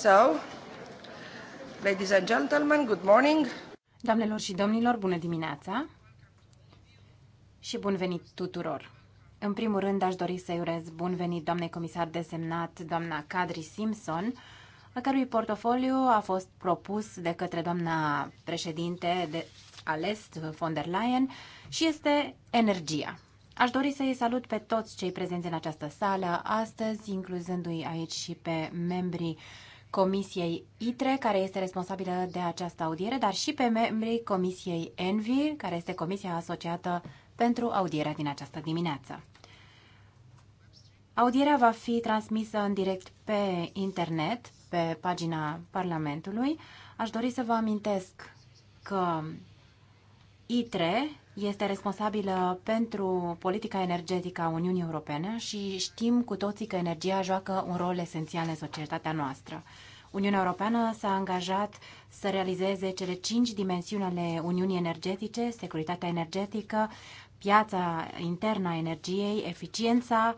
So, ladies and gentlemen, good morning. Doamnelor și domnilor, bună dimineața și bun venit tuturor. În primul rând, aș dori să-i urez bun venit doamnei comisar desemnat, doamna Kadri Simpson, a cărui portofoliu a fost propus de către doamna președinte de ales von der Leyen și este energia. Aș dori să-i salut pe toți cei prezenți în această sală astăzi, incluzându-i aici și pe membrii Comisiei ITRE, care este responsabilă de această audiere, dar și pe membrii Comisiei ENVI, care este comisia asociată pentru audierea din această dimineață. Audierea va fi transmisă în direct pe internet, pe pagina Parlamentului. Aș dori să vă amintesc că ITRE este responsabilă pentru politica energetică a Uniunii Europene și știm cu toții că energia joacă un rol esențial în societatea noastră. Uniunea Europeană s-a angajat să realizeze cele cinci dimensiuni ale Uniunii Energetice, securitatea energetică, piața internă a energiei, eficiența,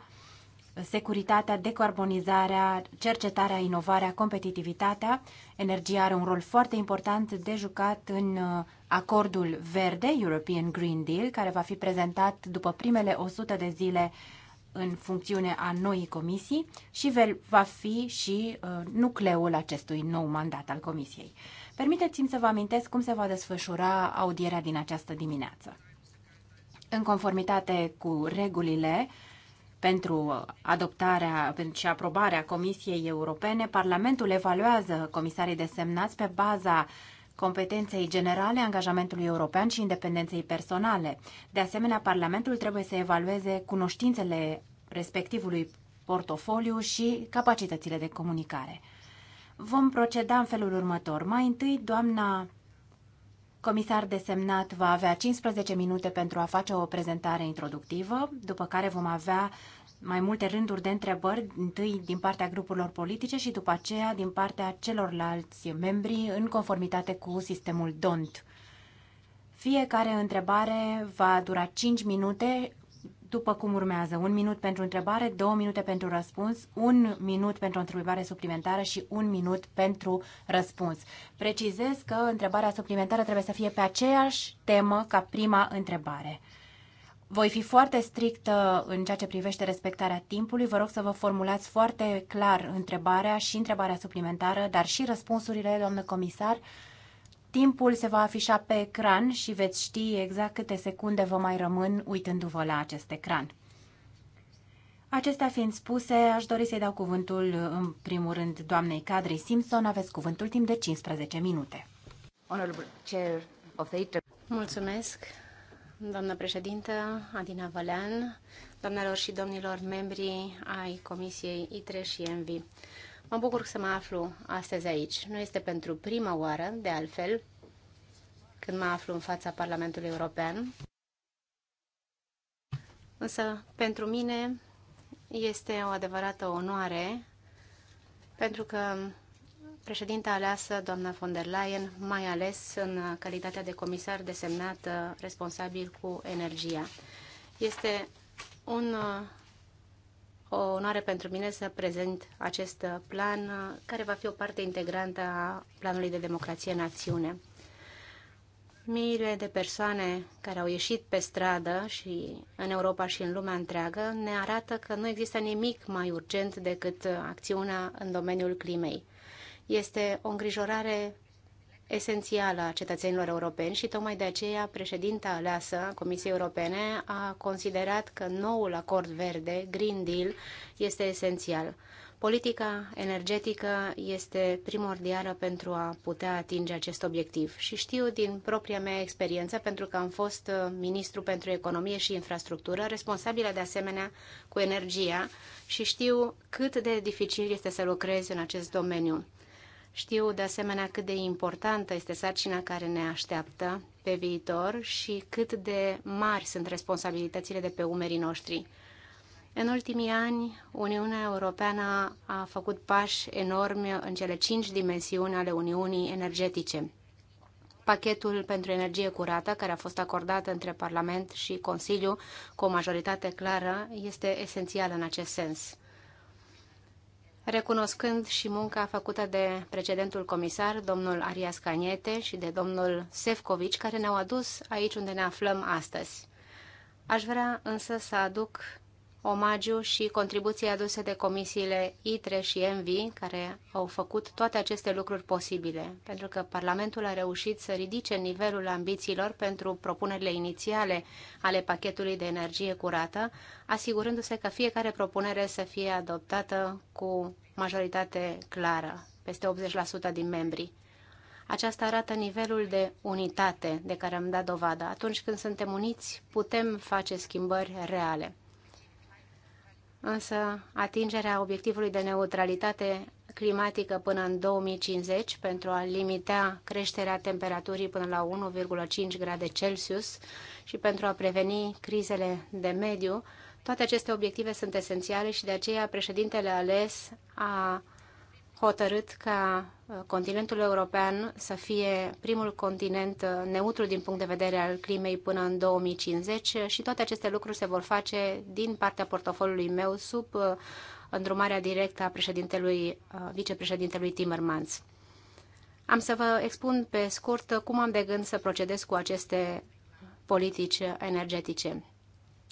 securitatea, decarbonizarea, cercetarea, inovarea, competitivitatea. Energia are un rol foarte important de jucat în uh, acordul verde, European Green Deal, care va fi prezentat după primele 100 de zile uh, în funcțiune a noii comisii și va fi și uh, nucleul acestui nou mandat al comisiei. Permiteți-mi să vă amintesc cum se va desfășura audierea din această dimineață. În conformitate cu regulile pentru adoptarea și aprobarea Comisiei Europene, Parlamentul evaluează comisarii desemnați pe baza competenței generale, angajamentului european și independenței personale. De asemenea, Parlamentul trebuie să evalueze cunoștințele respectivului portofoliu și capacitățile de comunicare. Vom proceda în felul următor. Mai întâi, doamna comisar desemnat va avea 15 minute pentru a face o prezentare introductivă, după care vom avea mai multe rânduri de întrebări, întâi din partea grupurilor politice și după aceea din partea celorlalți membri în conformitate cu sistemul DONT. Fiecare întrebare va dura 5 minute după cum urmează. Un minut pentru întrebare, două minute pentru răspuns, un minut pentru întrebare suplimentară și un minut pentru răspuns. Precizez că întrebarea suplimentară trebuie să fie pe aceeași temă ca prima întrebare. Voi fi foarte strictă în ceea ce privește respectarea timpului. Vă rog să vă formulați foarte clar întrebarea și întrebarea suplimentară, dar și răspunsurile, doamnă comisar, Timpul se va afișa pe ecran și veți ști exact câte secunde vă mai rămân uitându-vă la acest ecran. Acestea fiind spuse, aș dori să-i dau cuvântul, în primul rând, doamnei Cadri Simpson. Aveți cuvântul timp de 15 minute. Mulțumesc, doamnă președintă Adina Valean, doamnelor și domnilor membri ai Comisiei ITRE și ENVI. Mă bucur să mă aflu astăzi aici. Nu este pentru prima oară, de altfel, când mă aflu în fața Parlamentului European. Însă, pentru mine este o adevărată onoare, pentru că președinta aleasă, doamna von der Leyen, mai ales în calitatea de comisar desemnat uh, responsabil cu energia. Este un uh, o onoare pentru mine să prezint acest plan, care va fi o parte integrantă a planului de democrație în acțiune. Miile de persoane care au ieșit pe stradă și în Europa și în lumea întreagă ne arată că nu există nimic mai urgent decât acțiunea în domeniul climei. Este o îngrijorare esențială a cetățenilor europeni și tocmai de aceea președinta aleasă a Comisiei Europene a considerat că noul acord verde, Green Deal, este esențial. Politica energetică este primordială pentru a putea atinge acest obiectiv și știu din propria mea experiență, pentru că am fost uh, ministru pentru economie și infrastructură, responsabilă de asemenea cu energia și știu cât de dificil este să lucrezi în acest domeniu. Știu de asemenea cât de importantă este sarcina care ne așteaptă pe viitor și cât de mari sunt responsabilitățile de pe umerii noștri. În ultimii ani, Uniunea Europeană a făcut pași enormi în cele cinci dimensiuni ale Uniunii energetice. Pachetul pentru energie curată, care a fost acordat între Parlament și Consiliu cu o majoritate clară, este esențial în acest sens recunoscând și munca făcută de precedentul comisar, domnul Arias Caniete și de domnul Sefcovici, care ne-au adus aici unde ne aflăm astăzi. Aș vrea însă să aduc omagiu și contribuții aduse de comisiile ITRE și ENVI, care au făcut toate aceste lucruri posibile, pentru că Parlamentul a reușit să ridice nivelul ambițiilor pentru propunerile inițiale ale pachetului de energie curată, asigurându-se că fiecare propunere să fie adoptată cu majoritate clară, peste 80% din membri. Aceasta arată nivelul de unitate de care am dat dovadă. Atunci când suntem uniți, putem face schimbări reale însă atingerea obiectivului de neutralitate climatică până în 2050 pentru a limita creșterea temperaturii până la 1,5 grade Celsius și pentru a preveni crizele de mediu, toate aceste obiective sunt esențiale și de aceea președintele ales a hotărât ca uh, continentul european să fie primul continent uh, neutru din punct de vedere al climei până în 2050 și toate aceste lucruri se vor face din partea portofoliului meu sub uh, îndrumarea directă a președintelui, vicepreședintelui Timmermans. Am să vă expun pe scurt cum am de gând să procedez cu aceste politici energetice.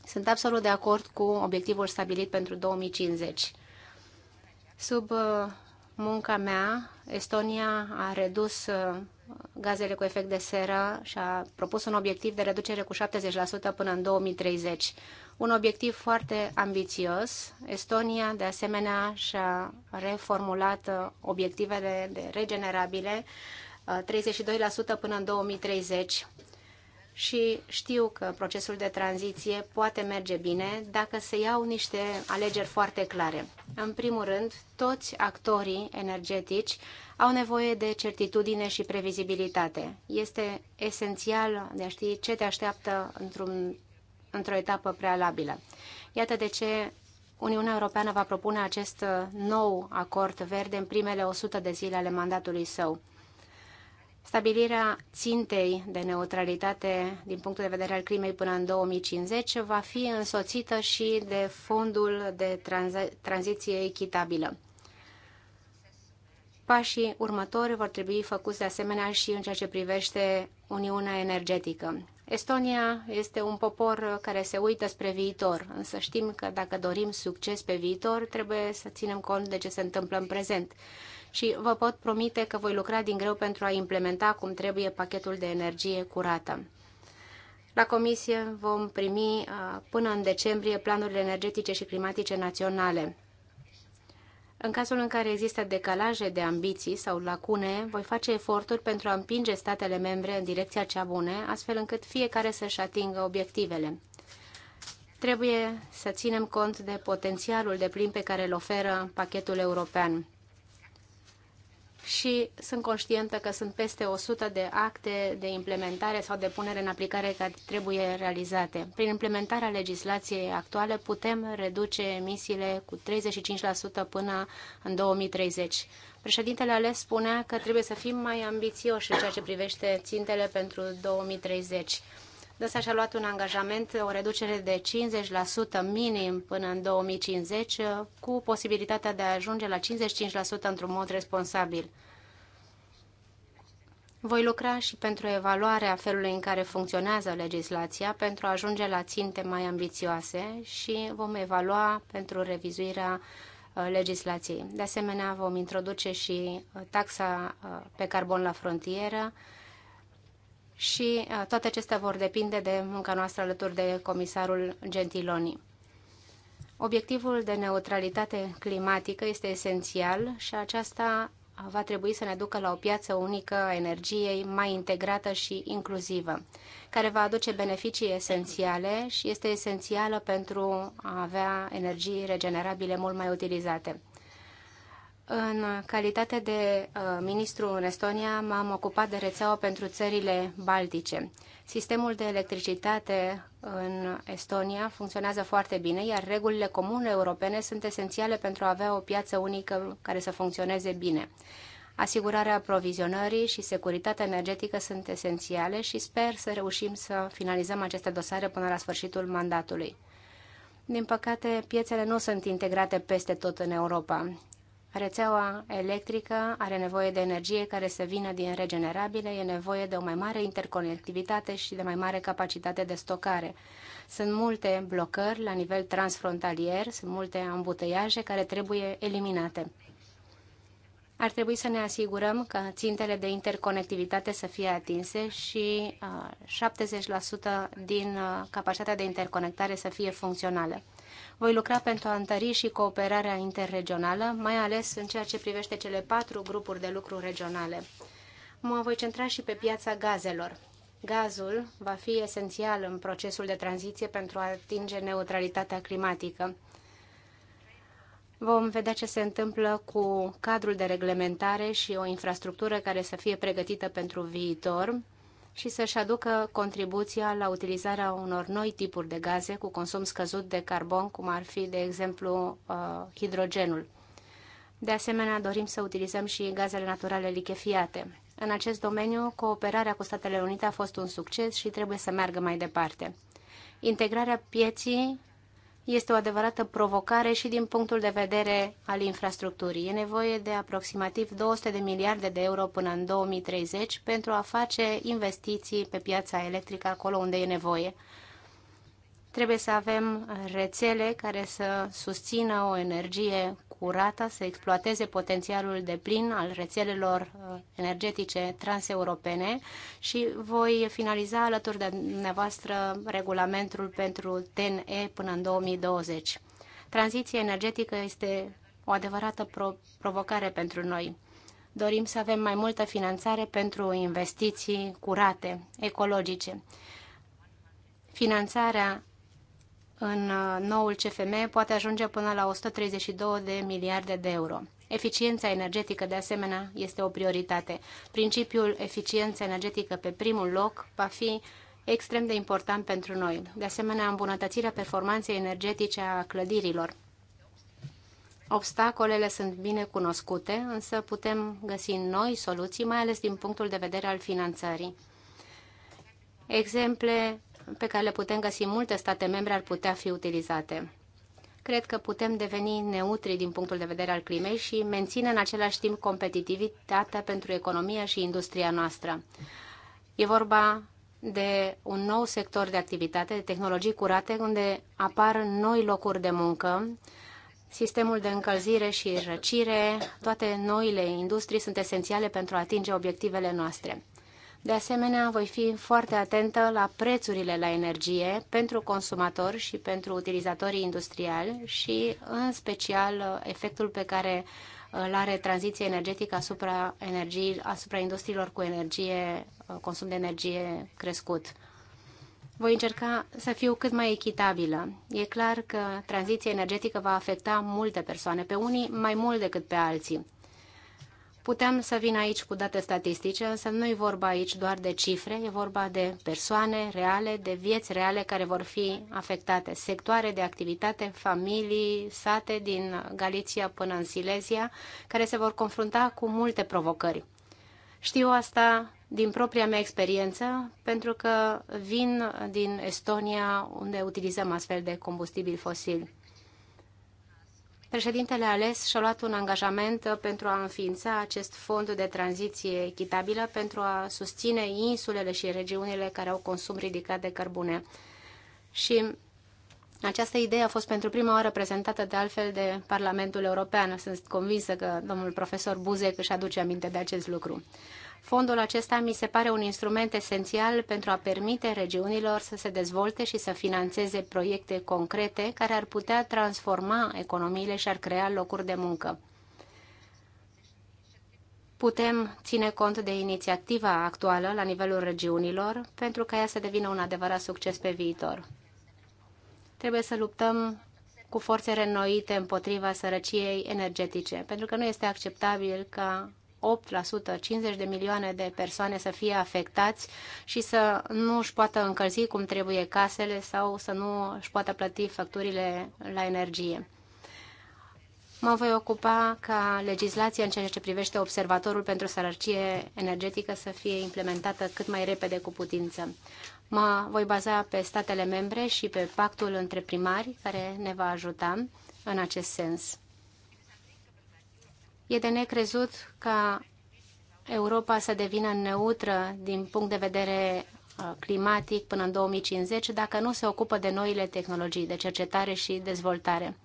Sunt absolut de acord cu obiectivul stabilit pentru 2050. Sub munca mea, Estonia a redus uh, gazele cu efect de seră și a propus un obiectiv de reducere cu 70% până în 2030. Un obiectiv foarte ambițios. Estonia, de asemenea, și-a reformulat uh, obiectivele de regenerabile 32% uh, până în 2030 și știu că procesul de tranziție poate merge bine dacă se iau niște alegeri foarte clare. În primul rând, toți actorii energetici au nevoie de certitudine și previzibilitate. Este esențial de a ști ce te așteaptă într-un, într-o etapă prealabilă. Iată de ce Uniunea Europeană va propune acest nou acord verde în primele 100 de zile ale mandatului său. Stabilirea țintei de neutralitate din punctul de vedere al crimei până în 2050 va fi însoțită și de fondul de tranzi- tranziție echitabilă. Pașii următori vor trebui făcuți de asemenea și în ceea ce privește Uniunea Energetică. Estonia este un popor care se uită spre viitor, însă știm că dacă dorim succes pe viitor, trebuie să ținem cont de ce se întâmplă în prezent și vă pot promite că voi lucra din greu pentru a implementa cum trebuie pachetul de energie curată. La comisie vom primi uh, până în decembrie planurile energetice și climatice naționale. În cazul în care există decalaje de ambiții sau lacune, voi face eforturi pentru a împinge statele membre în direcția cea bună, astfel încât fiecare să-și atingă obiectivele. Trebuie să ținem cont de potențialul de plin pe care îl oferă pachetul european și sunt conștientă că sunt peste 100 de acte de implementare sau de punere în aplicare care trebuie realizate. Prin implementarea legislației actuale putem reduce emisiile cu 35% până în 2030. Președintele ales spunea că trebuie să fim mai ambițioși în ceea ce privește țintele pentru 2030. Dânsa și-a luat un angajament, o reducere de 50% minim până în 2050, cu posibilitatea de a ajunge la 55% într-un mod responsabil. Voi lucra și pentru evaluarea felului în care funcționează legislația pentru a ajunge la ținte mai ambițioase și vom evalua pentru revizuirea uh, legislației. De asemenea, vom introduce și uh, taxa uh, pe carbon la frontieră, și uh, toate acestea vor depinde de munca noastră alături de comisarul Gentiloni. Obiectivul de neutralitate climatică este esențial și aceasta va trebui să ne ducă la o piață unică a energiei mai integrată și inclusivă, care va aduce beneficii esențiale și este esențială pentru a avea energii regenerabile mult mai utilizate. În calitate de uh, ministru în Estonia, m-am ocupat de rețeaua pentru țările baltice. Sistemul de electricitate în Estonia funcționează foarte bine, iar regulile comune europene sunt esențiale pentru a avea o piață unică care să funcționeze bine. Asigurarea aprovizionării și securitatea energetică sunt esențiale și sper să reușim să finalizăm aceste dosare până la sfârșitul mandatului. Din păcate, piețele nu sunt integrate peste tot în Europa Rețeaua electrică are nevoie de energie care să vină din regenerabile, e nevoie de o mai mare interconectivitate și de mai mare capacitate de stocare. Sunt multe blocări la nivel transfrontalier, sunt multe ambuteiaje care trebuie eliminate. Ar trebui să ne asigurăm că țintele de interconectivitate să fie atinse și 70% uh, din uh, capacitatea de interconectare să fie funcțională. Voi lucra pentru a întări și cooperarea interregională, mai ales în ceea ce privește cele patru grupuri de lucru regionale. Mă voi centra și pe piața gazelor. Gazul va fi esențial în procesul de tranziție pentru a atinge neutralitatea climatică. Vom vedea ce se întâmplă cu cadrul de reglementare și o infrastructură care să fie pregătită pentru viitor și să-și aducă contribuția la utilizarea unor noi tipuri de gaze cu consum scăzut de carbon, cum ar fi, de exemplu, uh, hidrogenul. De asemenea, dorim să utilizăm și gazele naturale lichefiate. În acest domeniu, cooperarea cu Statele Unite a fost un succes și trebuie să meargă mai departe. Integrarea pieții este o adevărată provocare și din punctul de vedere al infrastructurii. E nevoie de aproximativ 200 de miliarde de euro până în 2030 pentru a face investiții pe piața electrică acolo unde e nevoie. Trebuie să avem rețele care să susțină o energie curată, să exploateze potențialul de plin al rețelelor uh, energetice transeuropene și voi finaliza alături de dumneavoastră regulamentul pentru TNE până în 2020. Tranziția energetică este o adevărată pro provocare pentru noi. Dorim să avem mai multă finanțare pentru investiții curate, ecologice. Finanțarea în uh, noul CFM poate ajunge până la 132 de miliarde de euro. Eficiența energetică, de asemenea, este o prioritate. Principiul eficiență energetică pe primul loc va fi extrem de important pentru noi. De asemenea, îmbunătățirea performanței energetice a clădirilor. Obstacolele sunt bine cunoscute, însă putem găsi noi soluții, mai ales din punctul de vedere al finanțării. Exemple pe care le putem găsi în multe state membre ar putea fi utilizate. Cred că putem deveni neutri din punctul de vedere al climei și menține în același timp competitivitatea pentru economia și industria noastră. E vorba de un nou sector de activitate, de tehnologii curate, unde apar noi locuri de muncă, Sistemul de încălzire și răcire, toate noile industrii sunt esențiale pentru a atinge obiectivele noastre. De asemenea, voi fi foarte atentă la prețurile la energie pentru consumatori și pentru utilizatorii industriali și, în special, efectul pe care îl are tranziția energetică asupra, energii, asupra industriilor cu energie, consum de energie crescut. Voi încerca să fiu cât mai echitabilă. E clar că tranziția energetică va afecta multe persoane, pe unii mai mult decât pe alții. Puteam să vin aici cu date statistice, însă nu e vorba aici doar de cifre, e vorba de persoane reale, de vieți reale care vor fi afectate, sectoare de activitate, familii, sate din Galiția până în Silesia, care se vor confrunta cu multe provocări. Știu asta din propria mea experiență, pentru că vin din Estonia, unde utilizăm astfel de combustibil fosil. Președintele ales și-a luat un angajament pentru a înființa acest fond de tranziție echitabilă pentru a susține insulele și regiunile care au consum ridicat de cărbune. Și această idee a fost pentru prima oară prezentată de altfel de Parlamentul European. Sunt convinsă că domnul profesor Buzek își aduce aminte de acest lucru. Fondul acesta mi se pare un instrument esențial pentru a permite regiunilor să se dezvolte și să financeze proiecte concrete care ar putea transforma economiile și ar crea locuri de muncă. Putem ține cont de inițiativa actuală la nivelul regiunilor pentru ca ea să devină un adevărat succes pe viitor. Trebuie să luptăm cu forțe renoite împotriva sărăciei energetice, pentru că nu este acceptabil ca 8%, 50 de milioane de persoane să fie afectați și să nu își poată încălzi cum trebuie casele sau să nu își poată plăti facturile la energie. Mă voi ocupa ca legislația în ceea ce privește observatorul pentru sărăcie energetică să fie implementată cât mai repede cu putință. Mă voi baza pe statele membre și pe pactul între primari care ne va ajuta în acest sens. E de necrezut ca Europa să devină neutră din punct de vedere uh, climatic până în 2050 dacă nu se ocupă de noile tehnologii de cercetare și dezvoltare.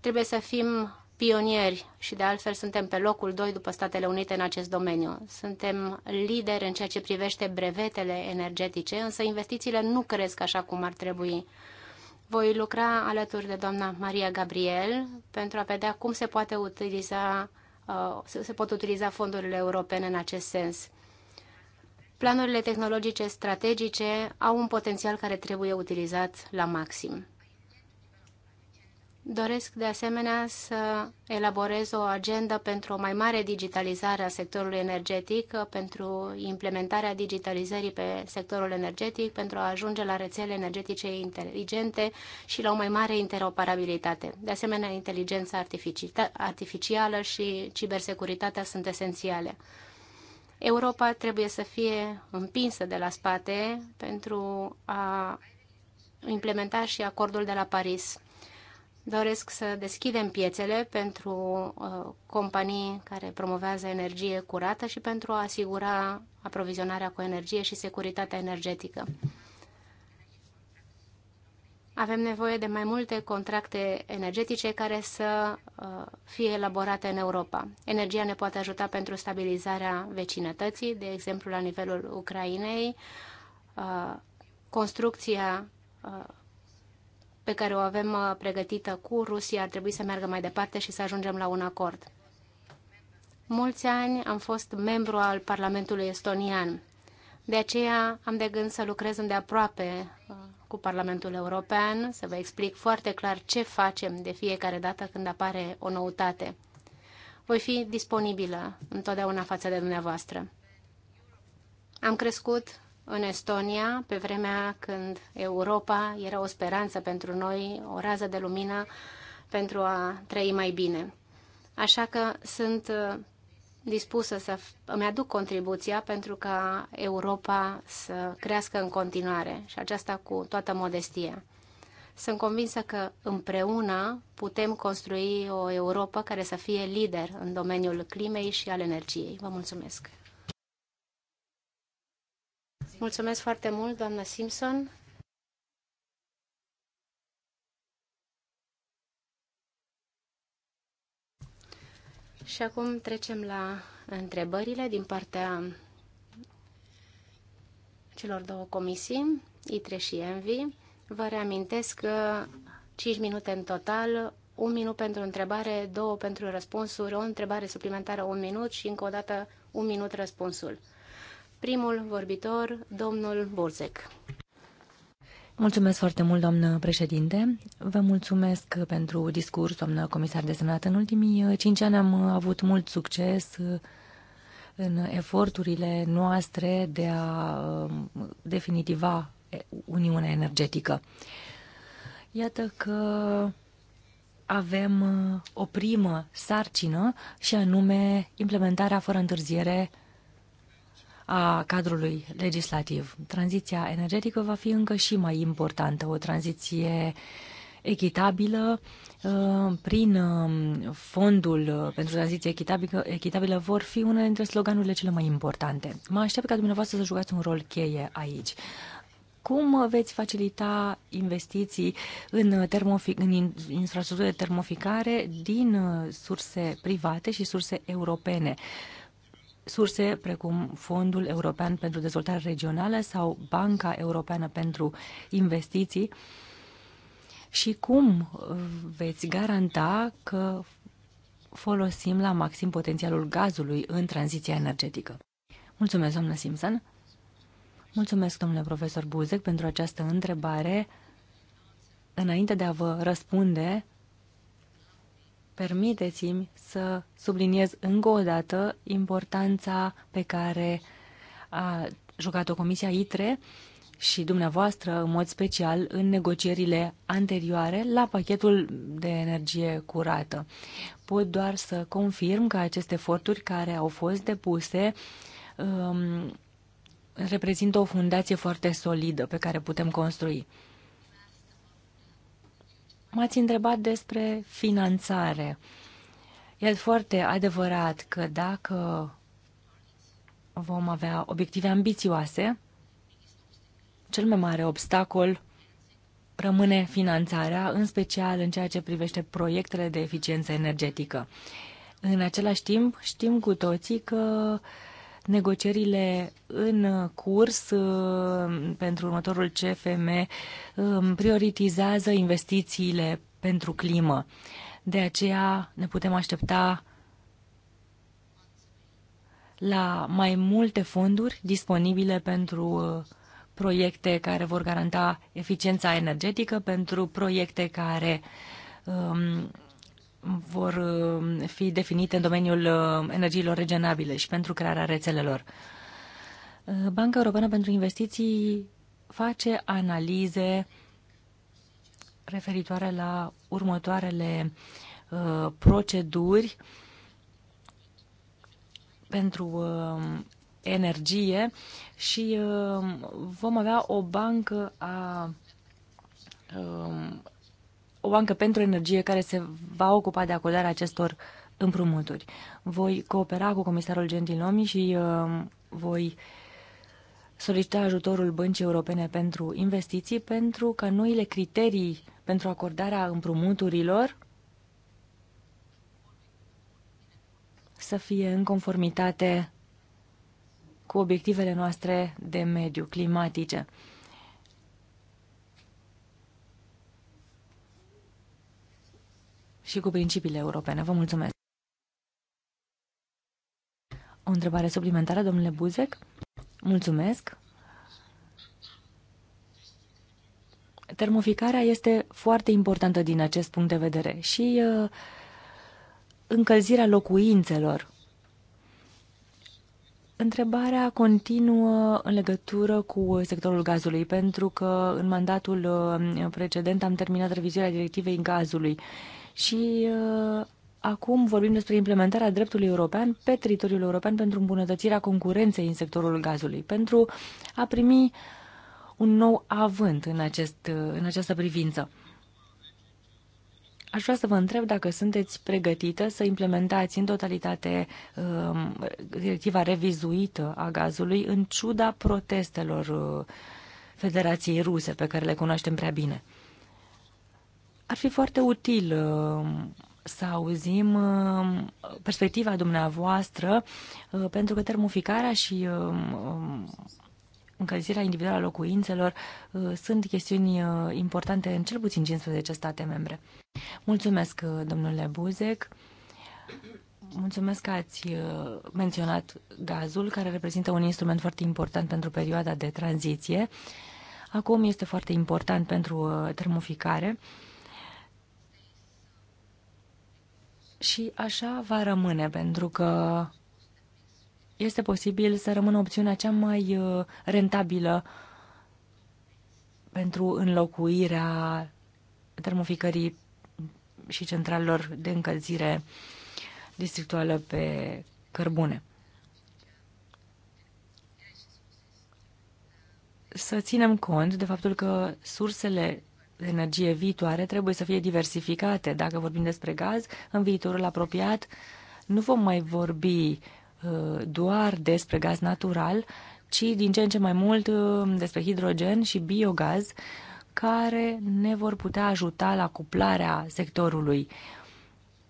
Trebuie să fim pionieri și de altfel suntem pe locul 2 după Statele Unite în acest domeniu. Suntem lideri în ceea ce privește brevetele energetice, însă investițiile nu cresc așa cum ar trebui. Voi lucra alături de doamna Maria Gabriel pentru a vedea cum se poate utiliza Uh, se pot utiliza fondurile europene în acest sens. Planurile tehnologice strategice au un potențial care trebuie utilizat la maxim. Doresc de asemenea să elaborez o agendă pentru o mai mare digitalizare a sectorului energetic, pentru implementarea digitalizării pe sectorul energetic, pentru a ajunge la rețele energetice inteligente și la o mai mare interoperabilitate. De asemenea, inteligența artificială și cibersecuritatea sunt esențiale. Europa trebuie să fie împinsă de la spate pentru a implementa și acordul de la Paris doresc să deschidem piețele pentru uh, companii care promovează energie curată și pentru a asigura aprovizionarea cu energie și securitatea energetică. Avem nevoie de mai multe contracte energetice care să uh, fie elaborate în Europa. Energia ne poate ajuta pentru stabilizarea vecinătății, de exemplu la nivelul Ucrainei, uh, construcția uh, pe care o avem uh, pregătită cu Rusia ar trebui să meargă mai departe și să ajungem la un acord. Mulți ani am fost membru al Parlamentului Estonian. De aceea am de gând să lucrez îndeaproape uh, cu Parlamentul European, să vă explic foarte clar ce facem de fiecare dată când apare o noutate. Voi fi disponibilă întotdeauna față de dumneavoastră. Am crescut în Estonia, pe vremea când Europa era o speranță pentru noi, o rază de lumină pentru a trăi mai bine. Așa că sunt uh, dispusă să îmi aduc contribuția pentru ca Europa să crească în continuare și aceasta cu toată modestia. Sunt convinsă că împreună putem construi o Europa care să fie lider în domeniul climei și al energiei. Vă mulțumesc! Mulțumesc foarte mult, doamna Simpson. Și acum trecem la întrebările din partea celor două comisii, ITRE și ENVI. Vă reamintesc că 5 minute în total, un minut pentru întrebare, două pentru răspunsuri, o întrebare suplimentară, un minut și încă o dată un minut răspunsul. Primul vorbitor, domnul Borzec. Mulțumesc foarte mult, doamnă președinte. Vă mulțumesc pentru discurs, doamnă comisar desemnat. În ultimii uh, cinci ani am uh, avut mult succes uh, în eforturile noastre de a definitiva Uniunea Energetică. Iată că avem o primă sarcină și anume implementarea fără întârziere a cadrului legislativ. Tranziția energetică va fi încă și mai importantă, o tranziție echitabilă uh, prin um, fondul pentru tranziție echitabilă, echitabilă vor fi unele dintre sloganurile cele mai importante. Mă aștept ca dumneavoastră să jucați un rol cheie aici cum veți facilita investiții în, termofic, în infrastructură de termoficare din uh, surse private și surse europene? surse precum Fondul European pentru Dezvoltare Regională sau Banca Europeană pentru Investiții și cum veți garanta că folosim la maxim potențialul gazului în tranziția energetică. Mulțumesc, doamnă Simpson. Mulțumesc, domnule profesor Buzek, pentru această întrebare. Înainte de a vă răspunde, permiteți-mi să subliniez încă o dată importanța pe care a jucat-o Comisia ITRE și dumneavoastră, în mod special, în negocierile anterioare la pachetul de energie curată. Pot doar să confirm că aceste eforturi care au fost depuse um, reprezintă o fundație foarte solidă pe care putem construi. M-ați întrebat despre finanțare. E foarte adevărat că dacă vom avea obiective ambițioase, cel mai mare obstacol rămâne finanțarea, în special în ceea ce privește proiectele de eficiență energetică. În același timp, știm cu toții că uh, negocierile în curs uh, pentru următorul CFM um, prioritizează investițiile pentru climă. De aceea ne putem aștepta la mai multe fonduri disponibile pentru uh, proiecte care vor garanta eficiența energetică, pentru proiecte care um, vor uh, fi definite în domeniul uh, energiilor regenerabile și pentru crearea rețelelor. Uh, Banca Europeană pentru Investiții face analize referitoare la următoarele proceduri pentru energie și vom avea o bancă a um, o bancă pentru energie care se va ocupa de acordarea acestor împrumuturi. Voi coopera cu comisarul Gentilomi și uh, voi solicita ajutorul Băncii Europene pentru Investiții pentru ca noile criterii pentru acordarea împrumuturilor să fie în conformitate cu obiectivele noastre de mediu climatice. și cu principiile europene. Vă mulțumesc. O întrebare suplimentară, domnule Buzec? Mulțumesc. Termoficarea este foarte importantă din acest punct de vedere și uh, încălzirea locuințelor. Întrebarea continuă în legătură cu sectorul gazului, pentru că în mandatul uh, precedent am terminat revizuirea directivei gazului. Uh, și uh, acum vorbim despre implementarea dreptului european pe teritoriul european pentru îmbunătățirea concurenței în sectorul gazului, pentru a primi un nou avânt în, acest, uh, în această privință. Aș vrea să vă întreb dacă sunteți pregătită să implementați în totalitate uh, directiva revizuită a gazului în ciuda protestelor uh, Federației Ruse pe care le cunoaștem prea bine. Ar fi foarte util uh, să auzim uh, perspectiva dumneavoastră, uh, pentru că termoficarea și um, încălzirea individuală a locuințelor sunt chestiuni importante în cel puțin 15 state membre. Mulțumesc, domnule Buzec. Mulțumesc că ați menționat gazul, care reprezintă un instrument foarte important pentru perioada de tranziție. Acum este foarte important pentru termoficare. Și așa va rămâne, pentru că este posibil să rămână opțiunea cea mai uh, rentabilă pentru înlocuirea termoficării și centralelor de încălzire districtuală pe cărbune. Să ținem cont de faptul că sursele de energie viitoare trebuie să fie diversificate. Dacă vorbim despre gaz, în viitorul apropiat nu vom mai vorbi uh, doar despre gaz natural, ci din ce în ce mai mult uh, despre hidrogen și biogaz, care ne vor putea ajuta la cuplarea sectorului.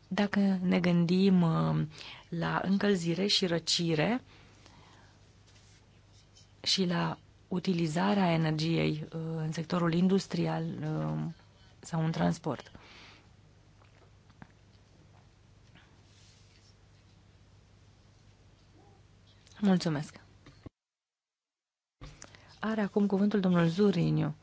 Dacă ne gândim uh, la încălzire și răcire și la utilizarea energiei uh, în sectorul industrial uh, sau în transport. Mulțumesc. Are acum cuvântul domnul Zuriniu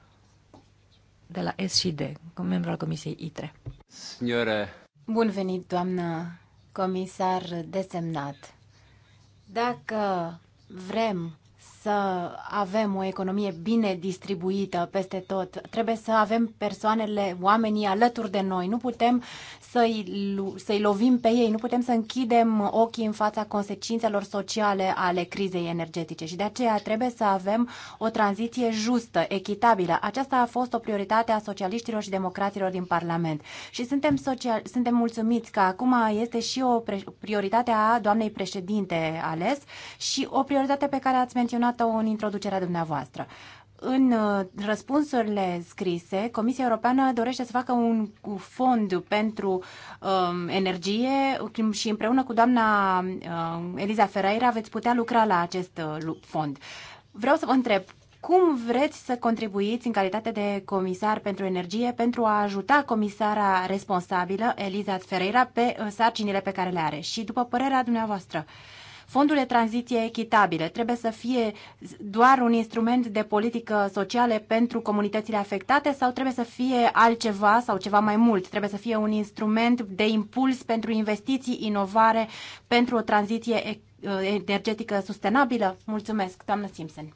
de la SD, membru al Comisiei ITRE. Signore. Bun venit, doamnă comisar desemnat. Dacă vrem să avem o economie bine distribuită peste tot. Trebuie să avem persoanele, oamenii alături de noi. Nu putem să-i, să-i lovim pe ei, nu putem să închidem ochii în fața consecințelor sociale ale crizei energetice și de aceea trebuie să avem o tranziție justă, echitabilă. Aceasta a fost o prioritate a socialiștilor și democraților din Parlament și suntem, social, suntem mulțumiți că acum este și o prioritate a doamnei președinte ales și o prioritate pe care ați menționat menționat-o în introducerea dumneavoastră. În uh, răspunsurile scrise, Comisia Europeană dorește să facă un fond pentru um, energie și împreună cu doamna um, Eliza Ferreira veți putea lucra la acest uh, fond. Vreau să vă întreb, cum vreți să contribuiți în calitate de comisar pentru energie pentru a ajuta comisara responsabilă, Eliza Ferreira, pe uh, sarcinile pe care le are? Și după părerea dumneavoastră, uh, Fondul de tranziție echitabilă trebuie să fie doar un instrument de politică sociale pentru comunitățile afectate sau trebuie să fie altceva sau ceva mai mult? Trebuie să fie un instrument de impuls pentru investiții, inovare, pentru o tranziție energetică sustenabilă? Mulțumesc, doamnă Simpson.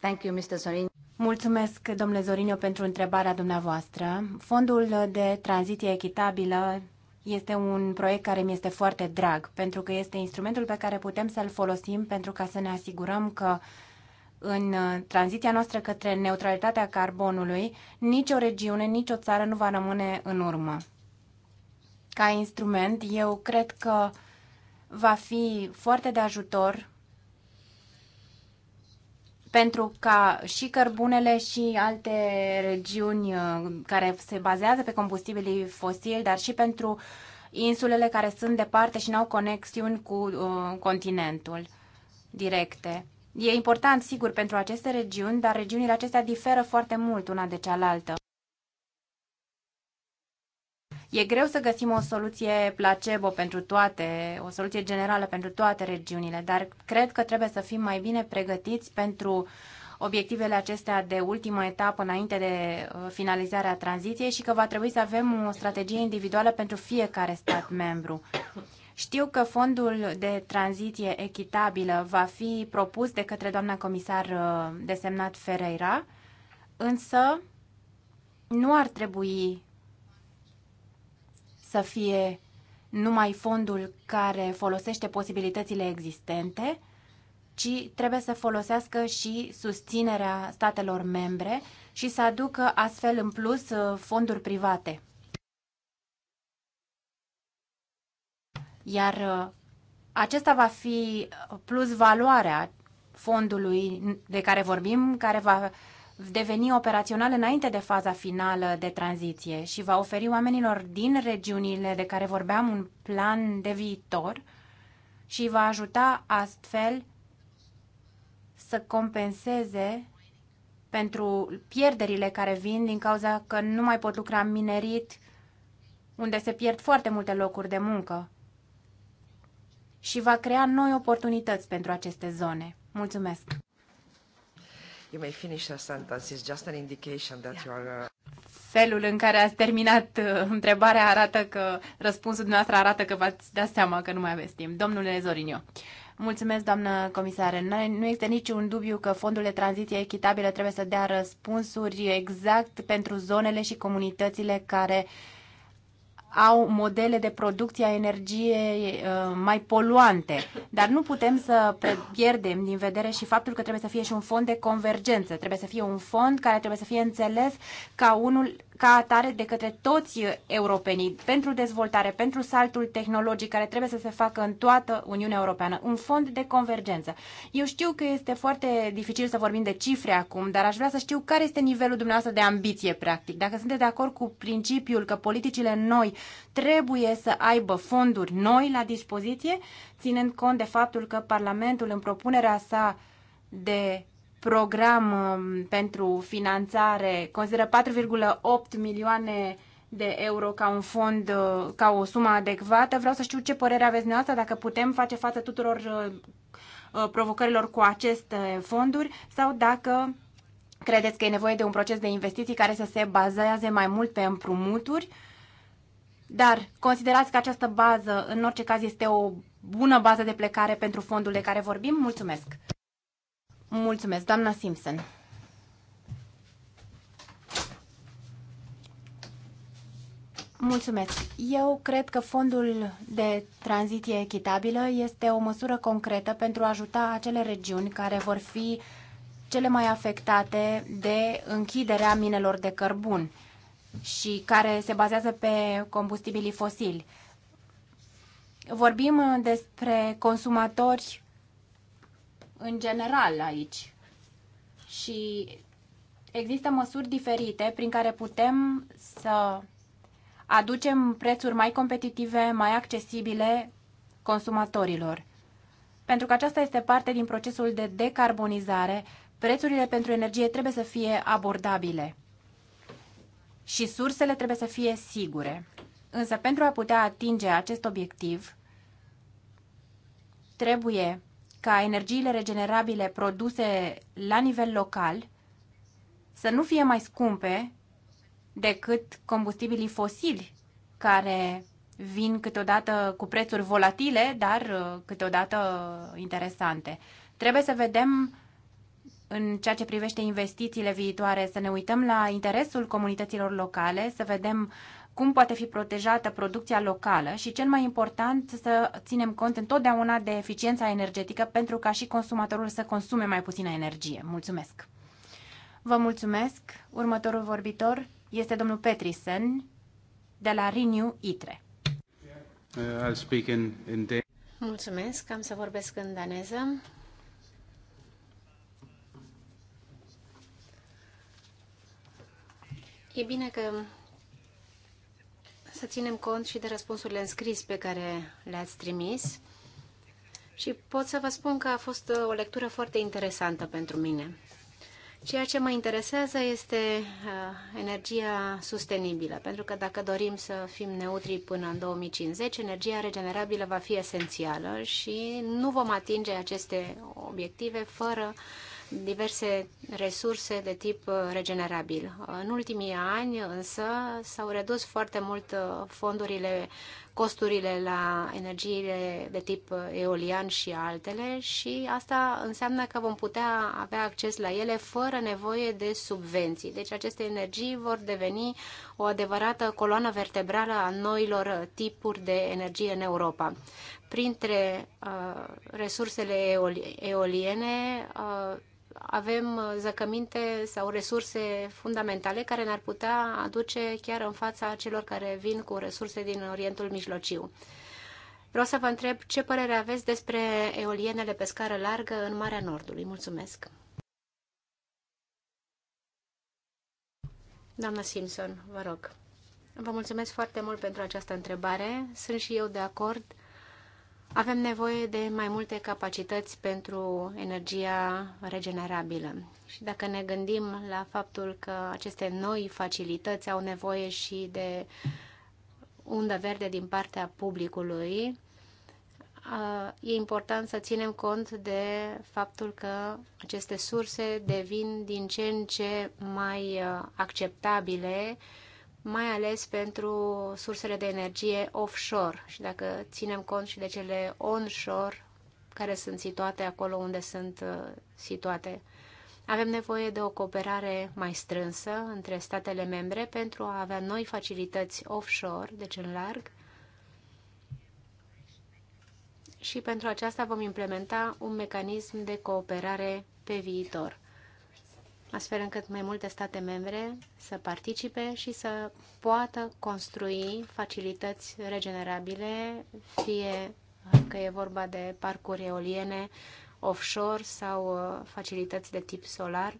Thank you, Mr. Sorin. Mulțumesc, domnule Zorinio, pentru întrebarea dumneavoastră. Fondul de tranziție echitabilă este un proiect care mi este foarte drag, pentru că este instrumentul pe care putem să-l folosim pentru ca să ne asigurăm că în uh, tranziția noastră către neutralitatea carbonului, nicio regiune, nicio țară nu va rămâne în urmă. Ca instrument, eu cred că va fi foarte de ajutor pentru ca și cărbunele și alte regiuni uh, care se bazează pe combustibilii fosili, dar și pentru insulele care sunt departe și nu au conexiuni cu uh, continentul directe. E important, sigur, pentru aceste regiuni, dar regiunile acestea diferă foarte mult una de cealaltă. E greu să găsim o soluție placebo pentru toate, o soluție generală pentru toate regiunile, dar cred că trebuie să fim mai bine pregătiți pentru obiectivele acestea de ultimă etapă înainte de uh, finalizarea tranziției și că va trebui să avem o strategie individuală pentru fiecare stat membru. Știu că fondul de tranziție echitabilă va fi propus de către doamna comisar uh, desemnat Ferreira, însă nu ar trebui să fie numai fondul care folosește posibilitățile existente, ci trebuie să folosească și susținerea statelor membre și să aducă astfel în plus uh, fonduri private. Iar uh, acesta va fi plus valoarea fondului de care vorbim, care va deveni operațional înainte de faza finală de tranziție și va oferi oamenilor din regiunile de care vorbeam un plan de viitor și va ajuta astfel să compenseze pentru pierderile care vin din cauza că nu mai pot lucra în minerit, unde se pierd foarte multe locuri de muncă. Și va crea noi oportunități pentru aceste zone. Mulțumesc! You may finish a sentence. It's just an indication that you are... Uh... Felul în care ați terminat uh, întrebarea arată că răspunsul dumneavoastră arată că v-ați dat seama că nu mai aveți timp. Domnule Zorinio, Mulțumesc, doamnă Comisar. Nu există niciun dubiu că fondul de tranziție echitabilă trebuie să dea răspunsuri exact pentru zonele și comunitățile care uh, au modele de producție a energiei uh, mai poluante, dar nu putem să pierdem din vedere și faptul că trebuie să fie și un fond de convergență, trebuie să fie un fond care trebuie să fie înțeles ca unul ca atare de către toți europenii pentru dezvoltare, pentru saltul tehnologic care trebuie să se facă în toată Uniunea Europeană, un fond de convergență. Eu știu că este foarte dificil să vorbim de cifre acum, dar aș vrea să știu care este nivelul dumneavoastră de ambiție, practic. Dacă sunteți de acord cu principiul că politicile noi trebuie să aibă fonduri noi la dispoziție, ținând cont de faptul că Parlamentul în propunerea sa de program um, pentru finanțare consideră 4,8 milioane de euro ca un fond, uh, ca o sumă adecvată. Vreau să știu ce părere aveți dumneavoastră, dacă putem face față tuturor uh, uh, provocărilor cu aceste fonduri sau dacă credeți că e nevoie de un proces de investiții care să se bazeze mai mult pe împrumuturi, dar considerați că această bază, în orice caz, este o bună bază de plecare pentru fondul de care vorbim? Mulțumesc! Mulțumesc, doamna Simpson. Mulțumesc. Eu cred că fondul de tranziție echitabilă este o măsură concretă pentru a ajuta acele regiuni care vor fi cele mai afectate de închiderea minelor de cărbun și care se bazează pe combustibilii fosili. Vorbim despre consumatori în general aici. Și există măsuri diferite prin care putem să aducem prețuri mai competitive, mai accesibile consumatorilor. Pentru că aceasta este parte din procesul de decarbonizare, prețurile pentru energie trebuie să fie abordabile și sursele trebuie să fie sigure. Însă pentru a putea atinge acest obiectiv, trebuie ca energiile regenerabile produse la nivel local să nu fie mai scumpe decât combustibilii fosili, care vin câteodată cu prețuri volatile, dar uh, câteodată interesante. Trebuie să vedem în ceea ce privește investițiile viitoare, să ne uităm la interesul comunităților locale, să vedem uh, cum poate fi protejată producția locală și, cel mai important, să ținem cont întotdeauna de eficiența energetică pentru ca și consumatorul să consume mai puțină energie. Mulțumesc! Vă mulțumesc! Următorul vorbitor este domnul Petrisen de la Renew ITRE. Uh, mulțumesc, am să vorbesc în daneză. E bine că să ținem cont și de răspunsurile înscris pe care le-ați trimis și pot să vă spun că a fost uh, o lectură foarte interesantă pentru mine. Ceea ce mă interesează este uh, energia sustenibilă, pentru că dacă dorim să fim neutri până în 2050, energia regenerabilă va fi esențială și nu vom atinge aceste obiective fără uh, diverse resurse de tip uh, regenerabil. Uh, în ultimii ani însă s-au redus foarte mult uh, fondurile, costurile la energiile de tip eolian și altele și asta înseamnă că vom putea avea acces la ele fără nevoie de subvenții. Deci aceste energii vor deveni o adevărată coloană vertebrală a noilor tipuri de energie în Europa printre uh, resursele eoliene uh, avem uh, zăcăminte sau resurse fundamentale care ne-ar putea aduce chiar în fața celor care vin cu resurse din Orientul Mijlociu. Vreau să vă întreb ce părere aveți despre eolienele pe scară largă în Marea Nordului. Mulțumesc! Doamna Simpson, vă rog. Vă mulțumesc foarte mult pentru această întrebare. Sunt și eu de acord avem nevoie de mai multe capacități pentru energia regenerabilă. Și dacă ne gândim la faptul că aceste noi facilități au nevoie și de undă verde din partea publicului, e important să ținem cont de faptul că aceste surse devin din ce în ce mai uh, acceptabile mai ales pentru sursele de energie offshore și dacă ținem cont și de cele onshore care sunt situate acolo unde sunt uh, situate. Avem nevoie de o cooperare mai strânsă între statele membre pentru a avea noi facilități offshore, deci în larg, și pentru aceasta vom implementa un mecanism de cooperare pe viitor astfel încât mai multe state membre să participe și să poată construi facilități regenerabile, fie că e vorba de parcuri eoliene, offshore sau uh, facilități de tip solar.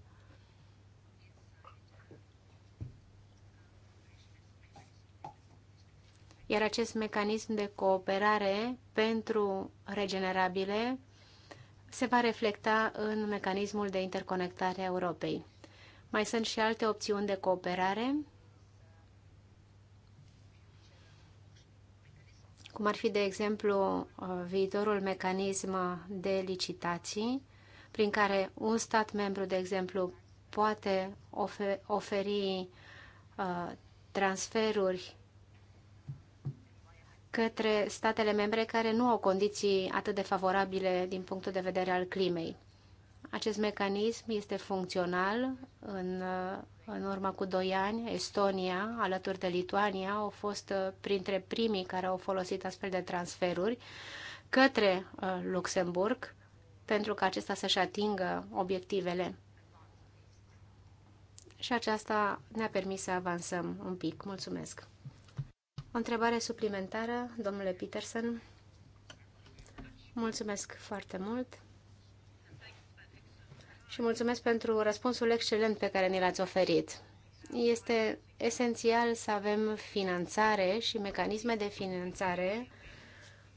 Iar acest mecanism de cooperare pentru regenerabile se va reflecta în mecanismul de interconectare a Europei. Mai sunt și alte opțiuni de cooperare, cum ar fi, de exemplu, viitorul mecanism de licitații, prin care un stat membru, de exemplu, poate oferi uh, transferuri către statele membre care nu au condiții atât de favorabile din punctul de vedere al climei. Acest mecanism este funcțional. În, în urmă cu doi ani, Estonia, alături de Lituania, au fost uh, printre primii care au folosit astfel de transferuri către uh, Luxemburg pentru ca acesta să-și atingă obiectivele. Și aceasta ne-a permis să avansăm un pic. Mulțumesc! întrebare suplimentară, domnule Peterson. Mulțumesc foarte mult și mulțumesc pentru răspunsul excelent pe care ni l-ați oferit. Este esențial să avem finanțare și mecanisme de finanțare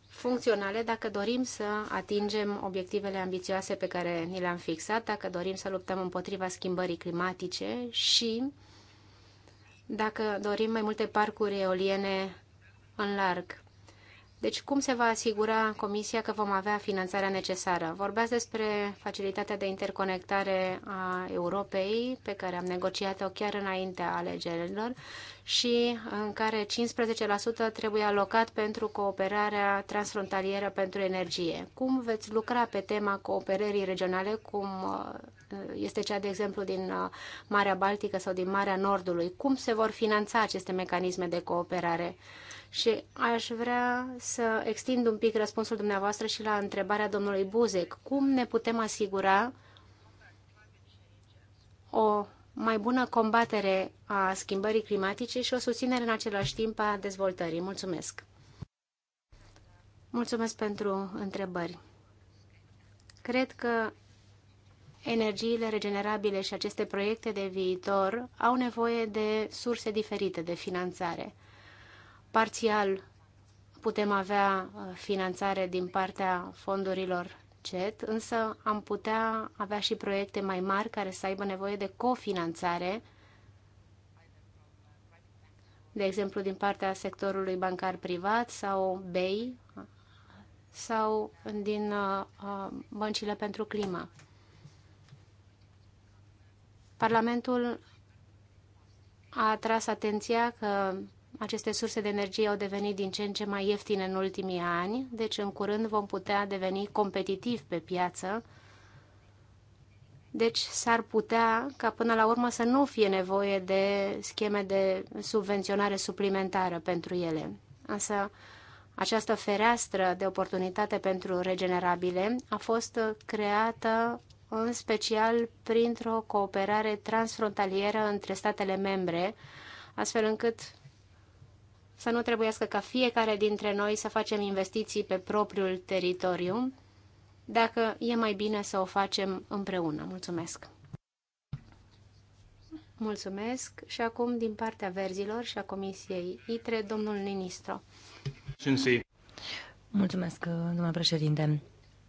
funcționale dacă dorim să atingem obiectivele ambițioase pe care ni le-am fixat, dacă dorim să luptăm împotriva schimbării climatice și dacă dorim mai multe parcuri eoliene în larg. Deci cum se va asigura Comisia că vom avea finanțarea necesară? Vorbeați despre facilitatea de interconectare a Europei, pe care am negociat-o chiar înaintea alegerilor și în care 15% trebuie alocat pentru cooperarea transfrontalieră pentru energie. Cum veți lucra pe tema cooperării regionale, cum uh, este cea, de exemplu, din uh, Marea Baltică sau din Marea Nordului? Cum se vor finanța aceste mecanisme de cooperare? Și aș vrea să extind un pic răspunsul dumneavoastră și la întrebarea domnului Buzek. Cum ne putem asigura o mai bună combatere a schimbării climatice și o susținere în același timp a dezvoltării? Mulțumesc! Mulțumesc pentru întrebări. Cred că energiile regenerabile și aceste proiecte de viitor au nevoie de surse diferite de finanțare – Parțial putem avea uh, finanțare din partea fondurilor CET, însă am putea avea și proiecte mai mari care să aibă nevoie de cofinanțare, de exemplu din partea sectorului bancar privat sau BEI sau din uh, uh, băncile pentru climă. Parlamentul a atras atenția că aceste surse de energie au devenit din ce în ce mai ieftine în ultimii ani, deci în curând vom putea deveni competitivi pe piață. Deci s-ar putea ca până la urmă să nu fie nevoie de scheme de subvenționare suplimentară pentru ele. Însă această fereastră de oportunitate pentru regenerabile a fost creată în special printr-o cooperare transfrontalieră între statele membre, astfel încât să nu trebuiască ca fiecare dintre noi să facem investiții pe propriul teritoriu, dacă e mai bine să o facem împreună. Mulțumesc! Mulțumesc și acum din partea verzilor și a Comisiei ITRE, domnul ministru. Mulțumesc, domnule președinte.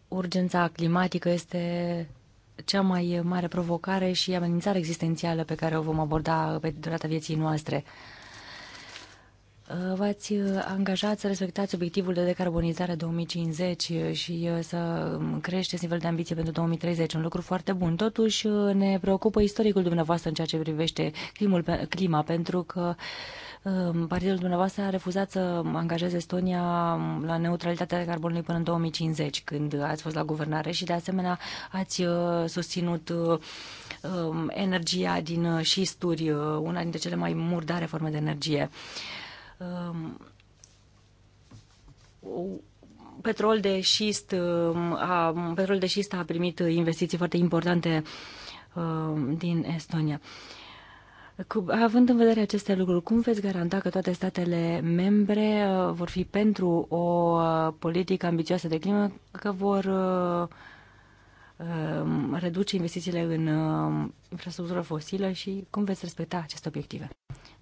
Urgența climatică este cea mai mare provocare și amenințare existențială pe care o vom aborda pe durata vieții noastre. Uh, v-ați uh, angajat să respectați obiectivul de decarbonizare 2050 uh, și să um, creșteți nivelul de ambiție pentru 2030, un lucru foarte bun. Totuși ne preocupă istoricul dumneavoastră în ceea ce privește climul, clima, pentru că um, partidul dumneavoastră a refuzat să um, angajeze Estonia la neutralitatea carbonului până în 2050, când ați fost la guvernare și de asemenea ați susținut energia din șisturi, una dintre cele mai murdare forme de energie. Um, petrol de șist, um, a, petrol de șist a primit investiții foarte importante um, din Estonia. Cu, având în vedere aceste lucruri, cum veți garanta că toate statele membre uh, vor fi pentru o uh, politică ambițioasă de climă, că vor a, uh, reduce investițiile în a, infrastructură fosilă și cum veți respecta aceste obiective?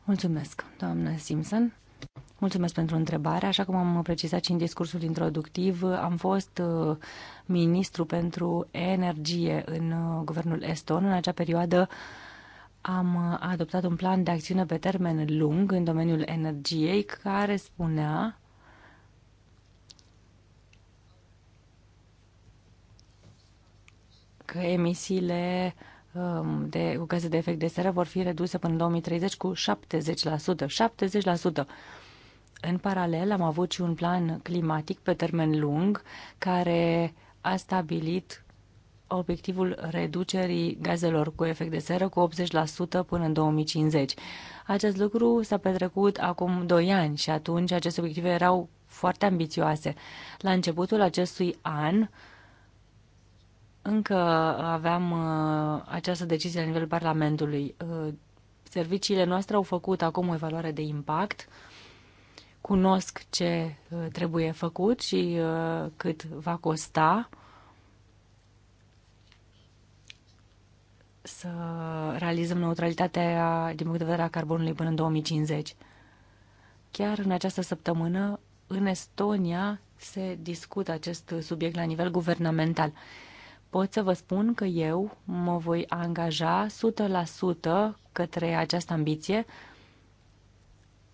Mulțumesc, doamnă Simpson. Mulțumesc pentru întrebare. Așa cum am precizat și în discursul introductiv, am fost uh, ministru pentru energie în uh, guvernul Eston. În acea perioadă am uh, adoptat un plan de acțiune pe termen lung în domeniul energiei care spunea că emisiile Um, de gaze de efect de seră vor fi reduse până în 2030 cu 70%. 70%! În paralel, am avut și un plan climatic pe termen lung care a stabilit obiectivul reducerii gazelor cu efect de seră cu 80% până în 2050. Acest lucru s-a petrecut acum 2 ani și atunci aceste obiective erau foarte ambițioase. La începutul acestui an, încă aveam uh, această decizie la nivel Parlamentului. Uh, serviciile noastre au făcut acum o evaluare de impact, cunosc ce uh, trebuie făcut și cât va costa să realizăm neutralitatea din punct de vedere a carbonului până în 2050. Chiar în această săptămână, în Estonia, se discută acest subiect la nivel guvernamental pot să vă spun că eu mă voi angaja 100% către această ambiție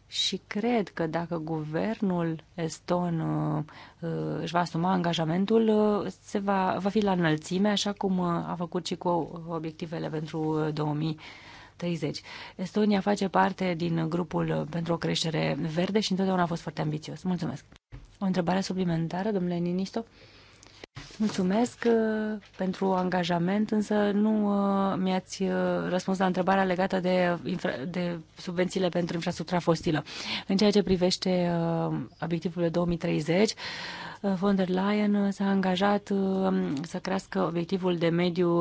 și cred că dacă guvernul eston uh, uh, își va asuma angajamentul, uh, se va, va fi la înălțime, așa cum a făcut și cu obiectivele pentru 2030. Estonia face parte din grupul pentru o creștere verde și întotdeauna a fost foarte ambițios. Mulțumesc! O întrebare suplimentară, domnule Ninisto? Mulțumesc uh, pentru angajament, însă nu uh, mi-ați uh, răspuns la întrebarea legată de, de subvențiile pentru infrastructura fostilă. În ceea ce privește obiectivul 2030, von der Leyen s-a angajat um, să crească obiectivul de mediu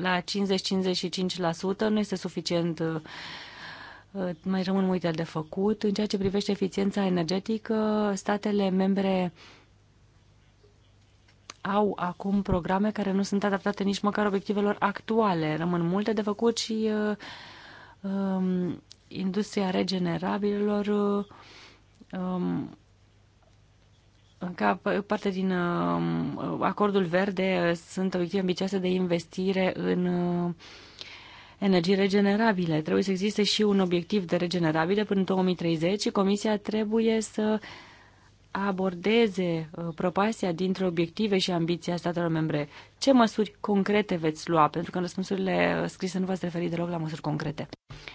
la 50-55%. Nu este suficient mai rămân multe de făcut. În ceea ce privește eficiența energetică, statele membre au acum programe care nu sunt adaptate nici măcar obiectivelor actuale. Rămân multe de făcut și uh, um, industria regenerabililor uh, um, ca parte din uh, acordul verde sunt obiective ambicioase de investire în uh, energii regenerabile. Trebuie să existe și un obiectiv de regenerabile până în 2030 și Comisia trebuie să uh, abordeze uh, propasia dintre obiective și ambiția statelor membre, ce măsuri concrete veți lua? Pentru că în răspunsurile uh, scrise nu v-ați referit deloc la măsuri concrete.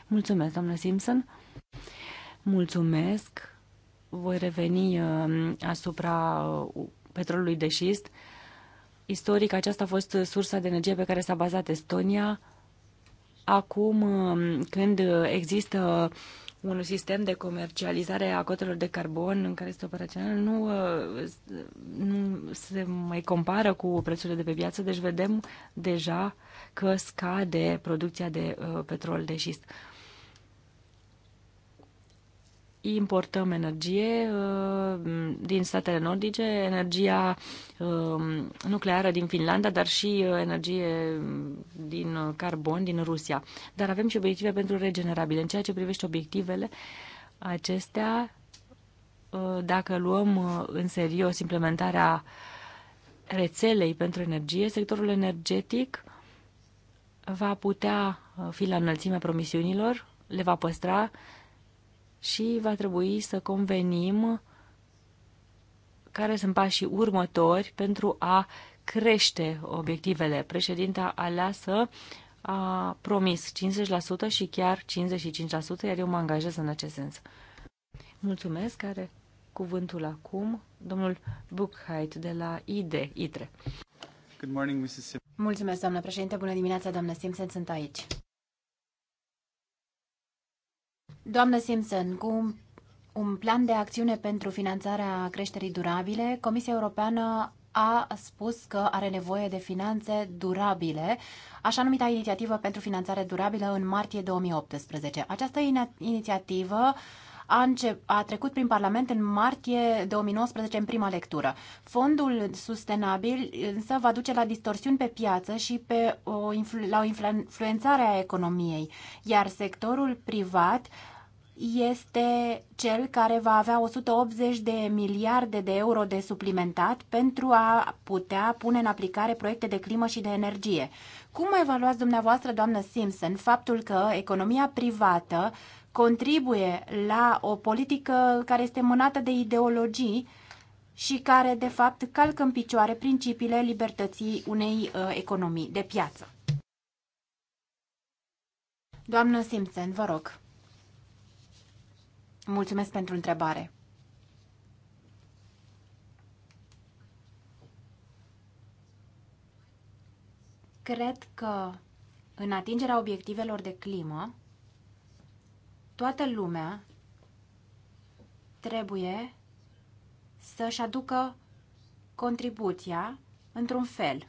Mulțumesc, doamnă Simpson. Mulțumesc. Voi reveni um, asupra uh, petrolului de șist. Istoric, aceasta a fost sursa de energie pe care s-a bazat Estonia. Acum, um, când există uh, un sistem de comercializare a cotelor de carbon în care este operațional nu, uh, nu se mai compară cu prețurile de pe piață, deci vedem deja că scade producția de uh, petrol de șist importăm energie uh, din statele nordice, energia uh, nucleară din Finlanda, dar și uh, energie din carbon din Rusia. Dar avem și obiective pentru regenerabile. În ceea ce privește obiectivele acestea, dacă luăm în serios implementarea rețelei pentru energie, sectorul energetic va putea fi la înălțimea promisiunilor, le va păstra și va trebui să convenim care sunt pașii următori pentru a crește obiectivele. Președinta aleasă a promis 50% și chiar 55%, iar eu mă angajez în acest sens. Mulțumesc, care cuvântul acum domnul Buchheit de la IDE, ITRE. Good morning, Mrs. Mulțumesc, doamnă președinte. Bună dimineața, doamnă Simpson, sunt aici. Doamnă Simpson, cu un plan de acțiune pentru finanțarea creșterii durabile, Comisia Europeană a spus că are nevoie de finanțe durabile, așa numita inițiativă pentru finanțare durabilă în martie 2018. Această inițiativă a, a trecut prin Parlament în martie 2019 în prima lectură. Fondul sustenabil însă va duce la distorsiuni pe piață și pe o influ- la o influențare a economiei, iar sectorul privat uh, este cel care va avea 180 de miliarde de euro de suplimentat pentru a putea pune în aplicare proiecte de climă și de energie. Cum evaluați dumneavoastră, doamnă Simpson, faptul că economia privată contribuie la o politică care este mânată de ideologii și care, de fapt, calcă în picioare principiile libertății unei uh, economii de piață? Doamnă Simpson, vă rog. Mulțumesc pentru întrebare. Cred că în atingerea obiectivelor de climă, toată lumea trebuie să-și aducă contribuția într-un fel.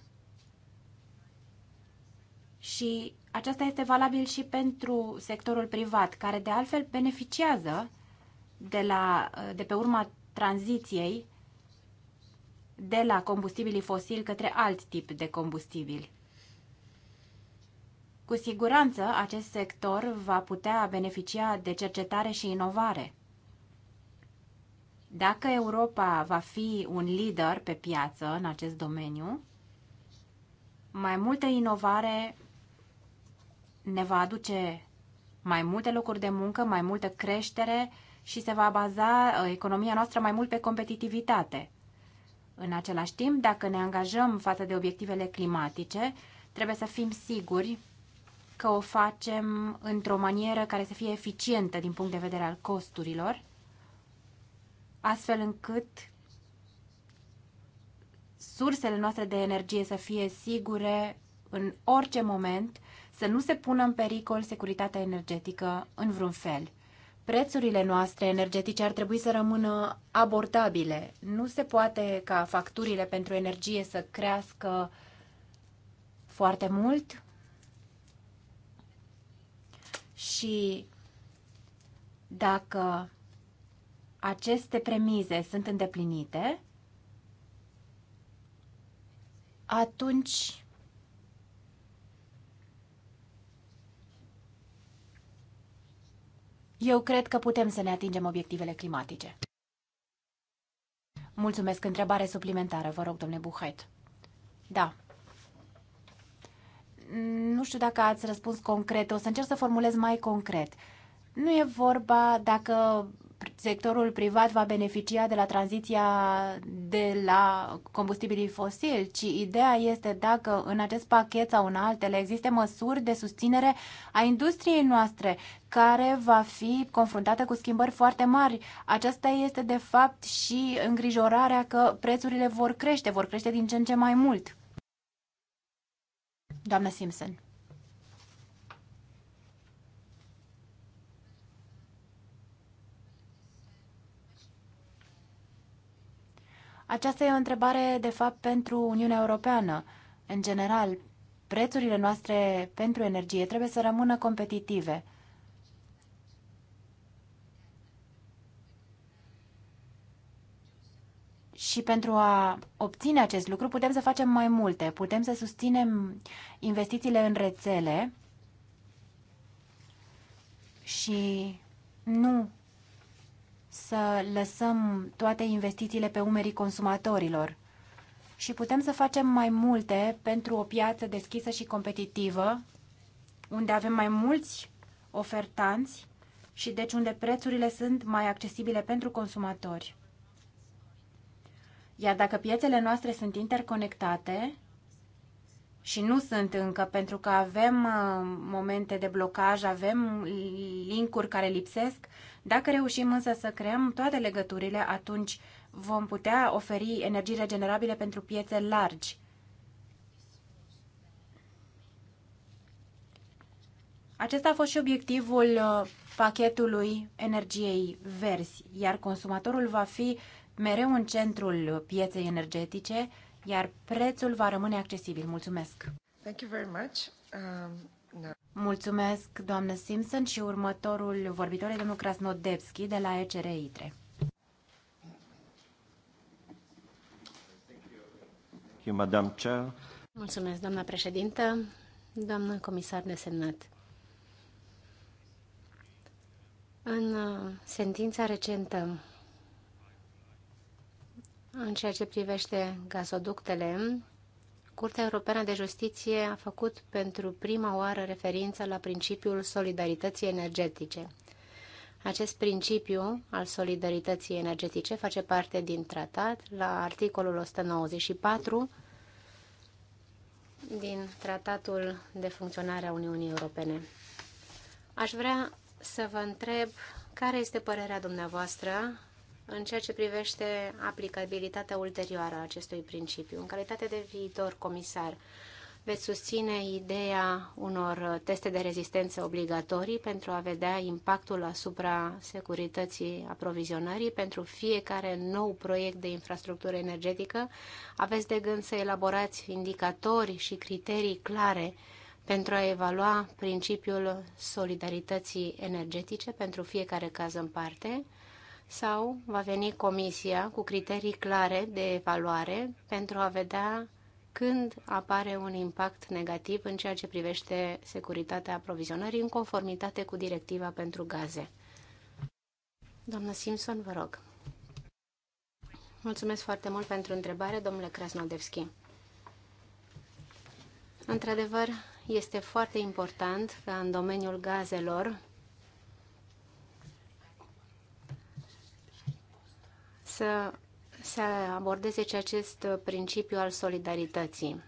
Și aceasta este valabil și pentru sectorul privat, care de altfel beneficiază de, la, de pe urma tranziției de la combustibilii fosili către alt tip de combustibili. Cu siguranță, acest sector va putea beneficia de cercetare și inovare. Dacă Europa va fi un lider pe piață în acest domeniu, mai multă inovare ne va aduce mai multe locuri de muncă, mai multă creștere, și se va baza uh, economia noastră mai mult pe competitivitate. În același timp, dacă ne angajăm față de obiectivele climatice, trebuie să fim siguri că o facem într-o manieră care să fie eficientă din punct de vedere al costurilor, astfel încât sursele noastre de energie să fie sigure în orice moment, să nu se pună în pericol securitatea energetică în vreun fel. Prețurile noastre energetice ar trebui să rămână abordabile. Nu se poate ca facturile pentru energie să crească foarte mult și dacă aceste premize sunt îndeplinite, atunci Eu cred că putem să ne atingem obiectivele climatice. Mulțumesc. Întrebare suplimentară, vă rog, domnule Buhait. Da. Nu știu dacă ați răspuns concret. O să încerc să formulez mai concret. Nu e vorba dacă sectorul privat va beneficia de la tranziția de la combustibilii fosili, ci ideea este dacă în acest pachet sau în altele există măsuri de susținere a industriei noastre care va fi confruntată cu schimbări foarte mari. Aceasta este de fapt și îngrijorarea că prețurile vor crește, vor crește din ce în ce mai mult. Doamna Simpson. Aceasta e o întrebare, de fapt, pentru Uniunea Europeană. În general, prețurile noastre pentru energie trebuie să rămână competitive. Și pentru a obține acest lucru putem să facem mai multe. Putem să susținem investițiile în rețele și nu să lăsăm toate investițiile pe umerii consumatorilor și putem să facem mai multe pentru o piață deschisă și competitivă, unde avem mai mulți ofertanți și deci unde prețurile sunt mai accesibile pentru consumatori. Iar dacă piețele noastre sunt interconectate, și nu sunt încă, pentru că avem uh, momente de blocaj, avem linkuri care lipsesc. Dacă reușim însă să creăm toate legăturile, atunci vom putea oferi energii regenerabile pentru piețe largi. Acesta a fost și obiectivul uh, pachetului energiei verzi, iar consumatorul va fi mereu în centrul pieței energetice, iar prețul va rămâne accesibil. Mulțumesc! Thank you very much. Um, no. Mulțumesc, doamnă Simpson, și următorul vorbitor e domnul Krasnodebski de la ECR ITRE. Mulțumesc, doamna președintă, doamnă comisar de semnat. În uh, sentința recentă în ceea ce privește gazoductele, Curtea Europeană de Justiție a făcut pentru prima oară referință la principiul solidarității energetice. Acest principiu al solidarității energetice face parte din tratat la articolul 194 din Tratatul de Funcționare a Uniunii Europene. Aș vrea să vă întreb care este părerea dumneavoastră în ceea ce privește aplicabilitatea ulterioară a acestui principiu. În calitate de viitor comisar, veți susține ideea unor teste de rezistență obligatorii pentru a vedea impactul asupra securității aprovizionării pentru fiecare nou proiect de infrastructură energetică. Aveți de gând să elaborați indicatori și criterii clare pentru a evalua principiul solidarității energetice pentru fiecare caz în parte sau va veni comisia cu criterii clare de evaluare pentru a vedea când apare un impact negativ în ceea ce privește securitatea aprovizionării în conformitate cu directiva pentru gaze. Doamnă Simpson, vă rog. Mulțumesc foarte mult pentru întrebare, domnule Krasnodevski. Într-adevăr, este foarte important ca în domeniul gazelor să se abordeze și acest principiu al solidarității.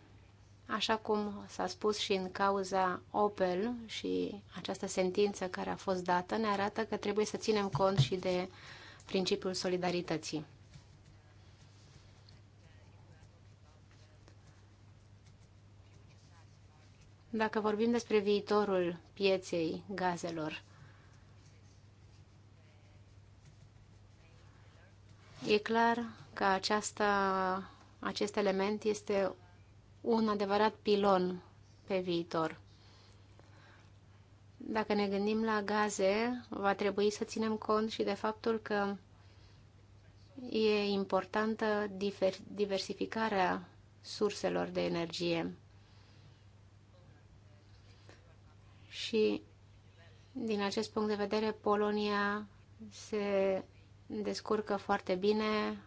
Așa cum s-a spus și în cauza Opel și această sentință care a fost dată, ne arată că trebuie să ținem cont și de principiul solidarității. Dacă vorbim despre viitorul pieței gazelor, E clar că aceasta, acest element este un adevărat pilon pe viitor. Dacă ne gândim la gaze, va trebui să ținem cont și de faptul că e importantă diversificarea surselor de energie. Și din acest punct de vedere, Polonia se descurcă foarte bine.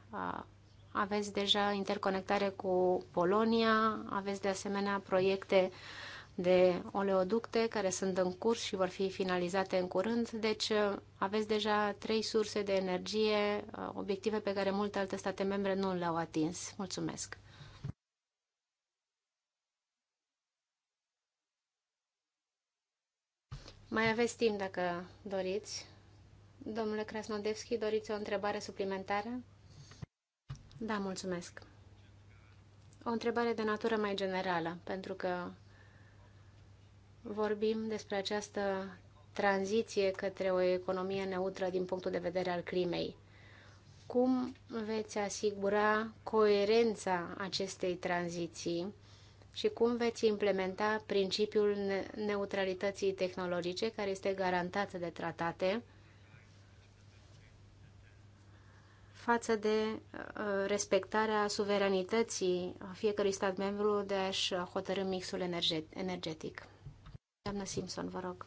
Aveți deja interconectare cu Polonia, aveți de asemenea proiecte de oleoducte care sunt în curs și vor fi finalizate în curând. Deci aveți deja trei surse de energie, obiective pe care multe alte state membre nu le-au atins. Mulțumesc! Mai aveți timp dacă doriți. Domnule Krasnodevski, doriți o întrebare suplimentară? Da, mulțumesc. O întrebare de natură mai generală, pentru că vorbim despre această tranziție către o economie neutră din punctul de vedere al climei. Cum veți asigura coerența acestei tranziții și cum veți implementa principiul neutralității tehnologice care este garantat de tratate? față de uh, respectarea suveranității fiecărui stat membru de a-și hotărâ mixul energetic. Doamna Simpson, vă rog.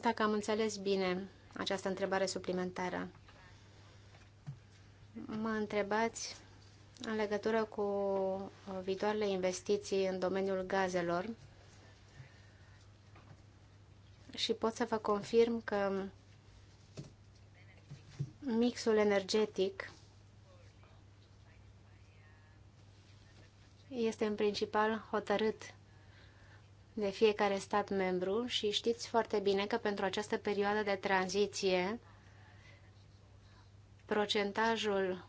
Dacă am înțeles bine această întrebare suplimentară, mă întrebați în legătură cu viitoarele investiții în domeniul gazelor și pot să vă confirm că mixul energetic este în principal hotărât de fiecare stat membru și știți foarte bine că pentru această perioadă de tranziție procentajul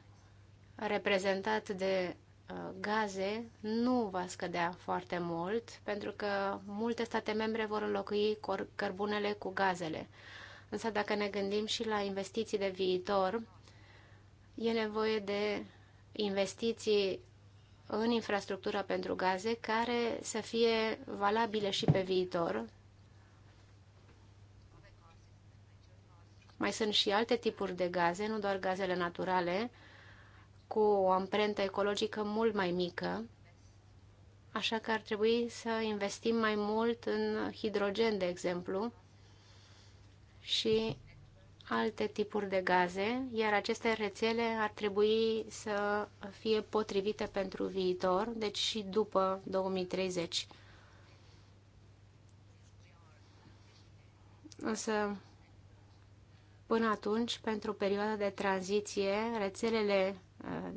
reprezentat de Uh, gaze nu va scădea foarte mult, pentru că multe state membre vor înlocui cărbunele cu gazele. Însă dacă ne gândim și la investiții de viitor, e nevoie de investiții în infrastructura pentru gaze care să fie valabile și pe viitor. Mai sunt și alte tipuri de gaze, nu doar gazele naturale, cu o amprentă ecologică mult mai mică, așa că ar trebui să investim mai mult în hidrogen, de exemplu, și alte tipuri de gaze, iar aceste rețele ar trebui să fie potrivite pentru viitor, deci și după 2030. Însă, până atunci, pentru perioada de tranziție, rețelele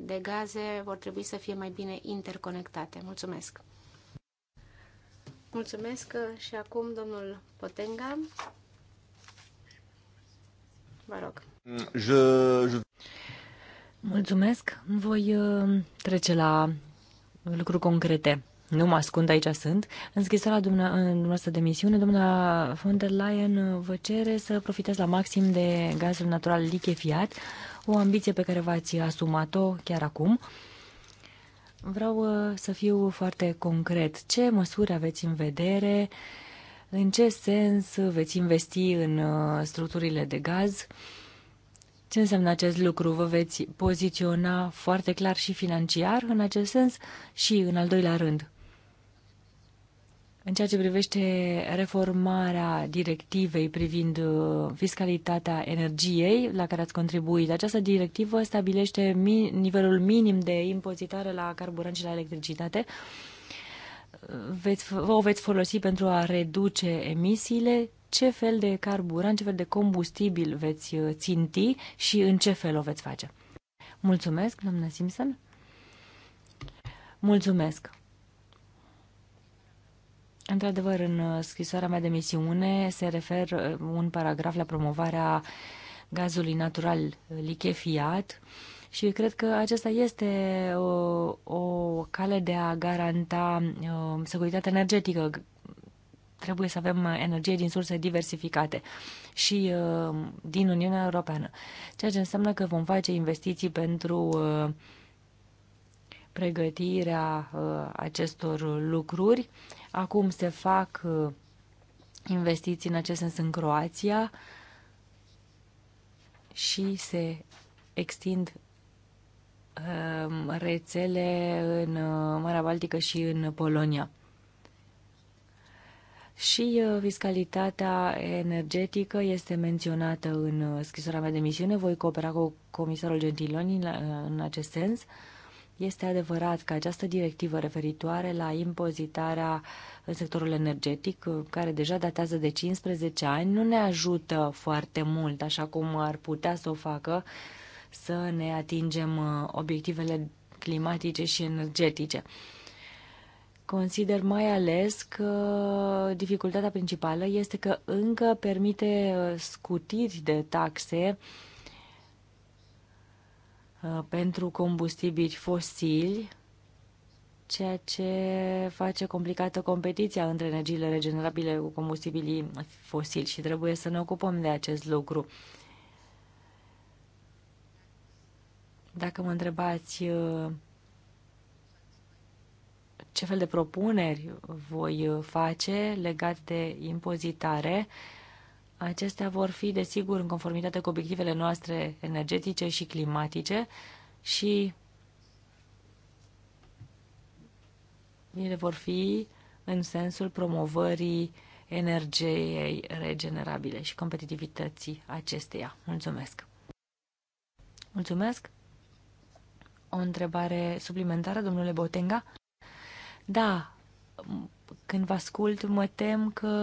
de gaze vor trebui să fie mai bine interconectate. Mulțumesc! Mulțumesc și acum domnul Potenga. Vă rog. Je, je... Mulțumesc. Voi uh, trece la lucruri concrete. Nu mă ascund, aici sunt. În scrisoarea dumneavoastră de misiune, doamna von der Leyen uh, vă cere să profitați la maxim de gazul natural lichefiat o ambiție pe care v-ați asumat-o chiar acum. Vreau uh, să fiu foarte concret. Ce măsuri aveți în vedere? În ce sens veți investi în uh, structurile de gaz? Ce înseamnă acest lucru? Vă veți poziționa foarte clar și financiar în acest sens? Și, în al doilea rând, în ceea ce privește reformarea directivei privind uh, fiscalitatea energiei la care ați contribuit, această directivă stabilește nivelul minim de impozitare la carburant și la electricitate. Veți, o veți folosi pentru a reduce emisiile. Ce fel de carburant, ce fel de combustibil veți uh, ținti și în ce fel o veți face? Mulțumesc, doamna Simpson. Mulțumesc. Într-adevăr, în uh, scrisoarea mea de misiune se refer uh, un paragraf la promovarea gazului natural lichefiat și cred că aceasta este o, o cale de a garanta uh, securitatea energetică. Trebuie să avem uh, energie din surse diversificate și uh, din Uniunea Europeană, ceea ce înseamnă că vom face investiții pentru uh, pregătirea acestor lucruri Acum se fac uh, investiții în acest sens în Croația și se extind uh, rețele în uh, Marea Baltică și în Polonia. Și fiscalitatea energetică este menționată în scrisoarea mea de misiune. Voi coopera cu comisarul Gentiloni în acest sens. Este adevărat că această directivă referitoare la impozitarea în sectorul energetic, care deja datează de 15 ani, nu ne ajută foarte mult, așa cum ar putea să o facă, să ne atingem uh, obiectivele climatice și energetice. Consider mai ales că dificultatea principală este că încă permite uh, scutiri de taxe uh, Uh, pentru combustibili fosili, ceea ce face complicată competiția între energiile regenerabile cu combustibilii fosili și trebuie să ne ocupăm de acest lucru. Dacă mă întrebați uh, ce fel de propuneri voi face legat de impozitare, uh, Acestea vor fi, desigur, în conformitate cu obiectivele noastre energetice și climatice și ele vor fi în sensul promovării energiei regenerabile și competitivității acesteia. Mulțumesc! Mulțumesc! O întrebare suplimentară, domnule Botenga? Da, când vă ascult, mă tem că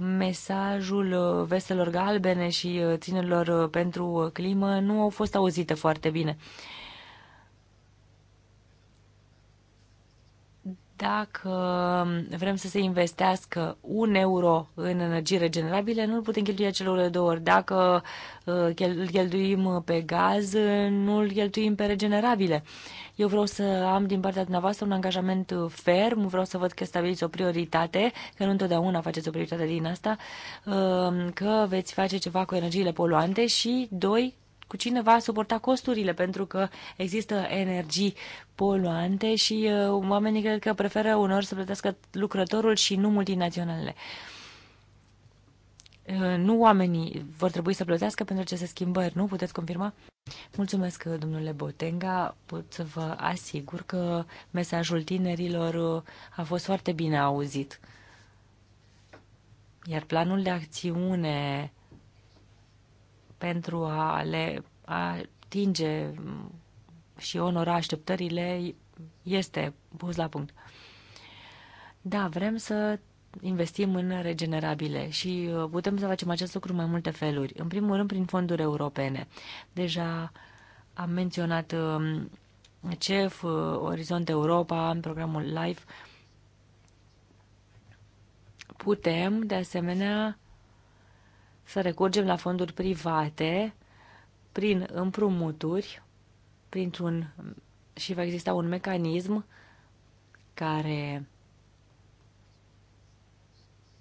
mesajul uh, vestelor galbene și ținerilor uh, uh, pentru climă nu au fost auzite foarte bine. dacă vrem să se investească un euro în energii regenerabile, nu îl putem cheltui celor de două ori. Dacă uh, îl cheltuim pe gaz, nu îl cheltuim pe regenerabile. Eu vreau să am din partea dumneavoastră un angajament ferm, vreau să văd că stabiliți o prioritate, că nu întotdeauna faceți o prioritate din asta, uh, că veți face ceva cu energiile poluante și, doi, cu cine va suporta costurile, pentru că există energii poluante și uh, oamenii cred că preferă unor să plătească lucrătorul și nu multinaționalele. Uh, nu oamenii vor trebui să plătească pentru aceste schimbări, nu? Puteți confirma? Mulțumesc, domnule Botenga. Pot să vă asigur că mesajul tinerilor uh, a fost foarte bine auzit. Iar planul de acțiune pentru a le atinge și onora așteptările este pus la punct. Da, vrem să investim în regenerabile și uh, putem să facem acest lucru în mai multe feluri. În primul rând, prin fonduri europene. Deja am menționat um, CEF, uh, Orizont Europa, în programul LIFE. Putem, de asemenea, să recurgem la fonduri private prin împrumuturi, printr-un și va exista un mecanism care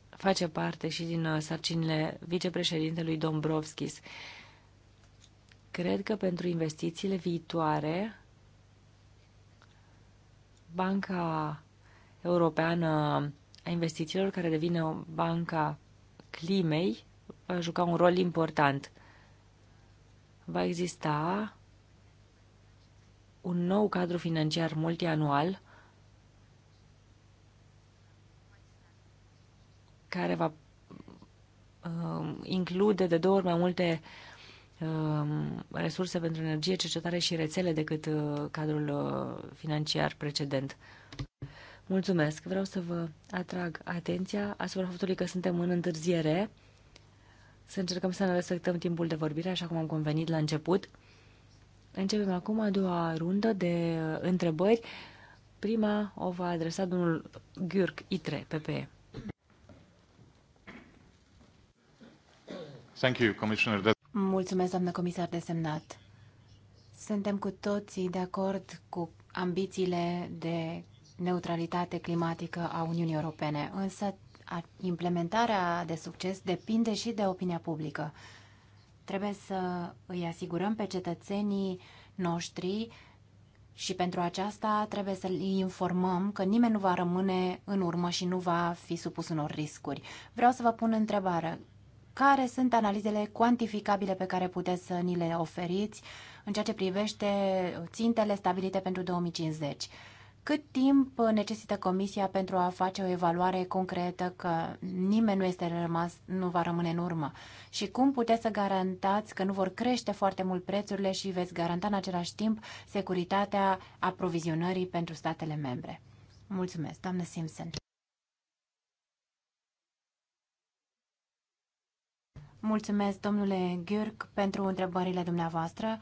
face parte și din uh, sarcinile vicepreședintelui Dombrovskis. Cred că pentru investițiile viitoare, Banca Europeană a Investițiilor, care devine o banca climei, va juca un rol important. Va exista un nou cadru financiar multianual care va uh, include de două ori mai multe um, resurse pentru energie, cercetare și rețele decât uh, cadrul uh, financiar precedent. Mulțumesc! Vreau să vă atrag atenția asupra faptului că suntem în întârziere să încercăm să ne respectăm timpul de vorbire, așa cum am convenit la început. Începem acum a doua rundă de uh, întrebări. Prima o va adresa domnul Gheorg Itre, PPE. Thank you, Commissioner. Mulțumesc, doamnă comisar de semnat. Suntem cu toții de acord cu ambițiile de neutralitate climatică a Uniunii Europene, însă implementarea de succes depinde și de opinia publică. Trebuie să îi asigurăm pe cetățenii noștri și pentru aceasta trebuie să îi informăm că nimeni nu va rămâne în urmă și nu va fi supus unor riscuri. Vreau să vă pun întrebare. Care sunt analizele cuantificabile pe care puteți să ni le oferiți în ceea ce privește țintele stabilite pentru 2050? Cât timp necesită Comisia pentru a face o evaluare concretă că nimeni nu este rămas, nu va rămâne în urmă? Și cum puteți să garantați că nu vor crește foarte mult prețurile și veți garanta în același timp securitatea aprovizionării pentru statele membre? Mulțumesc, doamnă Simpson. Mulțumesc, domnule Gheorg, pentru întrebările dumneavoastră.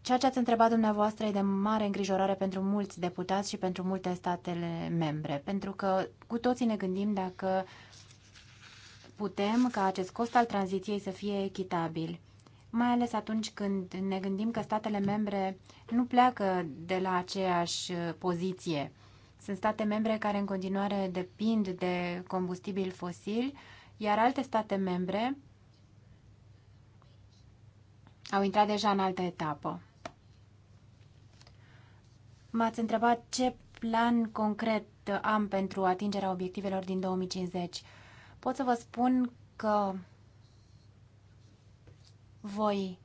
Ceea ce ați întrebat dumneavoastră e de mare îngrijorare pentru mulți deputați și pentru multe statele membre, pentru că cu toții ne gândim dacă putem ca acest cost al tranziției să fie echitabil, mai ales atunci când ne gândim că statele membre nu pleacă de la aceeași uh, poziție. Sunt state membre care în continuare depind de combustibil fosil, iar alte state membre au intrat deja în altă etapă. M-ați întrebat ce plan concret am pentru atingerea obiectivelor din 2050. Pot să vă spun că voi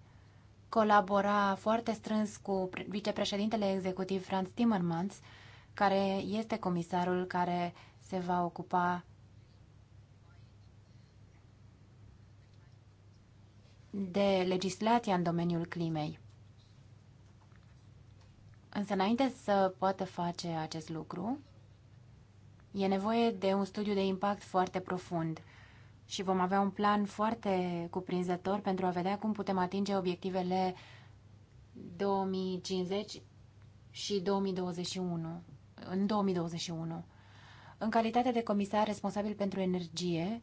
colabora foarte strâns cu vicepreședintele executiv Franz Timmermans, care este comisarul care se va ocupa de legislația în domeniul climei. Însă înainte să poată face acest lucru, e nevoie de un studiu de impact foarte profund și vom avea un plan foarte cuprinzător pentru a vedea cum putem atinge obiectivele 2050 și 2021, în 2021. În calitate de comisar responsabil pentru energie,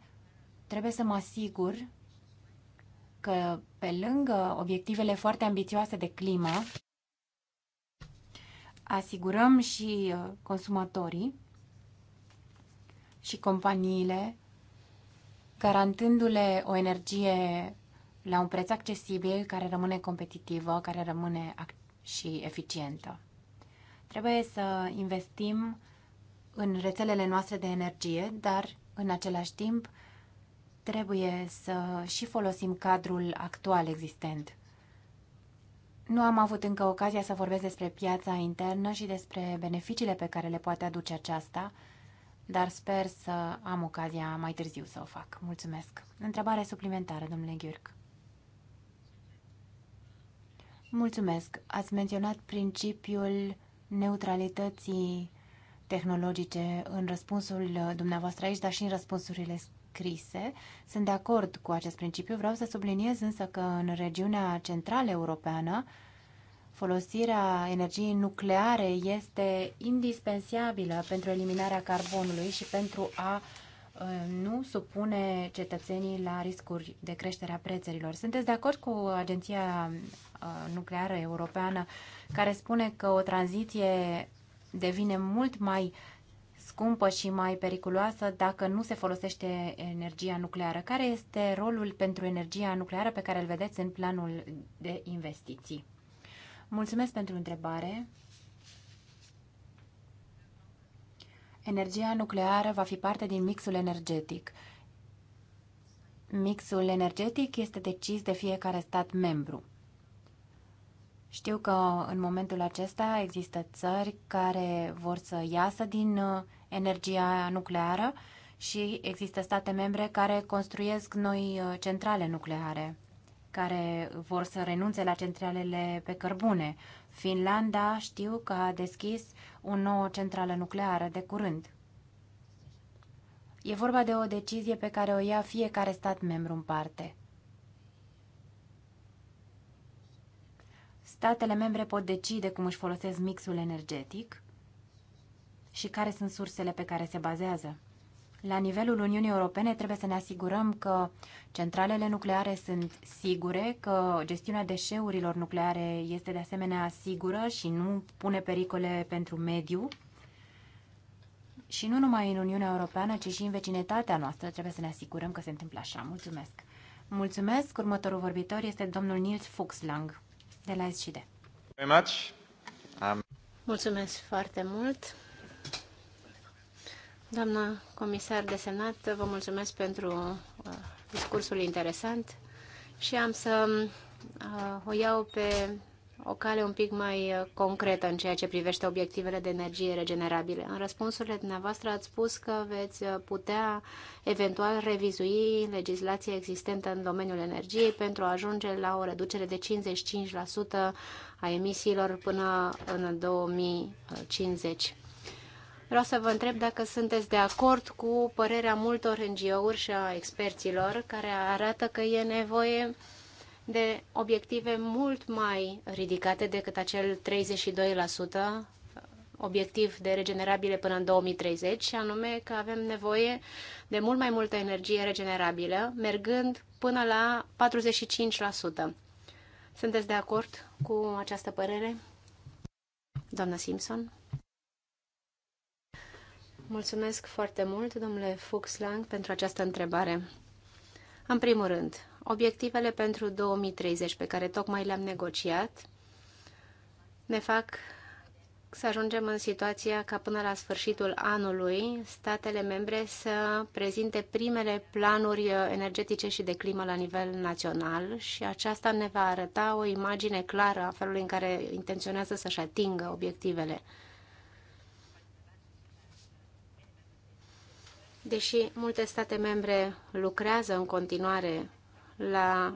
trebuie să mă asigur că pe lângă obiectivele foarte ambițioase de climă, asigurăm și uh, consumatorii și companiile, garantându-le o energie la un preț accesibil, care rămâne competitivă, care rămâne și eficientă. Trebuie să investim în rețelele noastre de energie, dar în același timp trebuie să și folosim cadrul actual existent. Nu am avut încă ocazia să vorbesc despre piața internă și despre beneficiile pe care le poate aduce aceasta, dar sper să am ocazia mai târziu să o fac. Mulțumesc. Întrebare suplimentară, domnule Ghiurc. Mulțumesc. Ați menționat principiul neutralității tehnologice în răspunsul dumneavoastră aici, dar și în răspunsurile scrise. Sunt de acord cu acest principiu. Vreau să subliniez însă că în regiunea centrală europeană folosirea energiei nucleare este indispensabilă pentru eliminarea carbonului și pentru a uh, nu supune cetățenii la riscuri de creștere a prețurilor. Sunteți de acord cu Agenția uh, Nucleară Europeană care spune că o tranziție devine mult mai uh, scumpă și mai periculoasă dacă nu se folosește energia nucleară. Care este rolul pentru energia nucleară pe care îl vedeți în planul de investiții? Mulțumesc pentru întrebare. Energia nucleară va fi parte din mixul energetic. Mixul energetic este decis de fiecare stat membru. Știu că în momentul acesta există țări care vor să iasă din uh, energia nucleară și există state membre care construiesc noi uh, centrale nucleare, care vor să renunțe la centralele pe cărbune. Finlanda știu că a deschis o nouă centrală nucleară de curând. E vorba de o decizie pe care o ia fiecare stat membru în parte. Statele membre pot decide cum își folosesc mixul energetic și care sunt sursele pe care se bazează. La nivelul Uniunii Europene trebuie să ne asigurăm că centralele nucleare sunt sigure, că gestiunea deșeurilor nucleare este de asemenea sigură și nu pune pericole pentru mediu. Și nu numai în Uniunea Europeană, ci și în vecinătatea noastră trebuie să ne asigurăm că se întâmplă așa. Mulțumesc! Mulțumesc! Următorul vorbitor este domnul Nils Fuchslang de la SCD. Um, Mulțumesc foarte mult! Doamna comisar de Senat, vă mulțumesc pentru uh, discursul interesant și am să uh, o iau pe o cale un pic mai uh, concretă în ceea ce privește obiectivele de energie regenerabile. În răspunsurile dumneavoastră ați spus că veți putea eventual revizui legislația existentă în domeniul energiei pentru a ajunge la o reducere de 55% a emisiilor până în 2050. Vreau să vă întreb dacă sunteți de acord cu părerea multor NGO-uri și a experților care arată că e nevoie de obiective mult mai ridicate decât acel 32% obiectiv de regenerabile până în 2030, și anume că avem nevoie de mult mai multă energie regenerabilă, mergând până la 45%. Sunteți de acord cu această părere, doamna Simpson? Mulțumesc foarte mult, domnule Fuchslang, pentru această întrebare. În primul rând, obiectivele pentru 2030 pe care tocmai le-am negociat ne fac să ajungem în situația ca până la sfârșitul anului statele membre să prezinte primele planuri energetice și de climă la nivel național și aceasta ne va arăta o imagine clară a felului în care intenționează să-și atingă obiectivele. Deși multe state membre lucrează în continuare la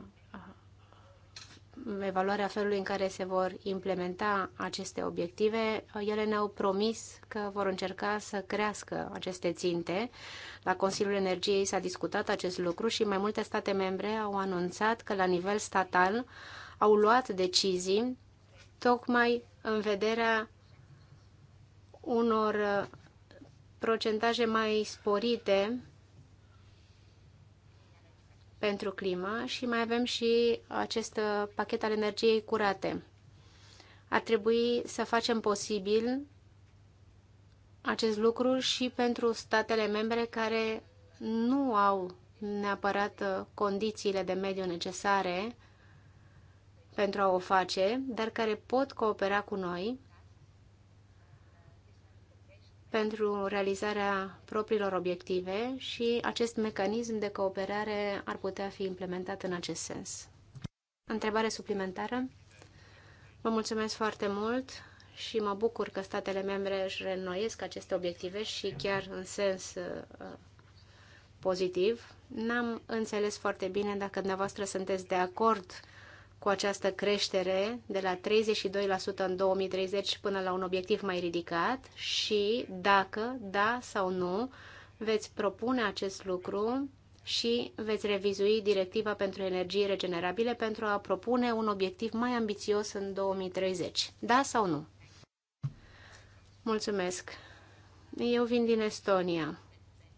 uh, evaluarea felului în care se vor implementa aceste obiective, uh, ele ne-au promis că vor încerca să crească aceste ținte. La Consiliul Energiei s-a discutat acest lucru și mai multe state membre au anunțat că la nivel statal au luat decizii tocmai în vederea unor uh, procentaje mai sporite pentru climă și mai avem și acest pachet al energiei curate. Ar trebui să facem posibil acest lucru și pentru statele membre care nu au neapărat condițiile de mediu necesare pentru a o face, dar care pot coopera cu noi pentru realizarea propriilor obiective și acest mecanism de cooperare ar putea fi implementat în acest sens. Întrebare suplimentară? Vă mulțumesc foarte mult și mă bucur că statele membre își reînnoiesc aceste obiective și chiar în sens uh, pozitiv. N-am înțeles foarte bine dacă dumneavoastră sunteți de acord cu această creștere de la 32% în 2030 până la un obiectiv mai ridicat și dacă, da sau nu, veți propune acest lucru și veți revizui directiva pentru energii regenerabile pentru a propune un obiectiv mai ambițios în 2030. Da sau nu? Mulțumesc! Eu vin din Estonia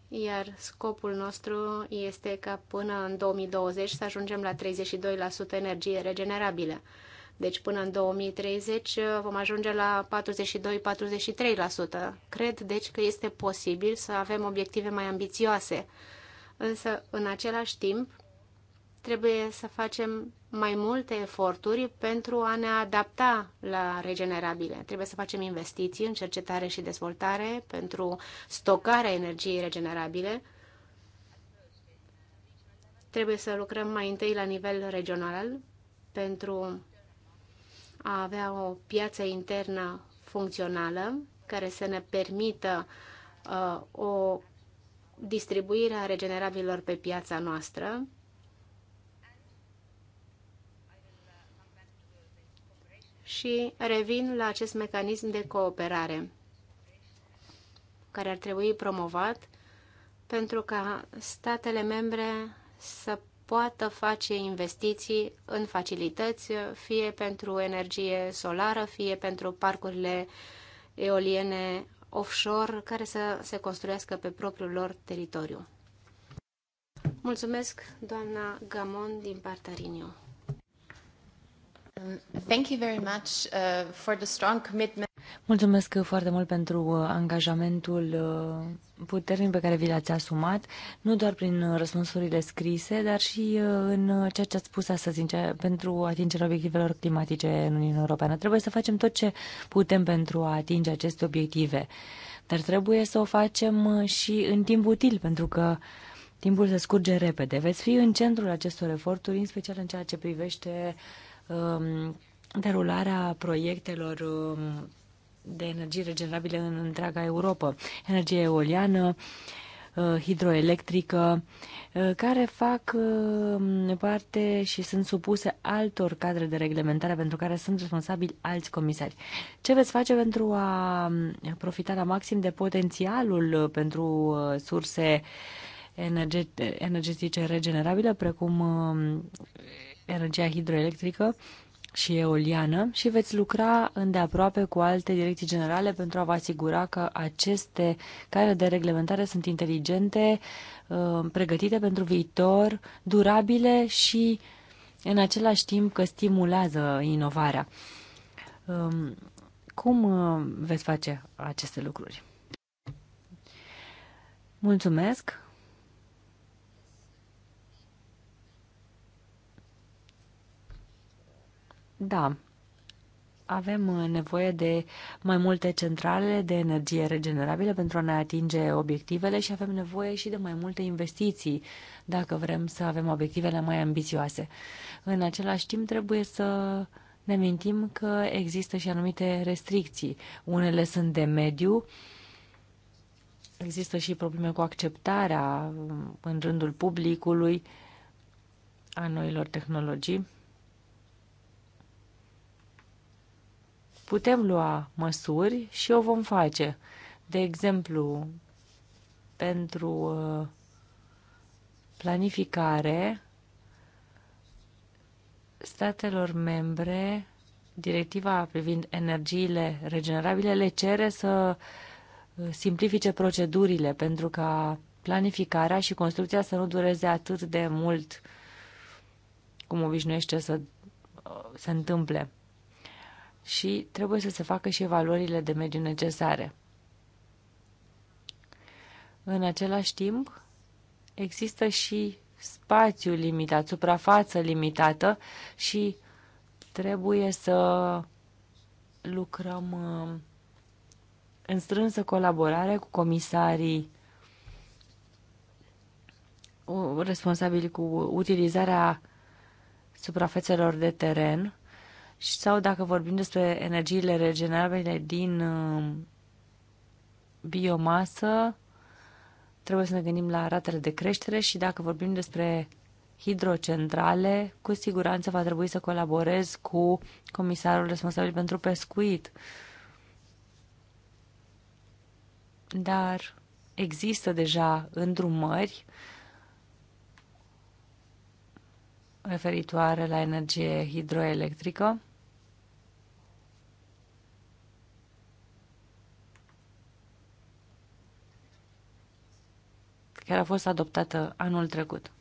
iar scopul nostru este ca până în 2020 să ajungem la 32% energie regenerabilă. Deci până în 2030 uh, vom ajunge la 42-43%. Cred deci că este posibil să avem obiective mai ambițioase. Însă, în același timp, trebuie să facem mai multe eforturi pentru a ne adapta la regenerabile. Trebuie să facem investiții în cercetare și dezvoltare pentru stocarea energiei regenerabile. Trebuie să lucrăm mai întâi la nivel regional pentru a avea o piață internă funcțională care să ne permită uh, o distribuire a regenerabilor pe piața noastră și revin la acest mecanism de cooperare care ar trebui promovat pentru ca statele membre să poată face investiții în facilități, fie pentru energie solară, fie pentru parcurile eoliene offshore, care să se construiască pe propriul lor teritoriu. Mulțumesc, doamna Gamon, din partea Riniu. Uh, Mulțumesc foarte mult pentru uh, angajamentul uh, puternic pe care vi l-ați asumat, nu doar prin răspunsurile scrise, dar și în ceea ce ați spus astăzi pentru atingerea obiectivelor climatice în Uniunea Europeană. Trebuie să facem tot ce putem pentru a atinge aceste obiective, dar trebuie să o facem și în timp util, pentru că timpul se scurge repede. Veți fi în centrul acestor eforturi, în special în ceea ce privește Um, derularea proiectelor um, de energie regenerabile în întreaga Europa, energie eoliană, uh, hidroelectrică, uh, care fac um, parte și sunt supuse altor cadre de reglementare pentru care sunt responsabili alți comisari. Ce veți face pentru a profita la maxim de potențialul uh, pentru surse energetice regenerabile, precum energia hidroelectrică și eoliană și veți lucra îndeaproape cu alte direcții generale pentru a vă asigura că aceste care de reglementare sunt inteligente, uh, pregătite pentru viitor, durabile și în același timp că stimulează inovarea. Um, cum uh, veți face aceste lucruri? Mulțumesc! Da, avem uh, nevoie de mai multe centrale de energie regenerabilă pentru a ne atinge obiectivele și avem nevoie și de mai multe investiții dacă vrem să avem obiectivele mai ambițioase. În același timp trebuie să ne mintim că există și anumite restricții. Unele sunt de mediu, există și probleme cu acceptarea um, în rândul publicului a noilor tehnologii Putem lua măsuri și o vom face. De exemplu, pentru uh, planificare statelor membre, directiva privind energiile regenerabile le cere să uh, simplifice procedurile pentru ca planificarea și construcția să nu dureze atât de mult cum obișnuiește să uh, se întâmple și trebuie să se facă și evaluările de mediu necesare. În același timp, există și spațiu limitat, suprafață limitată și trebuie să lucrăm um, în strânsă colaborare cu comisarii uh, responsabili cu utilizarea suprafețelor de teren sau dacă vorbim despre energiile regenerabile din uh, biomasă, trebuie să ne gândim la ratele de creștere și dacă vorbim despre hidrocentrale, cu siguranță va trebui să colaborez cu comisarul responsabil pentru pescuit. Dar există deja îndrumări referitoare la energie hidroelectrică. care a fost adoptată anul trecut.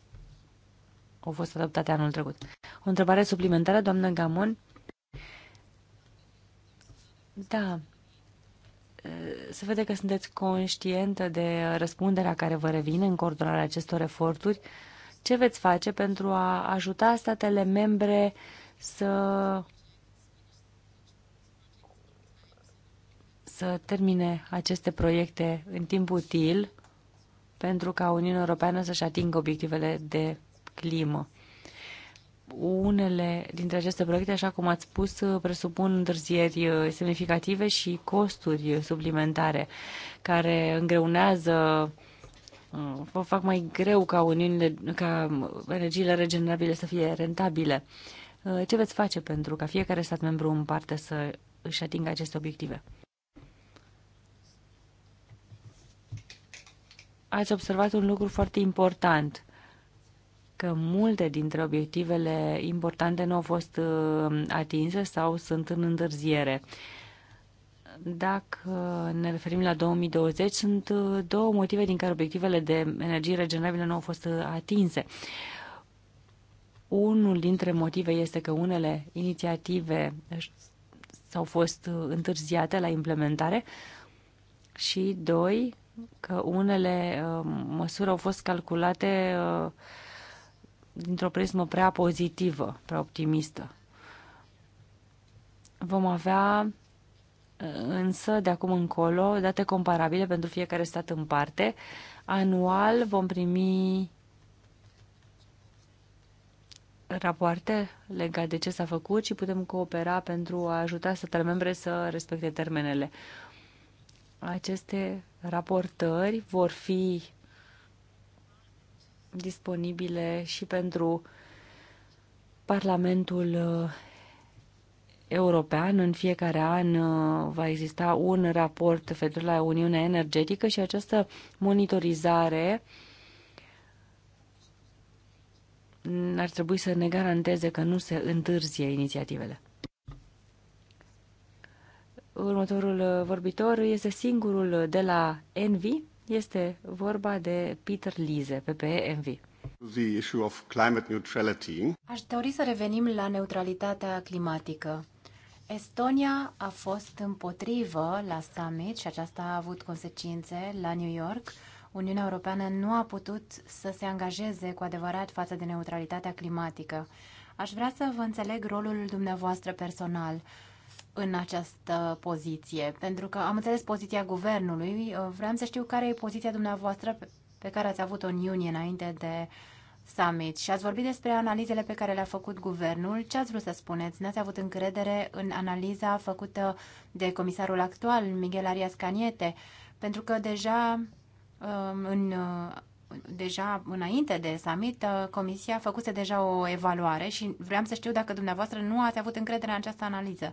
Au fost adoptate anul trecut. O întrebare suplimentară, doamnă Gamon? Da. Se vede că sunteți conștientă de răspunderea care vă revine în coordonarea acestor eforturi. Uh, ce veți face pentru a ajuta statele membre să, să termine aceste proiecte în timp util pentru ca Uniunea Europeană să-și atingă obiectivele de climă? unele dintre aceste proiecte, așa cum ați spus, presupun întârzieri semnificative și costuri suplimentare care îngreunează Uh, vă fac mai greu ca, uniunile, ca energiile regenerabile să fie rentabile. Uh, ce veți face pentru ca fiecare stat membru în parte să își atingă aceste obiective? Ați observat un lucru foarte important, că multe dintre obiectivele importante nu au fost uh, atinse sau sunt în întârziere. Dacă ne referim la 2020, sunt uh, două motive din care obiectivele de energie regenerabilă nu au fost uh, atinse. Unul dintre motive este că unele inițiative s-au fost uh, întârziate la implementare și, doi, că unele măsuri au fost calculate dintr-o prismă prea pozitivă, prea optimistă. Vom avea însă de acum încolo date comparabile pentru fiecare stat în parte. Anual vom primi rapoarte legate de ce s-a făcut și putem coopera pentru a ajuta statele membre să respecte termenele. Aceste raportări vor fi disponibile și pentru Parlamentul european în fiecare an uh, va exista un raport referitor la Uniunea Energetică și această monitorizare ar trebui să ne garanteze că nu se întârzie inițiativele. Următorul vorbitor este singurul de la Envi. Este vorba de Peter Lise, PPE Envy. The issue of climate neutrality. Aș dori să revenim la neutralitatea climatică. Estonia a fost împotrivă la summit și aceasta a avut consecințe la New York. Uniunea Europeană nu a putut să se angajeze cu adevărat față de neutralitatea climatică. Aș vrea să vă înțeleg rolul dumneavoastră personal în această poziție, pentru că am înțeles poziția guvernului. Vreau să știu care e poziția dumneavoastră pe care ați avut-o în iunie înainte de uh, summit și ați vorbit despre analizele pe care le-a făcut guvernul. Ce ați vrut să spuneți? N-ați avut încredere în analiza făcută de comisarul actual, Miguel Arias Caniete? Pentru că deja um, în deja înainte de summit, uh, Comisia a făcut deja o evaluare și vreau să știu dacă dumneavoastră nu ați avut încredere în această analiză.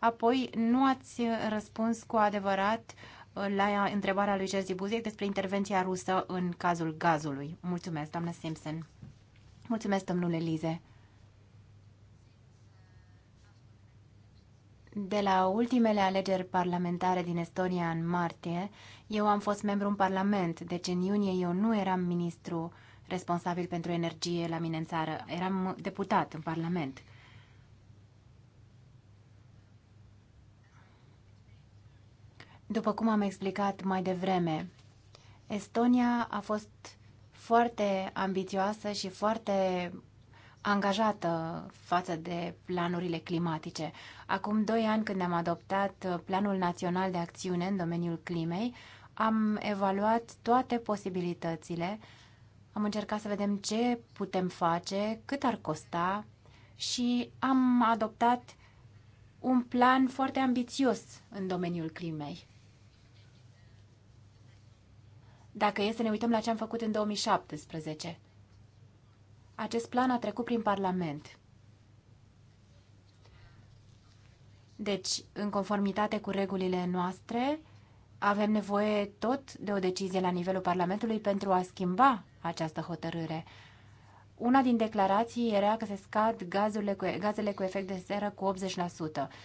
Apoi, nu ați răspuns cu adevărat la întrebarea lui Jerzy Buzek despre intervenția rusă în cazul gazului. Mulțumesc, doamnă Simpson. Mulțumesc, domnule Lize. De la ultimele alegeri parlamentare din Estonia în martie, eu am fost membru în Parlament, deci în iunie eu nu eram ministru responsabil pentru energie la mine în țară, eram deputat în Parlament. După cum am explicat mai devreme, Estonia a fost foarte ambițioasă și foarte angajată față de planurile climatice. Acum doi ani, când am adoptat Planul Național de Acțiune în domeniul climei, am evaluat toate posibilitățile, am încercat să vedem ce putem face, cât ar costa și am adoptat un plan foarte ambițios în domeniul climei dacă e să ne uităm la ce am făcut în 2017. Acest plan a trecut prin Parlament. Deci, în conformitate cu regulile noastre, avem nevoie tot de o decizie la nivelul Parlamentului pentru a schimba această hotărâre. Una din declarații era că se scad gazurile cu, gazele cu efect de seră cu 80%.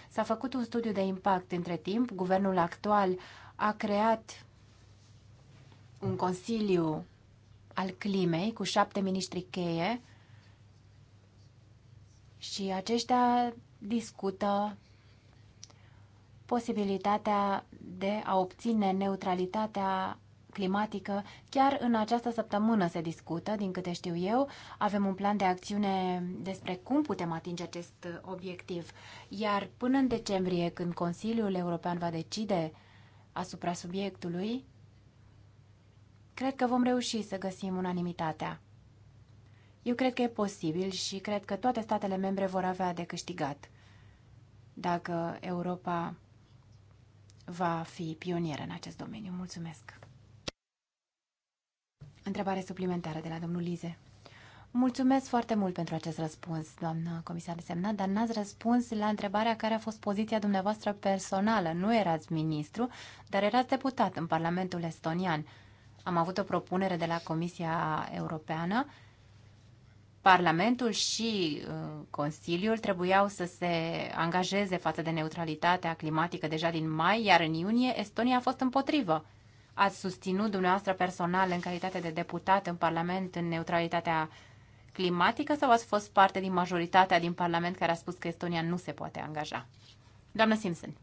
S-a făcut un studiu de impact între timp. Guvernul actual a creat un consiliu al climei cu șapte miniștri cheie și aceștia discută posibilitatea de a obține neutralitatea climatică. Chiar în această săptămână se discută, din câte știu eu. Avem un plan de acțiune despre cum putem atinge acest obiectiv. Iar până în decembrie, când Consiliul European va decide asupra subiectului, Cred că vom reuși să găsim unanimitatea. Eu cred că e posibil și cred că toate statele membre vor avea de câștigat dacă Europa va fi pionieră în acest domeniu. Mulțumesc! Întrebare suplimentară de la domnul Lize. Mulțumesc foarte mult pentru acest răspuns, doamnă comisar de semnat, dar n-ați răspuns la întrebarea care a fost poziția dumneavoastră personală. Nu erați ministru, dar erați deputat în Parlamentul Estonian. Am avut o propunere de la Comisia Europeană. Parlamentul și uh, Consiliul trebuiau să se angajeze față de neutralitatea climatică deja din mai, iar în iunie Estonia a fost împotrivă. Ați susținut dumneavoastră personal în calitate de deputat în Parlament în neutralitatea climatică sau ați fost parte din majoritatea din Parlament care a spus că Estonia nu se poate angaja? Doamnă Simpson.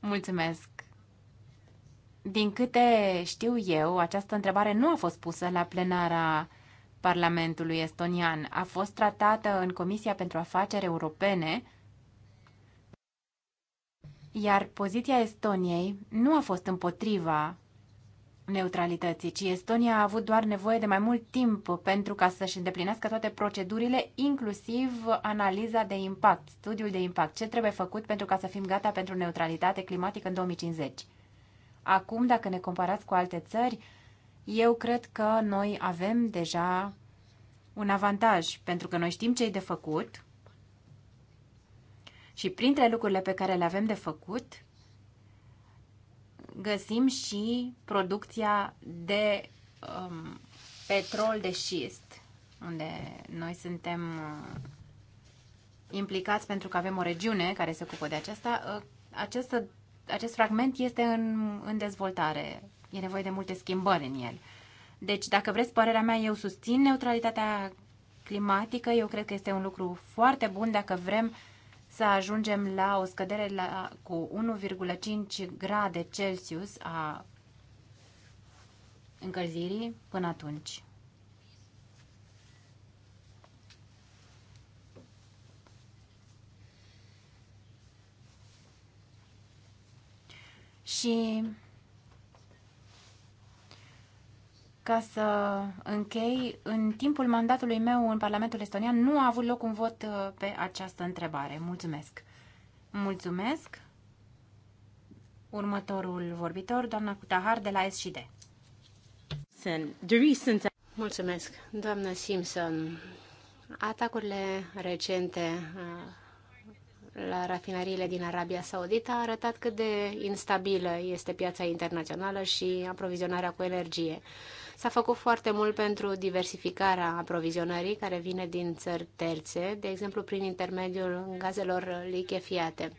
Mulțumesc, din câte știu eu, această întrebare nu a fost pusă la plenara Parlamentului estonian. A fost tratată în Comisia pentru Afaceri Europene, iar poziția Estoniei nu a fost împotriva neutralității, ci Estonia a avut doar nevoie de mai mult timp pentru ca să-și îndeplinească toate procedurile, inclusiv analiza de impact, studiul de impact, ce trebuie făcut pentru ca să fim gata pentru neutralitate climatică în 2050. Acum, dacă ne comparați cu alte țări, eu cred că noi avem deja un avantaj, pentru că noi știm ce e de făcut și printre lucrurile pe care le avem de făcut, găsim și producția de um, petrol de șist, unde noi suntem uh, implicați pentru că avem o regiune care se ocupă de aceasta. Uh, această acest fragment este în, în dezvoltare. E nevoie de multe schimbări în el. Deci, dacă vreți părerea mea, eu susțin neutralitatea climatică. Eu cred că este un lucru foarte bun dacă vrem să ajungem la o scădere la, cu 1,5 grade Celsius a încălzirii până atunci. Și ca să închei, în timpul mandatului meu în Parlamentul Estonian nu a avut loc un vot uh, pe această întrebare. Mulțumesc! Mulțumesc! Următorul vorbitor, doamna Cutahar de la SCD. Mulțumesc, doamna Simpson. Atacurile recente uh, la rafinariile din Arabia Saudită a arătat cât de instabilă este piața internațională și aprovizionarea cu energie. S-a făcut foarte mult pentru diversificarea aprovizionării care vine din țări terțe, de exemplu prin intermediul gazelor lichefiate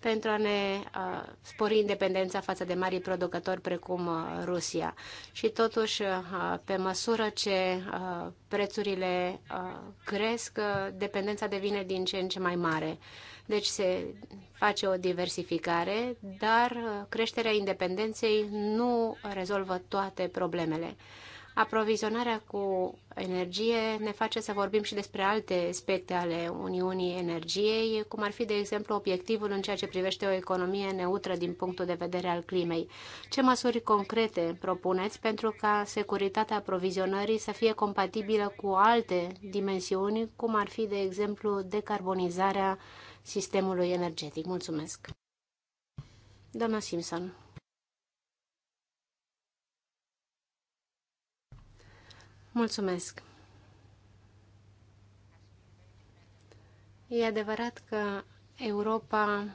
pentru a ne uh, spori independența față de marii producători precum Rusia. Și totuși, uh, pe măsură ce uh, prețurile uh, cresc, uh, dependența devine din ce în ce mai mare. Uh, deci se face o diversificare, dar creșterea independenței nu rezolvă toate problemele. Aprovizionarea cu energie ne face să vorbim și despre alte aspecte ale Uniunii Energiei, cum ar fi, de exemplu, obiectivul în ceea ce privește o economie neutră din punctul de vedere al climei. Ce măsuri concrete propuneți pentru ca securitatea aprovizionării să fie compatibilă cu alte dimensiuni, cum ar fi, de exemplu, decarbonizarea sistemului energetic. Mulțumesc! Doamna Simpson. Mulțumesc! E adevărat că Europa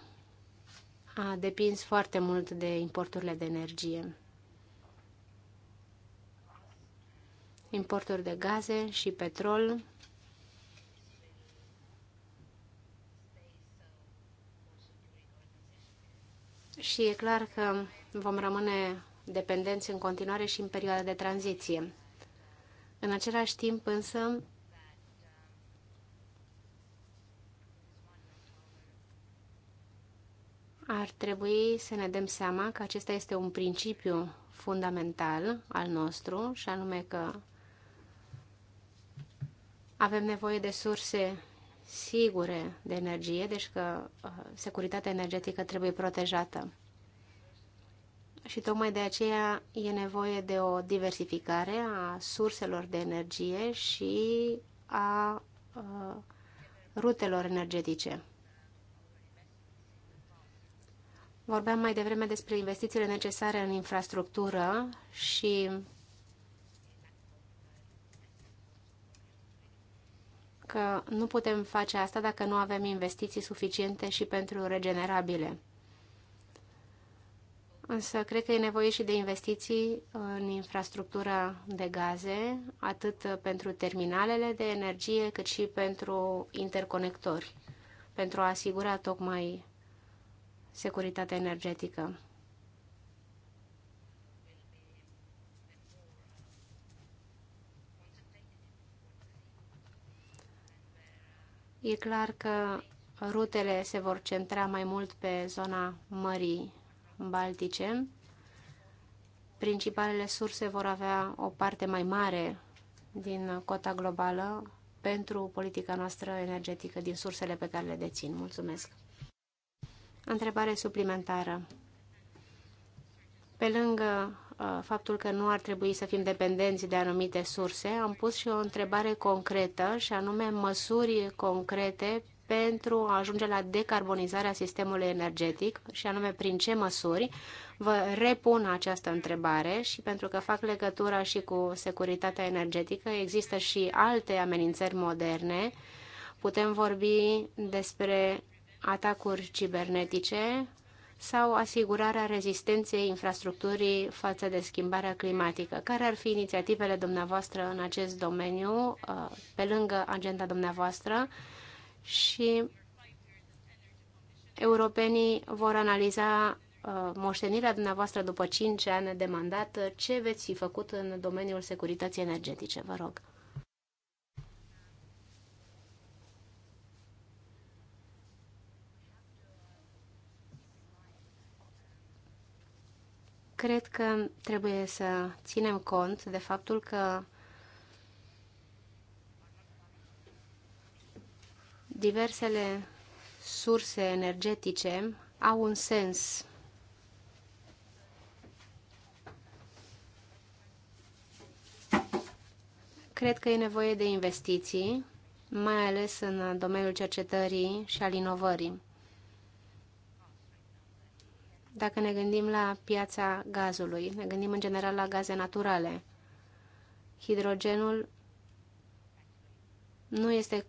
a depins foarte mult de importurile de energie. Importuri de gaze și petrol și e clar că vom rămâne dependenți în continuare și în perioada de tranziție. În același timp însă ar trebui să ne dăm seama că acesta este un principiu fundamental al nostru și anume că avem nevoie de surse sigure de energie, deci că uh, securitatea energetică trebuie protejată. Și tocmai de aceea e nevoie de o diversificare a surselor de energie și a, a uh, rutelor energetice. Vorbeam mai devreme despre investițiile necesare în infrastructură și că nu putem face asta dacă nu avem investiții suficiente și pentru regenerabile. Însă cred că e nevoie și de investiții în infrastructura de gaze, atât pentru terminalele de energie, cât și pentru interconectori, pentru a asigura tocmai securitatea energetică. E clar că rutele se vor centra mai mult pe zona Mării Baltice. Principalele surse vor avea o parte mai mare din cota globală pentru politica noastră energetică din sursele pe care le dețin. Mulțumesc! Întrebare suplimentară. Pe lângă faptul că nu ar trebui să fim dependenți de anumite surse, am pus și o întrebare concretă și anume măsuri concrete pentru a ajunge la decarbonizarea sistemului energetic și anume prin ce măsuri. Vă repun această întrebare și pentru că fac legătura și cu securitatea energetică, există și alte amenințări moderne. Putem vorbi despre atacuri cibernetice, sau asigurarea rezistenței infrastructurii față de schimbarea climatică. Care ar fi inițiativele dumneavoastră în acest domeniu, uh, pe lângă agenda dumneavoastră și europenii vor analiza uh, moștenirea dumneavoastră după 5 ani de mandat, ce veți fi făcut în domeniul securității energetice, vă rog. cred că trebuie să ținem cont de faptul că diversele surse energetice au un sens. Cred că e nevoie de investiții, mai ales în domeniul cercetării și al inovării. Dacă ne gândim la piața gazului, ne gândim în general la gaze naturale. Hidrogenul nu este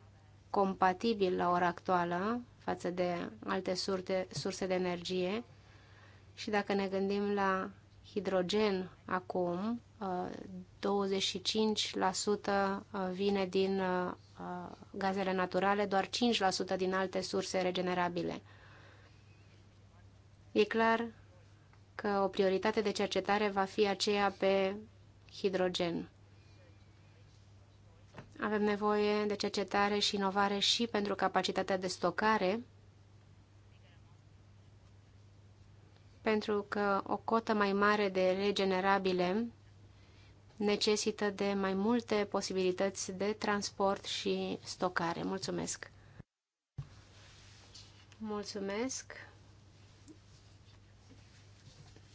compatibil la ora actuală față de alte surte, surse de energie și dacă ne gândim la hidrogen acum, 25% uh, uh, vine din uh, gazele naturale, doar 5% din alte surse regenerabile. E clar că o prioritate de cercetare va fi aceea pe hidrogen. Avem nevoie de cercetare și inovare și pentru capacitatea de stocare, pentru că o cotă mai mare de regenerabile necesită de mai multe posibilități de transport și stocare. Mulțumesc! Mulțumesc!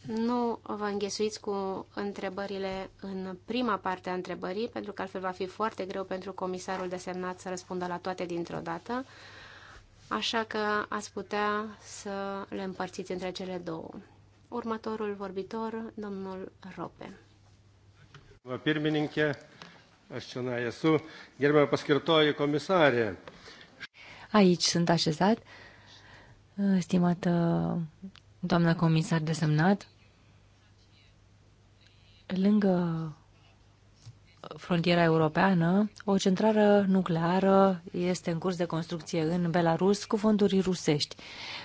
Nu vă înghesuiți cu întrebările în prima parte a întrebării, pentru că altfel va fi foarte greu pentru comisarul desemnat să răspundă la toate dintr-o dată, așa că ați putea să le împărțiți între cele două. Următorul vorbitor, domnul Rope. Vă pirmininche, aš čia esu, gerbėjau Aici sunt așezat, stimată doamnă comisar desemnat lângă frontiera europeană, o centrală nucleară este în curs de construcție în Belarus cu fonduri rusești.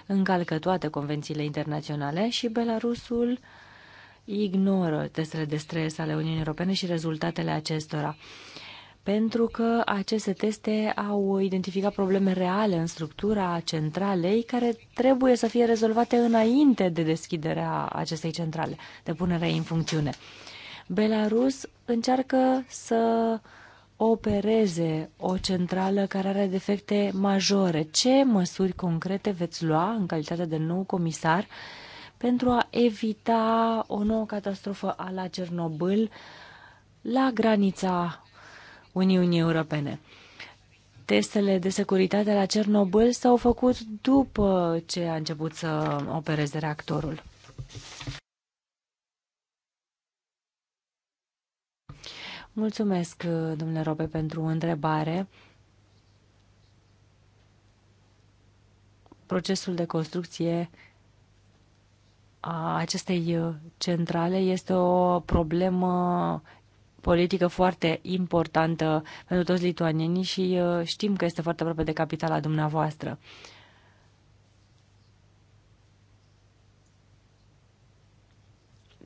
Încalcă toate convențiile internaționale și Belarusul ignoră testele de stres ale Uniunii Europene și rezultatele acestora pentru că aceste teste au identificat probleme reale în structura centralei care trebuie să fie rezolvate înainte de deschiderea acestei centrale, de punerea în funcțiune. Belarus încearcă să opereze o centrală care are defecte majore. Ce măsuri concrete veți lua în calitate de nou comisar pentru a evita o nouă catastrofă a la Cernobâl la granița Uniunii Europene. Testele de securitate la Cernobâl s-au făcut după ce a început să opereze reactorul. Mulțumesc, domnule Robe pentru întrebare. Procesul de construcție a acestei centrale este o problemă politică foarte importantă pentru toți lituanienii și uh, știm că este foarte aproape de capitala dumneavoastră.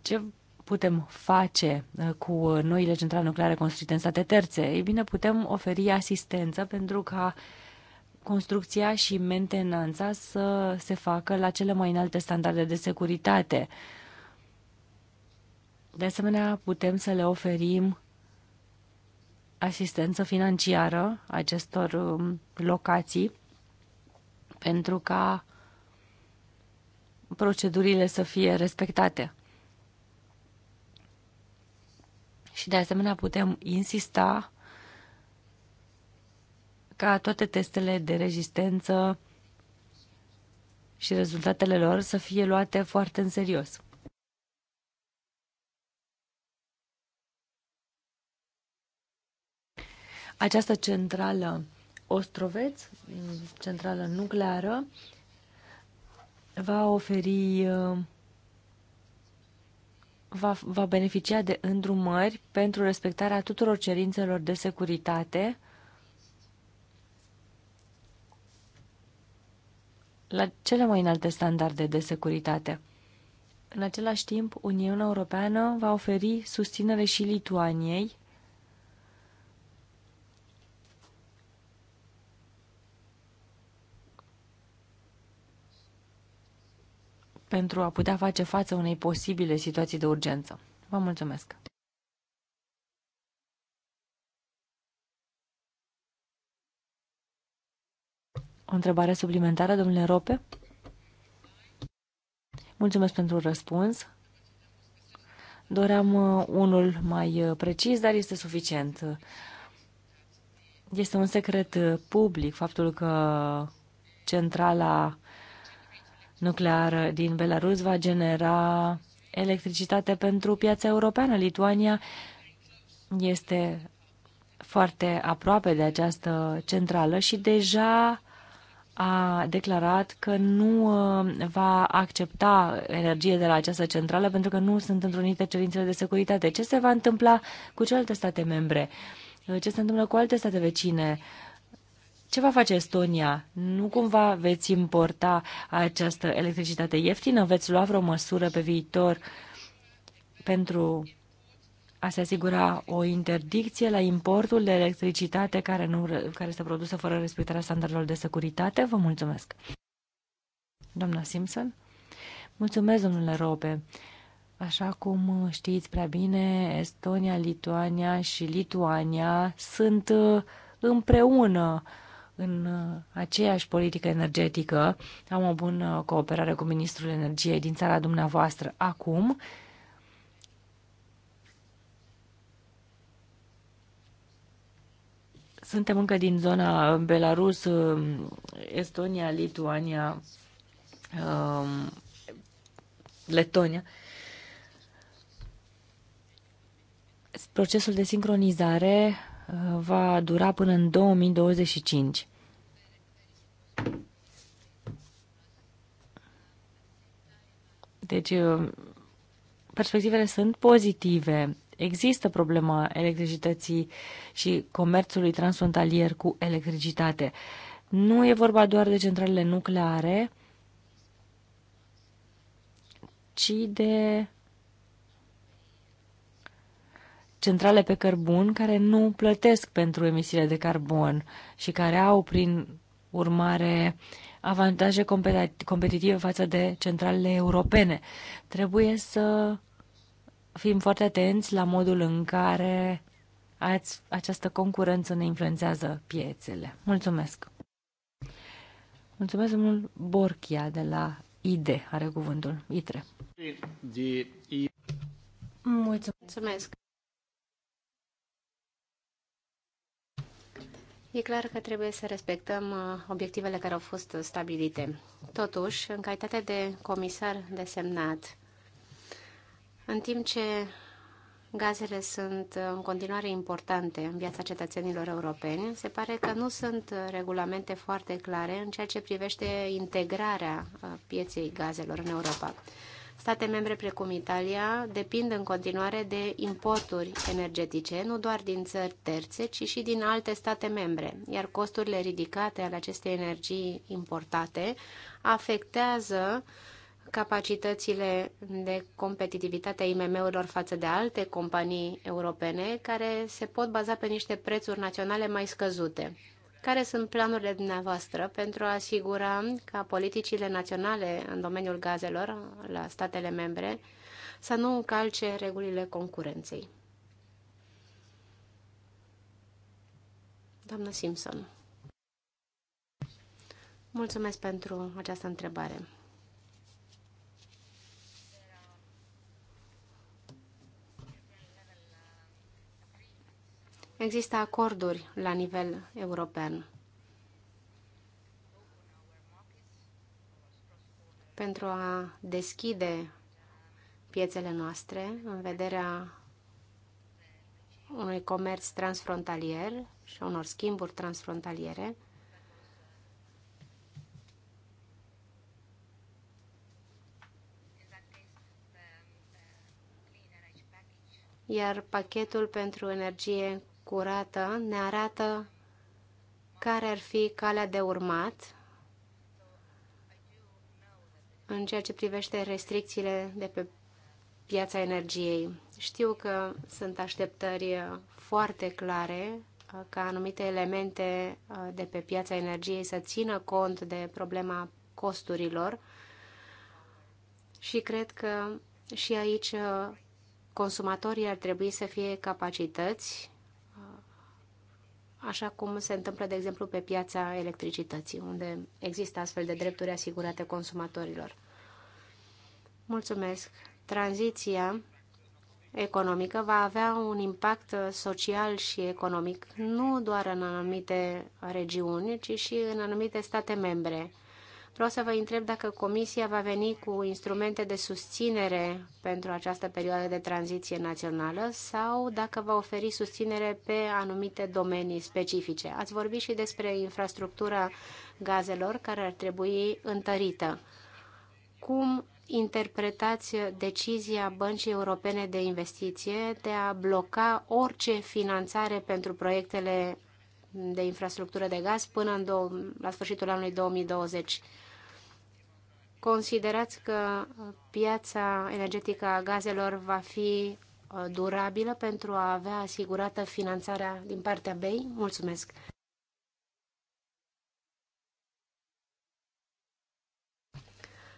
Ce putem face uh, cu noile centrale nucleare construite în state terțe? Ei bine, putem oferi asistență pentru ca construcția și mentenanța să se facă la cele mai înalte standarde de securitate. Uh, de asemenea, putem să le oferim asistență financiară acestor um, locații pentru ca procedurile să fie respectate. Și de asemenea putem insista ca toate testele de rezistență și rezultatele lor să fie luate foarte în serios. Această centrală Ostroveț, centrală nucleară, va oferi uh, va, va beneficia de îndrumări pentru respectarea tuturor cerințelor de securitate la cele mai înalte standarde de securitate. În același timp, Uniunea Europeană va oferi susținere și Lituaniei pentru a putea face față unei posibile situații de urgență. Vă mulțumesc! O întrebare suplimentară, domnule Rope? Mulțumesc pentru răspuns. Doream uh, unul mai uh, precis, dar este suficient. Este un secret uh, public faptul că centrala nucleară din Belarus va genera electricitate pentru piața europeană. Lituania este foarte aproape de această centrală și deja a declarat că nu uh, va accepta energie de la această centrală pentru că nu sunt întrunite cerințele de securitate. Ce se va întâmpla cu celelalte state membre? Uh, ce se întâmplă cu alte state vecine? Ce va face Estonia? Nu cumva veți importa această electricitate ieftină? Veți lua vreo măsură pe viitor pentru a se asigura o interdicție la importul de electricitate care, nu, care este produsă fără respectarea standardelor de securitate? Vă mulțumesc. Doamna Simpson? Mulțumesc, domnule Rope. Așa cum știți prea bine, Estonia, Lituania și Lituania sunt uh, împreună uh, în uh, aceeași politică energetică. Am o bună cooperare cu Ministrul Energiei din țara dumneavoastră acum. Suntem încă din zona Belarus, uh, Estonia, Lituania, um, Letonia. Procesul de sincronizare va dura până în 2025. Deci, uh, perspectivele sunt pozitive. Există problema electricității și comerțului transfrontalier cu electricitate. Nu e vorba doar de centralele nucleare, ci de centrale pe cărbun care nu plătesc pentru emisiile de carbon și care au, prin urmare, avantaje competitive față de centralele europene. Trebuie să fim foarte atenți la modul în care ați, această concurență ne influențează piețele. Mulțumesc! Mulțumesc mult Borchia de la IDE, are cuvântul, ITRE. Mulțumesc! E clar că trebuie să respectăm uh, obiectivele care au fost stabilite. Totuși, în calitate de comisar desemnat, în timp ce gazele sunt uh, în continuare importante în viața cetățenilor europeni, se pare că nu sunt uh, regulamente foarte clare în ceea ce privește integrarea pieței gazelor în Europa. State membre precum Italia depind în continuare de importuri energetice, nu doar din țări terțe, ci și din alte state membre, iar costurile ridicate ale acestei energii importate afectează capacitățile de competitivitate a IMM-urilor față de alte companii europene care se pot baza pe niște prețuri naționale mai scăzute. Care sunt planurile dumneavoastră pentru a asigura ca politicile naționale în domeniul gazelor la statele membre să nu încalce regulile concurenței? Doamna Simpson. Mulțumesc pentru această întrebare. există acorduri la nivel european. pentru a deschide piețele noastre în vederea unui comerț transfrontalier și unor schimburi transfrontaliere. Iar pachetul pentru energie curată ne arată care ar fi calea de urmat în ceea ce privește restricțiile de pe piața energiei. Știu că sunt așteptări foarte clare uh, ca anumite elemente uh, de pe piața energiei să țină cont de problema costurilor și cred că și aici uh, consumatorii ar trebui să fie capacități așa cum se întâmplă, de exemplu, pe piața electricității, unde există astfel de drepturi asigurate consumatorilor. Mulțumesc! Tranziția economică va avea un impact social și economic, nu doar în anumite regiuni, ci și în anumite state membre. Vreau să vă întreb dacă Comisia va veni cu instrumente de susținere pentru această perioadă de tranziție națională sau dacă va oferi susținere pe anumite domenii specifice. Ați vorbit și despre infrastructura gazelor care ar trebui întărită. Cum interpretați decizia Băncii Europene de Investiție de a bloca orice finanțare pentru proiectele de infrastructură de gaz până în la sfârșitul anului 2020. Considerați că uh, piața energetică a gazelor va fi uh, durabilă pentru a avea asigurată finanțarea din partea BEI? Mulțumesc!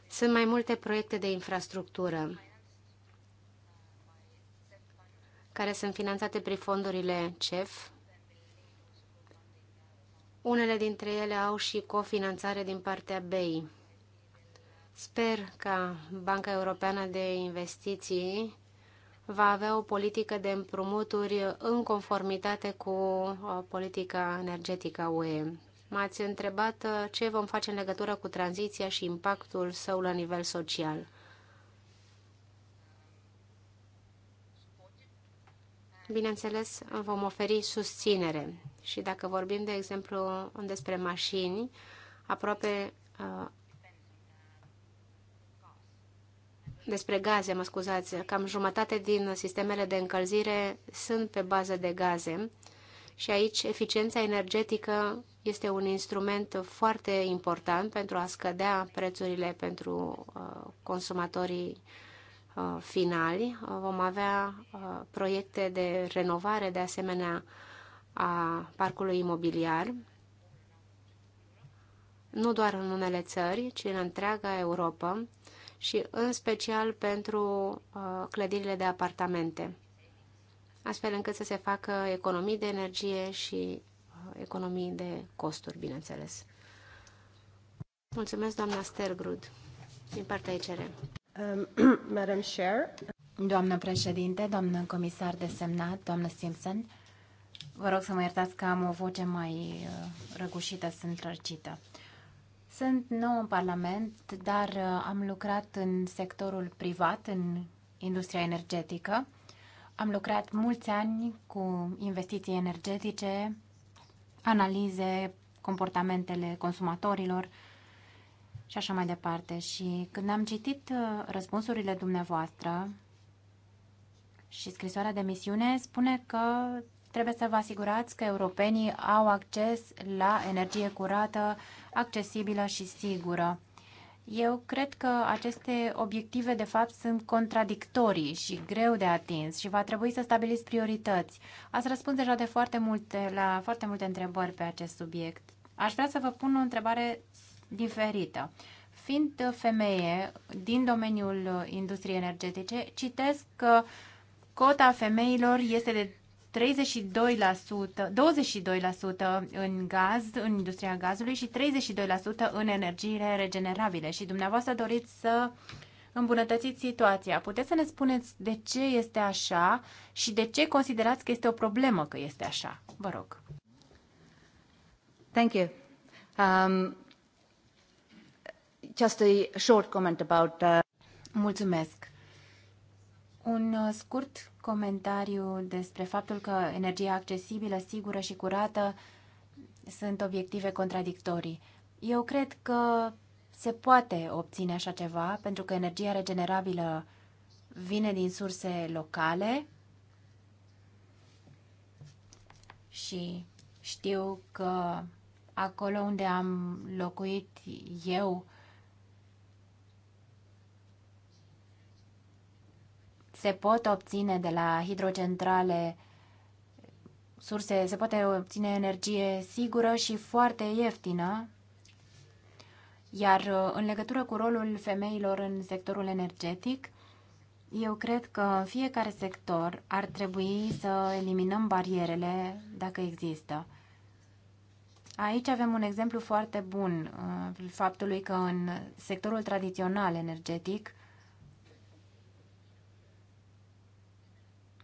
Sunt mai multe proiecte de infrastructură care sunt finanțate prin fondurile CEF. Unele dintre ele au și cofinanțare din partea BEI. Sper că Banca Europeană de Investiții va avea o politică de împrumuturi în conformitate cu uh, politica energetică UE. M-ați întrebat uh, ce vom face în legătură cu tranziția și impactul său la nivel social. Bineînțeles, vom oferi susținere și dacă vorbim, de exemplu, despre mașini, aproape uh, despre gaze, mă scuzați, cam jumătate din sistemele de încălzire sunt pe bază de gaze și aici eficiența energetică este un instrument foarte important pentru a scădea prețurile pentru uh, consumatorii uh, finali. Vom avea uh, proiecte de renovare, de asemenea, a parcului imobiliar, nu doar în unele țări, ci în întreaga Europa, și în special pentru uh, clădirile de apartamente, astfel încât să se facă economii de energie și uh, economii de costuri, bineînțeles. Mulțumesc, doamna Stergrud, din partea ICR. Um, Madam Chair. Doamnă președinte, doamnă comisar desemnat, doamnă Simpson, vă rog să mă iertați că am o voce mai uh, răgușită, sunt răcită. Uh, sunt nou în Parlament, dar uh, am lucrat în sectorul privat, în industria energetică. Am lucrat mulți ani cu investiții energetice, analize, comportamentele consumatorilor și așa mai departe. Și când am citit uh, răspunsurile dumneavoastră și scrisoarea de misiune, spune că Trebuie să vă asigurați că europenii au acces la energie curată, accesibilă și sigură. Eu cred că aceste obiective, de fapt, sunt contradictorii și greu de atins și va trebui să stabiliți priorități. Ați răspuns deja de foarte multe, la foarte multe întrebări pe acest subiect. Aș vrea să vă pun o întrebare diferită. Fiind femeie din domeniul industriei energetice, citesc că cota femeilor este de 32%, 22% în gaz, în industria gazului și 32% în energiile regenerabile. Și dumneavoastră doriți să îmbunătățiți situația. Puteți să ne spuneți de ce este așa și de ce considerați că este o problemă că este așa? Vă rog. Thank you. Um, just a short comment about... Uh... Mulțumesc. Un uh, scurt comentariu despre faptul că energia accesibilă, sigură și curată sunt obiective contradictorii. Eu cred că se poate obține așa ceva, pentru că energia regenerabilă vine din surse locale și știu că acolo unde am locuit eu se pot obține de la hidrocentrale surse, se poate obține energie sigură și foarte ieftină, iar uh, în legătură cu rolul femeilor în sectorul energetic, eu cred că în fiecare sector ar trebui să eliminăm barierele dacă există. Aici avem un exemplu foarte bun uh, faptului că în sectorul tradițional energetic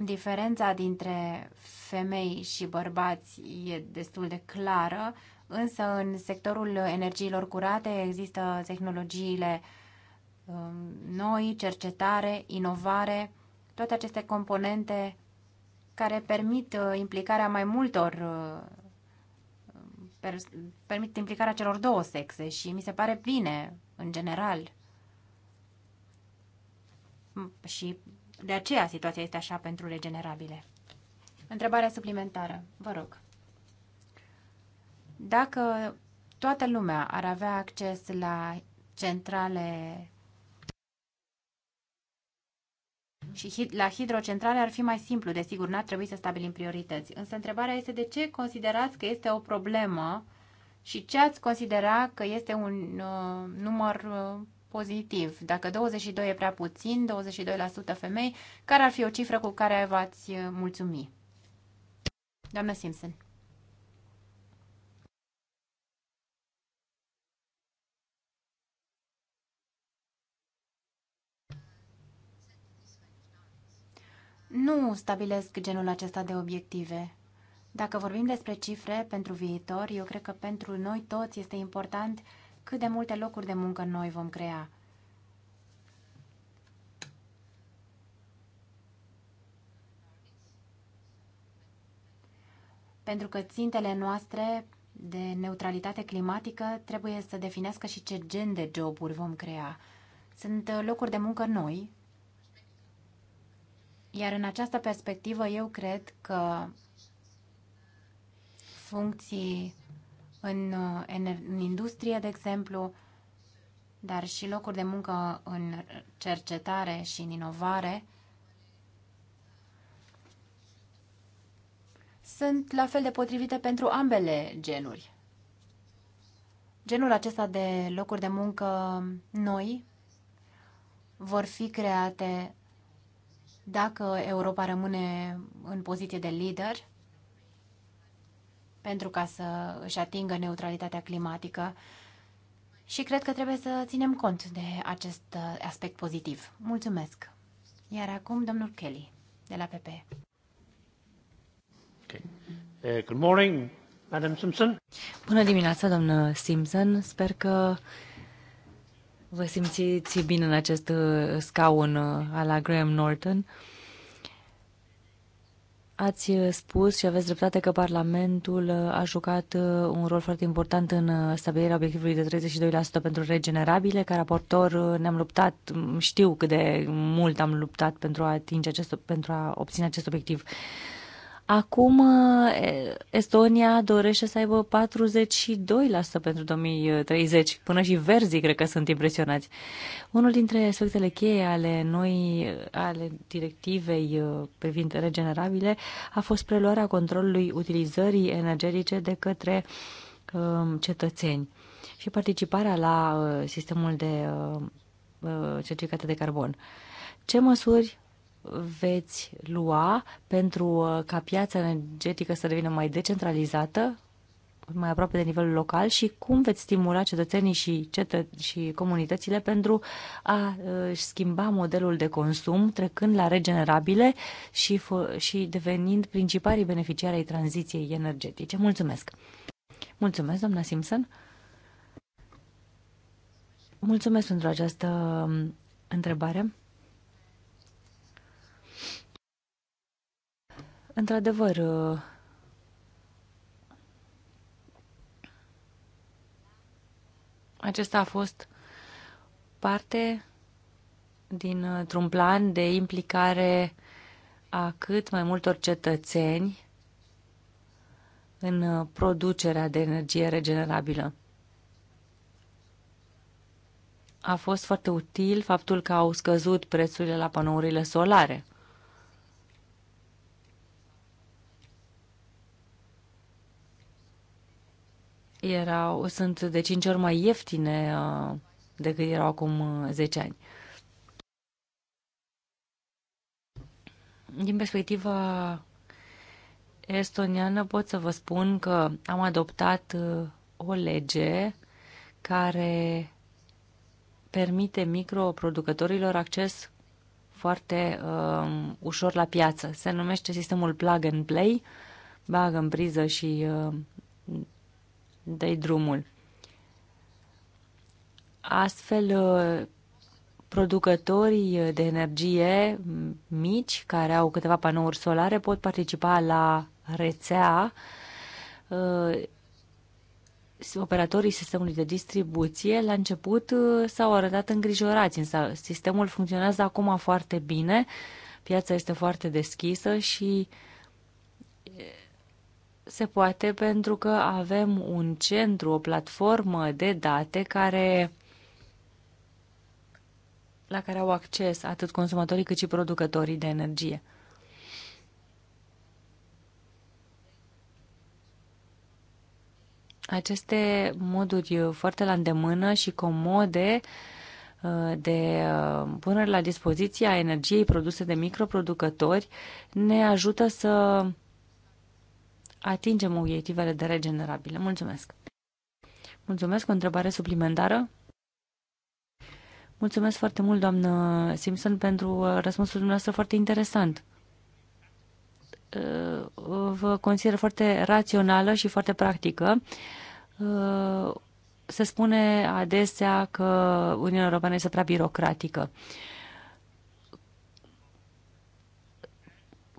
Diferența dintre femei și bărbați e destul de clară, însă în sectorul energiilor curate există tehnologiile um, noi, cercetare, inovare, toate aceste componente care permit uh, implicarea mai multor uh, permit implicarea celor două sexe și mi se pare bine în general și de aceea situația este așa pentru regenerabile. Întrebarea suplimentară, vă rog. Dacă toată lumea ar avea acces la centrale și la hidrocentrale ar fi mai simplu, desigur, n-ar trebui să stabilim priorități. Însă întrebarea este de ce considerați că este o problemă și ce ați considera că este un uh, număr uh, pozitiv. Dacă 22 e prea puțin, 22% femei, care ar fi o cifră cu care v-ați uh, mulțumi? Doamna Simpson. Nu stabilesc genul acesta de obiective. Dacă vorbim despre cifre pentru viitor, eu cred că pentru noi toți este important uh, cât de multe locuri de muncă noi vom crea. Pentru că țintele noastre de neutralitate climatică trebuie să definească și ce gen de joburi vom crea. Sunt uh, locuri de muncă noi, iar în această perspectivă eu cred că funcții în, uh, în industrie, de exemplu, dar și locuri de muncă în cercetare și în inovare sunt la fel de potrivite pentru ambele genuri. Genul acesta de locuri de muncă noi vor fi create dacă Europa rămâne în poziție de lider – pentru ca să își atingă neutralitatea climatică și cred că trebuie să ținem cont de acest uh, aspect pozitiv. Mulțumesc! Iar acum domnul Kelly de la PP. Okay. Eh, good morning, Madam Simpson. Bună dimineața, doamnă Simpson. Sper că vă simțiți bine în acest uh, scaun uh, a la Graham Norton. Uh, Ați uh, spus și aveți dreptate că Parlamentul uh, a jucat uh, un rol foarte important în stabilirea obiectivului de 32% pentru regenerabile. Ca raportor ne-am luptat, știu cât de mult am luptat pentru a, atinge acest, pentru a obține acest obiectiv. Acum eh, Estonia dorește să aibă 42% pentru 2030. Până și verzii cred că sunt impresionați. Unul dintre aspectele cheie ale noi, ale directivei eh, privind regenerabile a fost preluarea controlului utilizării energetice de către eh, cetățeni și participarea la sistemul de certificate de carbon. Ce măsuri veți lua pentru uh, ca piața energetică să devină mai decentralizată, mai aproape de nivelul local și cum veți stimula cetățenii și, cetă- și comunitățile pentru a uh, schimba modelul de consum, trecând la regenerabile și, și devenind principalii beneficiari ai tranziției energetice. Mulțumesc! Mulțumesc, doamna Simpson! Mulțumesc pentru această um, întrebare. Într-adevăr, uh, acesta a fost parte dintr-un uh, plan de implicare a cât mai multor cetățeni în uh, producerea de energie regenerabilă. A fost foarte util faptul că au scăzut prețurile la panourile solare. erau, sunt de 5 ori mai ieftine uh, decât erau acum 10 uh, ani. Din perspectiva estoniană pot să vă spun că am adoptat uh, o lege care permite microproducătorilor acces foarte uh, ușor la piață. Se numește sistemul plug and play, bag în priză și uh, dă drumul. Astfel, uh, producătorii uh, de energie mici, care au câteva panouri solare, pot participa la rețea uh, operatorii sistemului de distribuție, la început s-au arătat îngrijorați, însă sistemul funcționează acum foarte bine, piața este foarte deschisă și uh, se poate pentru că avem un centru, o platformă de date care la care au acces atât consumatorii cât și producătorii de energie. Aceste moduri foarte la îndemână și comode uh, de uh, punere la dispoziție a energiei produse de microproducători ne ajută să atingem obiectivele de regenerabile. Mulțumesc! Mulțumesc, o întrebare suplimentară? Mulțumesc foarte mult, doamnă Simpson, pentru uh, răspunsul dumneavoastră foarte interesant. Uh, vă consider foarte rațională și foarte practică. Uh, se spune adesea că Uniunea Europeană este prea birocratică.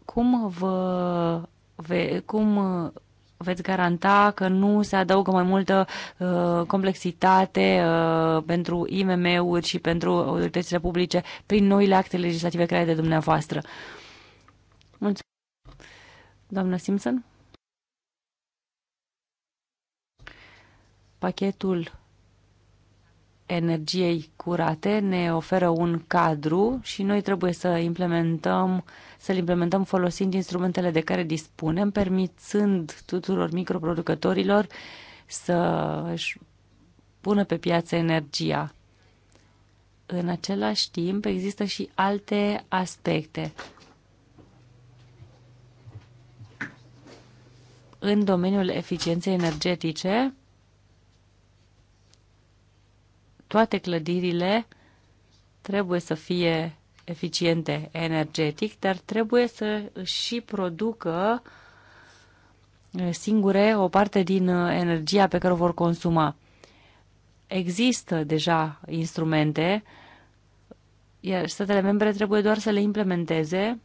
Cum vă ve, cum uh, veți garanta că nu se adaugă mai multă uh, complexitate uh, pentru IMM-uri și pentru autoritățile publice prin noile acte legislative create de dumneavoastră? Mulțumesc. Doamna Simpson? Pachetul energiei curate ne oferă un cadru și noi trebuie să implementăm, să-l implementăm folosind instrumentele de care dispunem, permițând tuturor microproducătorilor să își pună pe piață energia. În același timp, există și alte aspecte. În domeniul eficienței energetice, toate clădirile trebuie să fie eficiente energetic, dar trebuie să și producă eh, singure o parte din eh, energia pe care o vor consuma. Există deja instrumente, iar statele membre trebuie doar să le implementeze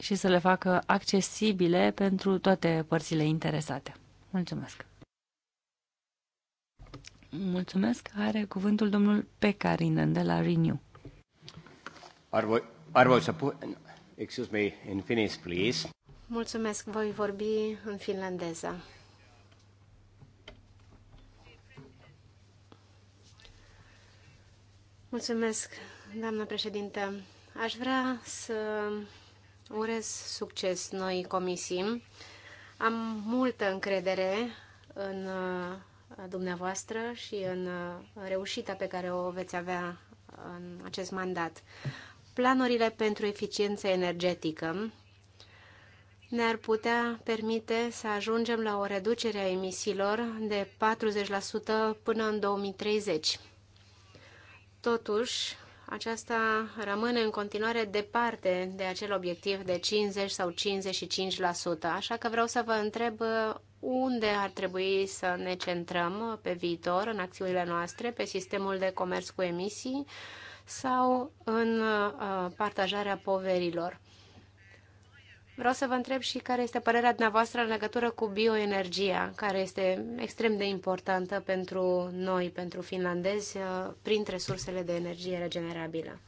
și să le facă accesibile pentru toate părțile interesate. Mulțumesc! Mulțumesc. Are cuvântul domnul Pecarinen de la Renew. arvoisa pu- excuse me, in Finnish, please. Mulțumesc. Voi vorbi în finlandeză. Mulțumesc, doamnă președintă. Aș vrea să urez succes noi comisii. Am multă încredere în dumneavoastră și în uh, reușita pe care o veți avea în acest mandat. Planurile pentru eficiență energetică ne-ar putea permite să ajungem la o reducere a emisiilor de 40% până în 2030. Totuși, aceasta rămâne în continuare departe de acel obiectiv de 50 sau 55%, așa că vreau să vă întreb uh, unde ar trebui să ne centrăm pe viitor în acțiunile noastre, pe sistemul de comerț cu emisii sau în uh, partajarea poverilor. Vreau să vă întreb și care este părerea dumneavoastră în legătură cu bioenergia, care este extrem de importantă pentru noi, pentru finlandezi, uh, printre sursele de energie regenerabilă.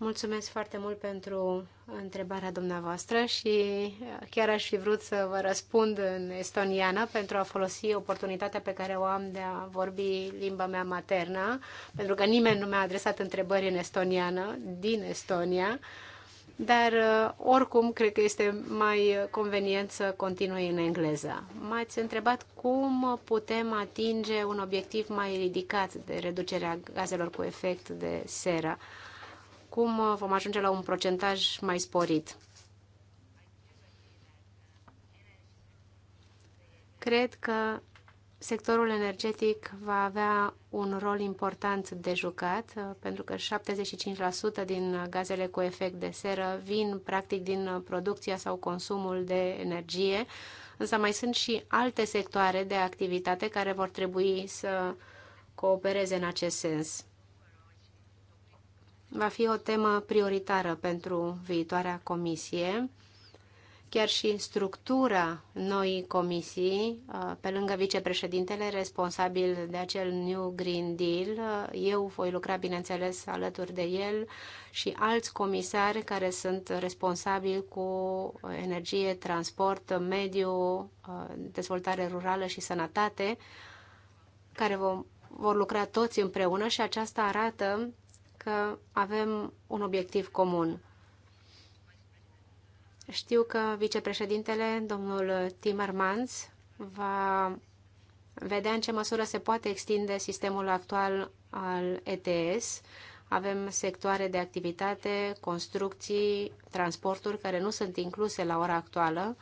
Mulțumesc foarte mult pentru întrebarea dumneavoastră și uh, chiar aș fi vrut să vă răspund în estoniană pentru a folosi oportunitatea pe care o am de a vorbi limba mea maternă, pentru că nimeni nu mi-a adresat întrebări în estoniană, din Estonia, dar uh, oricum cred că este mai convenient să continui în engleză. M-ați întrebat cum putem atinge un obiectiv mai ridicat de reducerea gazelor cu efect de seră acum uh, vom ajunge la un procentaj mai sporit. Cred că sectorul energetic va avea un rol important de jucat, uh, pentru că 75% din gazele cu efect de seră vin practic din uh, producția sau consumul de energie, însă mai sunt și alte sectoare de activitate care vor trebui să coopereze în acest sens va fi o temă prioritară pentru viitoarea comisie. Chiar și structura noii comisii, uh, pe lângă vicepreședintele responsabil de acel New Green Deal, uh, eu voi lucra, bineînțeles, alături de el și alți comisari care sunt responsabili cu energie, transport, mediu, uh, dezvoltare rurală și sănătate, care vom, vor lucra toți împreună și aceasta arată că avem un obiectiv comun. Știu că vicepreședintele, domnul Timmermans, va vedea în ce măsură se poate extinde sistemul actual al ETS. Avem sectoare de activitate, construcții, transporturi care nu sunt incluse la ora actuală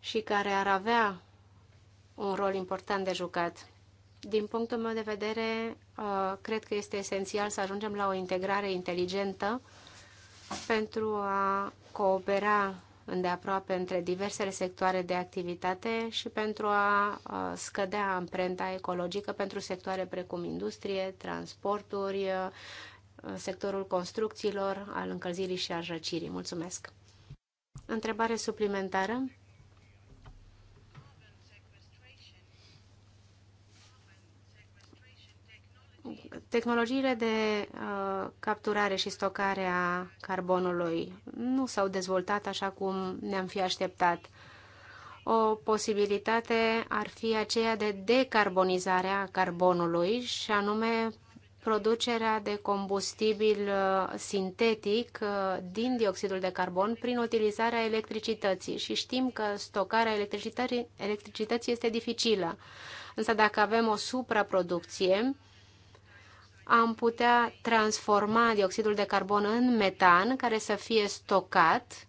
și care ar avea un rol important de jucat. Din punctul meu de vedere, uh, cred că este esențial să ajungem la o integrare inteligentă pentru a coopera îndeaproape între diversele sectoare de activitate și pentru a uh, scădea amprenta ecologică pentru sectoare precum industrie, transporturi, uh, sectorul construcțiilor, al încălzirii și al răcirii. Mulțumesc! Întrebare suplimentară? Tehnologiile de uh, capturare și stocare a carbonului nu s-au dezvoltat așa cum ne-am fi așteptat. O posibilitate ar fi aceea de decarbonizare a carbonului și anume producerea de combustibil uh, sintetic uh, din dioxidul de carbon prin utilizarea electricității și știm că stocarea electricității este dificilă. Însă dacă avem o supraproducție, am putea transforma dioxidul de carbon în metan, care să fie stocat.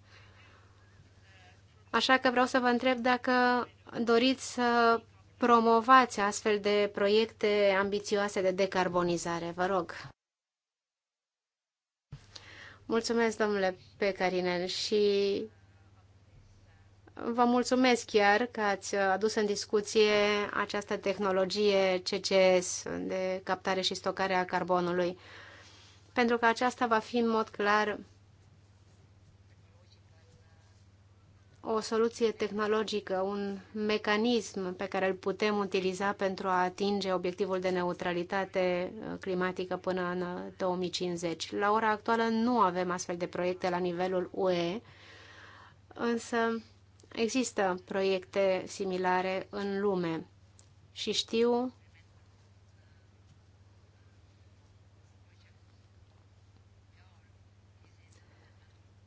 Așa că vreau să vă întreb dacă doriți să promovați astfel de proiecte ambițioase de decarbonizare. Vă rog. Mulțumesc, domnule Pecarinel, și Vă mulțumesc chiar că ați adus în discuție această tehnologie CCS de captare și stocare a carbonului, pentru că aceasta va fi în mod clar o soluție tehnologică, un mecanism pe care îl putem utiliza pentru a atinge obiectivul de neutralitate climatică până în 2050. La ora actuală nu avem astfel de proiecte la nivelul UE, însă Există proiecte similare în lume și știu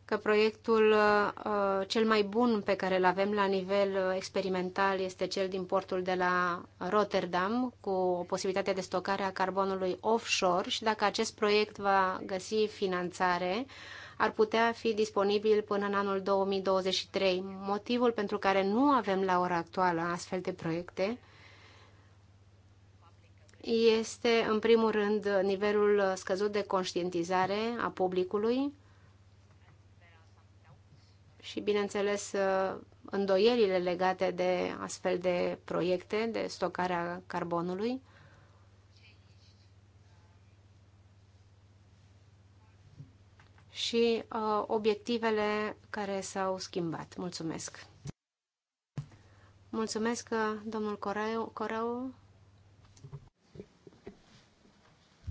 că proiectul uh, cel mai bun pe care îl avem la nivel uh, experimental este cel din portul de la Rotterdam, cu o posibilitate de stocare a carbonului offshore și dacă acest proiect va găsi finanțare, uh, ar putea fi disponibil până în anul 2023. Motivul pentru care nu avem la ora actuală astfel de proiecte este, în primul rând, nivelul scăzut de conștientizare a publicului și, bineînțeles, îndoierile legate de astfel de proiecte de stocare a carbonului. și uh, obiectivele care s-au schimbat. Mulțumesc! Mulțumesc, uh, domnul Coreu.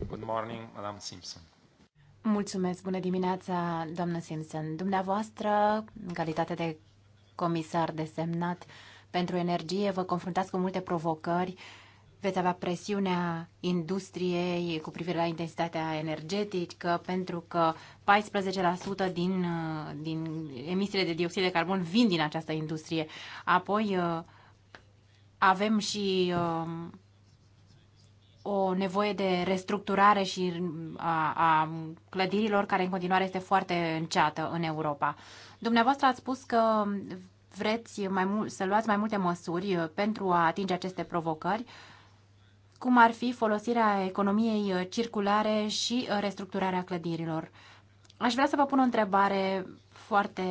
Good morning, Madam Simpson. Mulțumesc, bună dimineața, doamnă Simpson. Dumneavoastră, în calitate de comisar desemnat pentru energie, vă confruntați cu multe provocări uh, veți avea presiunea industriei cu privire la intensitatea energetică, pentru că 14% din, uh, din emisiile de dioxid de carbon vin din această industrie. Apoi uh, avem și uh, o nevoie de restructurare și a, a clădirilor care în continuare este foarte înceată în Europa. Dumneavoastră ați spus că vreți mai mult, să luați mai multe măsuri pentru a atinge aceste provocări. Uh, cum ar fi folosirea economiei uh, circulare și uh, restructurarea clădirilor. Aș vrea să vă pun o întrebare foarte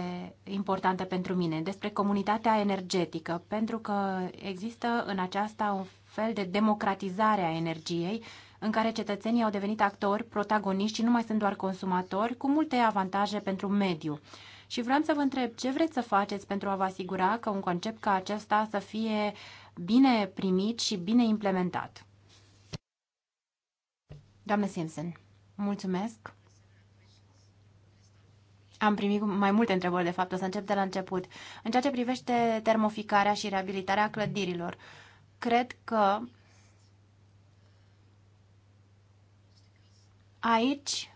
importantă pentru mine despre comunitatea energetică, pentru că există în aceasta un fel de democratizare a energiei în care cetățenii au devenit actori, protagoniști și nu mai sunt doar consumatori, cu multe avantaje pentru mediu. Și vreau să vă întreb ce vreți să faceți pentru a vă asigura că un concept ca acesta să fie bine primit și bine implementat. Doamne Simpson, mulțumesc. Am primit mai multe întrebări, de fapt, o să încep de la început. În ceea ce privește termoficarea și reabilitarea clădirilor, cred că aici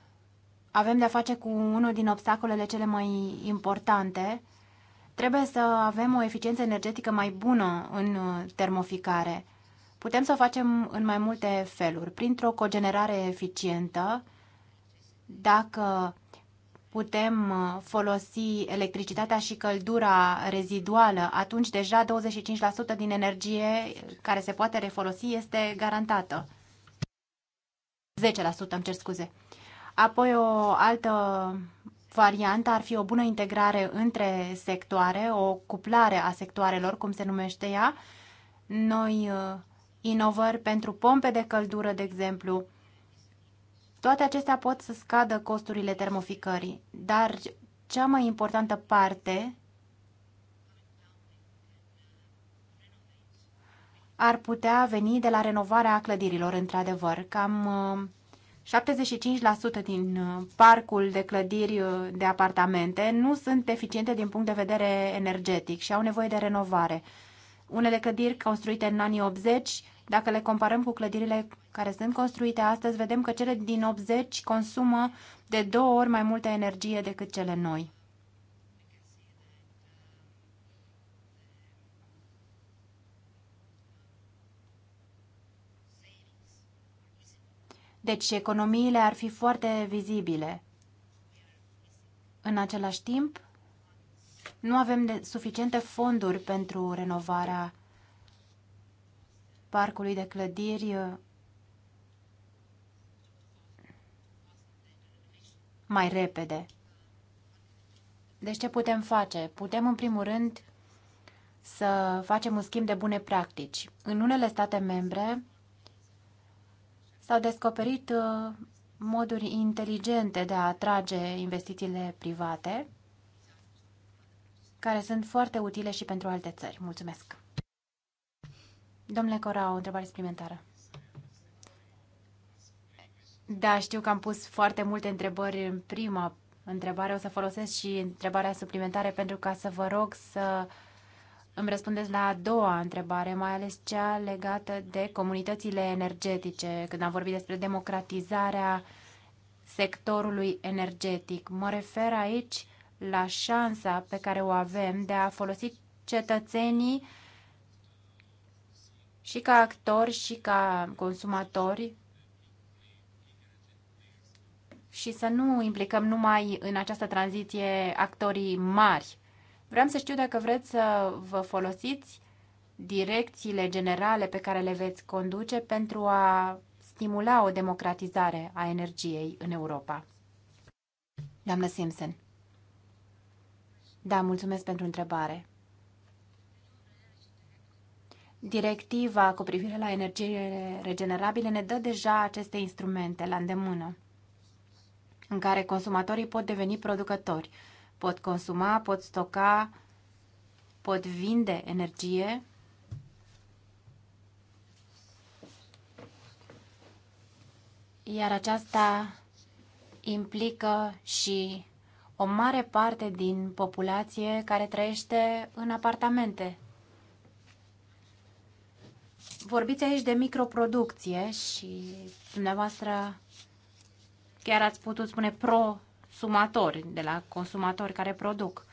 avem de-a face cu unul din obstacolele cele mai importante. Trebuie să avem o eficiență energetică mai bună în termoficare. Putem să o facem în mai multe feluri, printr-o cogenerare eficientă, dacă putem uh, folosi electricitatea și căldura reziduală, atunci deja 25% din energie care se poate refolosi este garantată. 10%, îmi cer scuze. Apoi o altă variantă ar fi o bună integrare între sectoare, o cuplare a sectoarelor, cum se numește ea. Noi uh, inovări pentru pompe de căldură, de exemplu. Toate acestea pot să scadă costurile termoficării, dar cea mai importantă parte ar putea veni de la renovarea clădirilor, într-adevăr. Cam 75% uh, din uh, parcul de clădiri uh, de apartamente nu sunt eficiente din punct de vedere energetic și au nevoie de renovare. Unele clădiri construite în anii 80, dacă le comparăm cu clădirile care sunt construite astăzi, vedem că cele din 80 consumă de două ori mai multă energie decât cele noi. Deci economiile ar fi foarte vizibile. În același timp, nu avem de, suficiente fonduri pentru renovarea parcului de clădiri uh, mai repede. Deci ce putem face? Putem în primul rând să facem un schimb de bune practici. În unele state membre s-au descoperit uh, moduri inteligente de a atrage investițiile private care sunt foarte utile și pentru alte țări. Mulțumesc! Domnule Cora, o întrebare suplimentară. Da, știu că am pus foarte multe întrebări în prima întrebare. O să folosesc și întrebarea suplimentară pentru ca să vă rog să îmi răspundeți la a doua întrebare, mai ales cea legată de comunitățile energetice, când am vorbit despre democratizarea sectorului energetic. Mă refer aici la șansa pe care o avem de a folosi cetățenii și ca actori și ca consumatori și să nu implicăm numai în această tranziție actorii mari. Vreau să știu dacă vreți să vă folosiți direcțiile generale pe care le veți conduce pentru a stimula o democratizare a energiei în Europa. Doamnă Simpson. Da, mulțumesc pentru întrebare. Directiva cu privire la energiile regenerabile ne dă deja aceste instrumente la îndemână, în care consumatorii pot deveni producători, pot consuma, pot stoca, pot vinde energie. Iar aceasta implică și o mare parte din populație care trăiește în apartamente. Vorbiți aici de microproducție și dumneavoastră chiar ați putut spune prosumatori, de la consumatori care produc.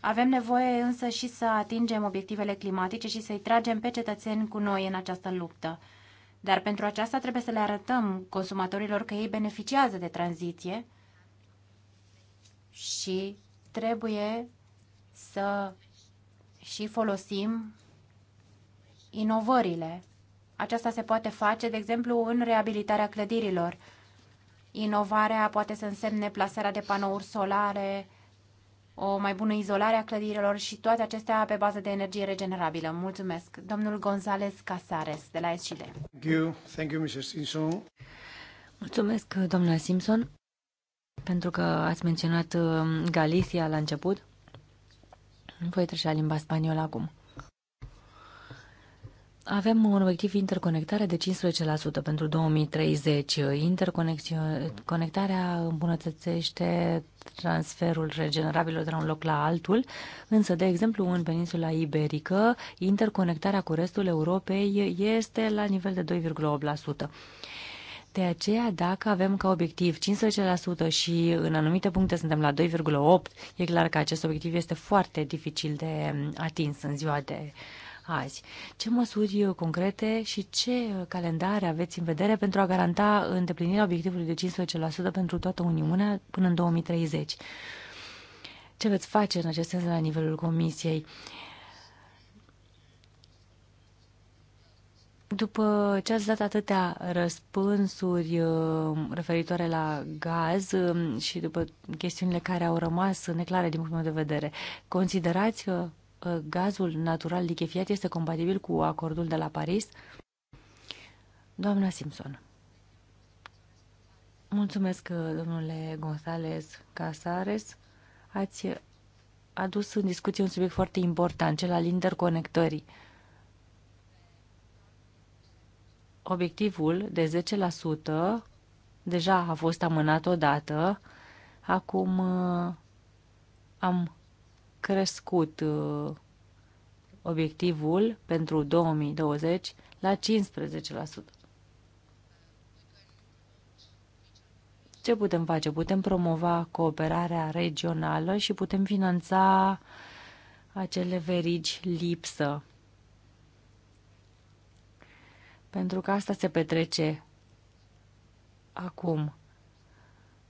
Avem nevoie însă și să atingem obiectivele climatice și să-i tragem pe cetățeni cu noi în această luptă. Dar pentru aceasta trebuie să le arătăm consumatorilor că ei beneficiază de tranziție, și trebuie să și folosim inovările. Aceasta se poate face, de exemplu, în reabilitarea clădirilor. Inovarea poate să însemne plasarea de panouri solare, o mai bună izolare a clădirilor și toate acestea pe bază de energie regenerabilă. Mulțumesc. Domnul González Casares, de la SCD. Thank you. Thank you, Mr. Simpson. Mulțumesc, domnule Simpson pentru că ați menționat um, Galicia la început. Voi trece la limba spaniolă acum. Avem un obiectiv interconectare de 15% pentru 2030. Interconectarea îmbunătățește transferul regenerabilor de la un loc la altul, însă, de exemplu, în peninsula iberică, interconectarea cu restul Europei este la nivel de 2,8%. De aceea, dacă avem ca obiectiv 15% și în anumite puncte suntem la 2,8%, e clar că acest obiectiv este foarte dificil de mm, atins în ziua de azi. Ce măsuri concrete și ce calendare aveți în vedere pentru a garanta îndeplinirea obiectivului de 15% pentru toată Uniunea până în 2030? Ce veți face în acest sens la nivelul Comisiei? Uh, După ce ați dat atâtea răspunsuri uh, referitoare la gaz um, și după chestiunile care au rămas neclare din punctul meu de vedere, considerați că uh, gazul natural lichefiat este compatibil cu acordul de la Paris? Doamna Simpson. Mulțumesc, uh, domnule González Casares. Ați adus în discuție un subiect foarte important, cel al interconectării. obiectivul de 10% deja a fost amânat odată. Acum uh, am crescut uh, obiectivul pentru 2020 la 15%. Ce putem face? Putem promova cooperarea regională și putem finanța acele verigi lipsă pentru că asta se petrece acum.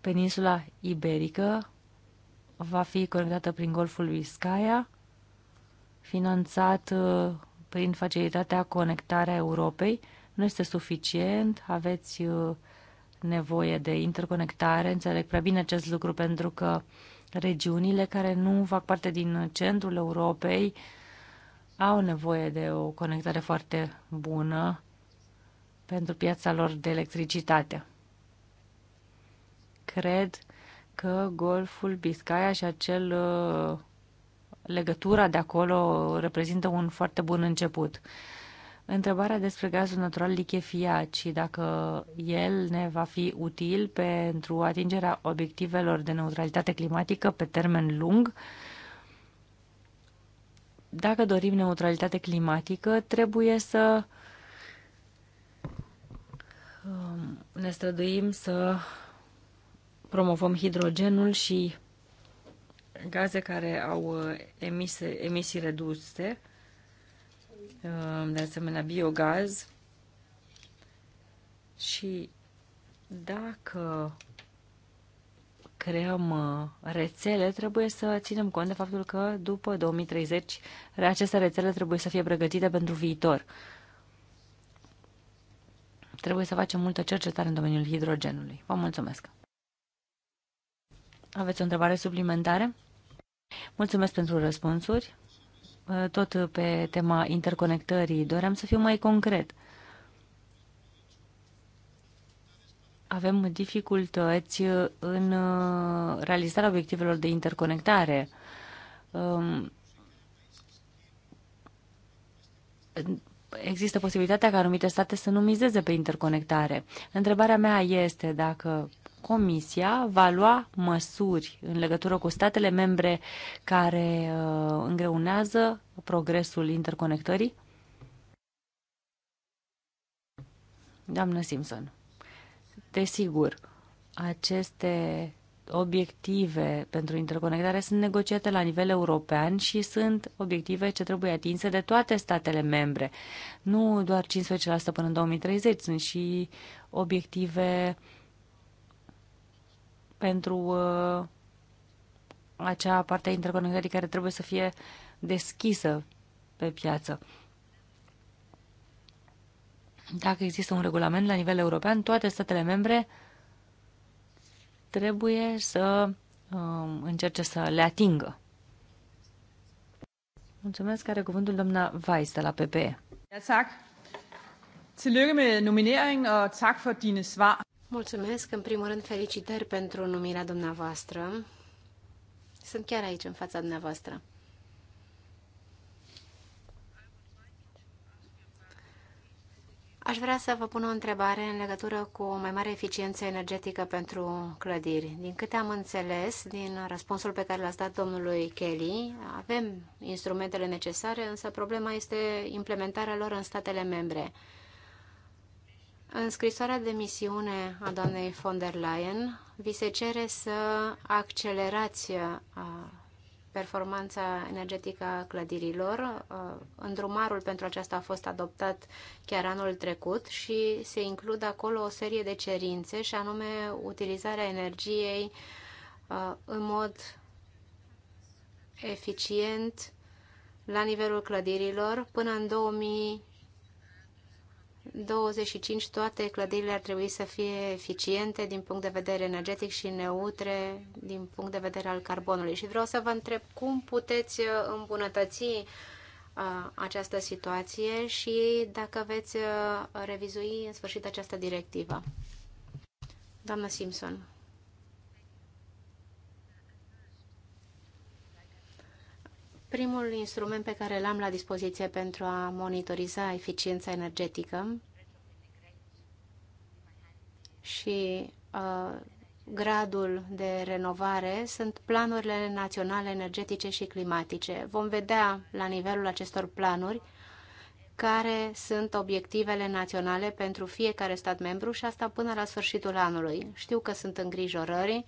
Peninsula Iberică va fi conectată prin Golful Biscaya, finanțat uh, prin facilitatea Conectarea Europei. Nu este suficient, aveți uh, nevoie de interconectare, înțeleg prea bine acest lucru pentru că regiunile care nu fac parte din centrul Europei au nevoie de o conectare foarte bună pentru piața lor de electricitate. Cred că golful Biscaya și acel uh, legătura de acolo reprezintă un foarte bun început. Întrebarea despre gazul natural lichefiat și dacă el ne va fi util pentru atingerea obiectivelor de neutralitate climatică pe termen lung. Dacă dorim neutralitate climatică, trebuie să uh, Um, ne străduim să promovăm hidrogenul și gaze care au uh, emise, emisii reduse, um, de asemenea biogaz. Și dacă creăm uh, rețele, trebuie să ținem cont de faptul că după 2030 aceste rețele trebuie să fie pregătite pentru viitor. Trebuie să facem multă cercetare în domeniul hidrogenului. Vă mulțumesc! Aveți o întrebare suplimentară? Mulțumesc pentru răspunsuri. Uh, tot pe tema interconectării doream să fiu mai concret. Avem dificultăți în uh, realizarea obiectivelor de interconectare um, există posibilitatea ca anumite state să nu mizeze pe interconectare. Întrebarea mea este dacă Comisia va lua măsuri în legătură cu statele membre care uh, îngreunează progresul interconectării? Doamnă Simpson, desigur, aceste obiective pentru interconectare sunt negociate la nivel european și sunt obiective ce trebuie atinse de toate statele membre. Nu doar 15% până în 2030, sunt și obiective pentru uh, acea parte a interconectării care trebuie să fie deschisă pe piață. Dacă există un regulament la nivel european, toate statele membre uh, trebuie să uh, încerce să le atingă. Mulțumesc, are cuvântul doamna Weiss de la PPE. Mulțumesc. med nomineringen og tak for dine svar. Mulțumesc, în primul rând felicitări pentru numirea dumneavoastră. Sunt chiar aici, în fața dumneavoastră. Aș vrea să vă pun o întrebare în legătură cu o mai mare eficiență energetică pentru clădiri. Din câte am înțeles din răspunsul pe care l-ați dat domnului Kelly, avem instrumentele necesare, însă problema este implementarea lor în statele membre. În scrisoarea de misiune a doamnei von der Leyen, vi se cere să accelerați performanța energetică a clădirilor. Uh, îndrumarul pentru aceasta a fost adoptat chiar anul trecut și se includ acolo o serie de cerințe și anume utilizarea energiei uh, în mod eficient la nivelul clădirilor până în 2000 25 toate clădirile ar trebui să fie eficiente din punct de vedere energetic și neutre din punct de vedere al carbonului. Și vreau să vă întreb cum puteți uh, îmbunătăți uh, această situație și dacă veți uh, revizui în sfârșit această directivă. Doamna Simpson. Primul instrument pe care l-am la dispoziție pentru a monitoriza eficiența energetică și uh, gradul de renovare sunt planurile naționale energetice și climatice. Vom vedea la nivelul acestor planuri care sunt obiectivele naționale pentru fiecare stat membru și asta până la sfârșitul anului. Știu că sunt îngrijorări, uh,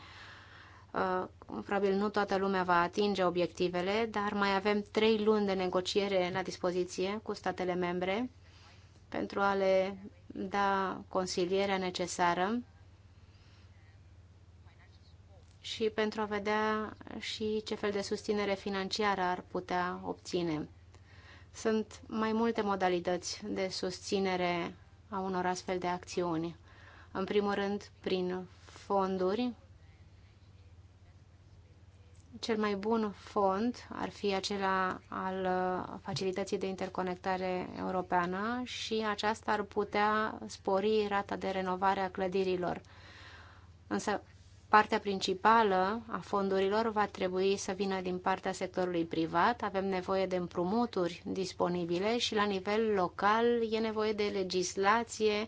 Uh, probabil nu toată lumea va atinge obiectivele, dar mai avem trei luni de negociere la dispoziție cu statele membre pentru a le da consilierea necesară și pentru a vedea și ce fel de susținere financiară ar putea obține. Sunt mai multe modalități de susținere a unor astfel de acțiuni. În primul rând, prin fonduri cel mai bun fond ar fi acela al uh, facilității de interconectare europeană și aceasta ar putea spori rata de renovare a clădirilor. Însă partea principală a fondurilor va trebui să vină din partea sectorului privat. Avem nevoie de împrumuturi disponibile și la nivel local e nevoie de legislație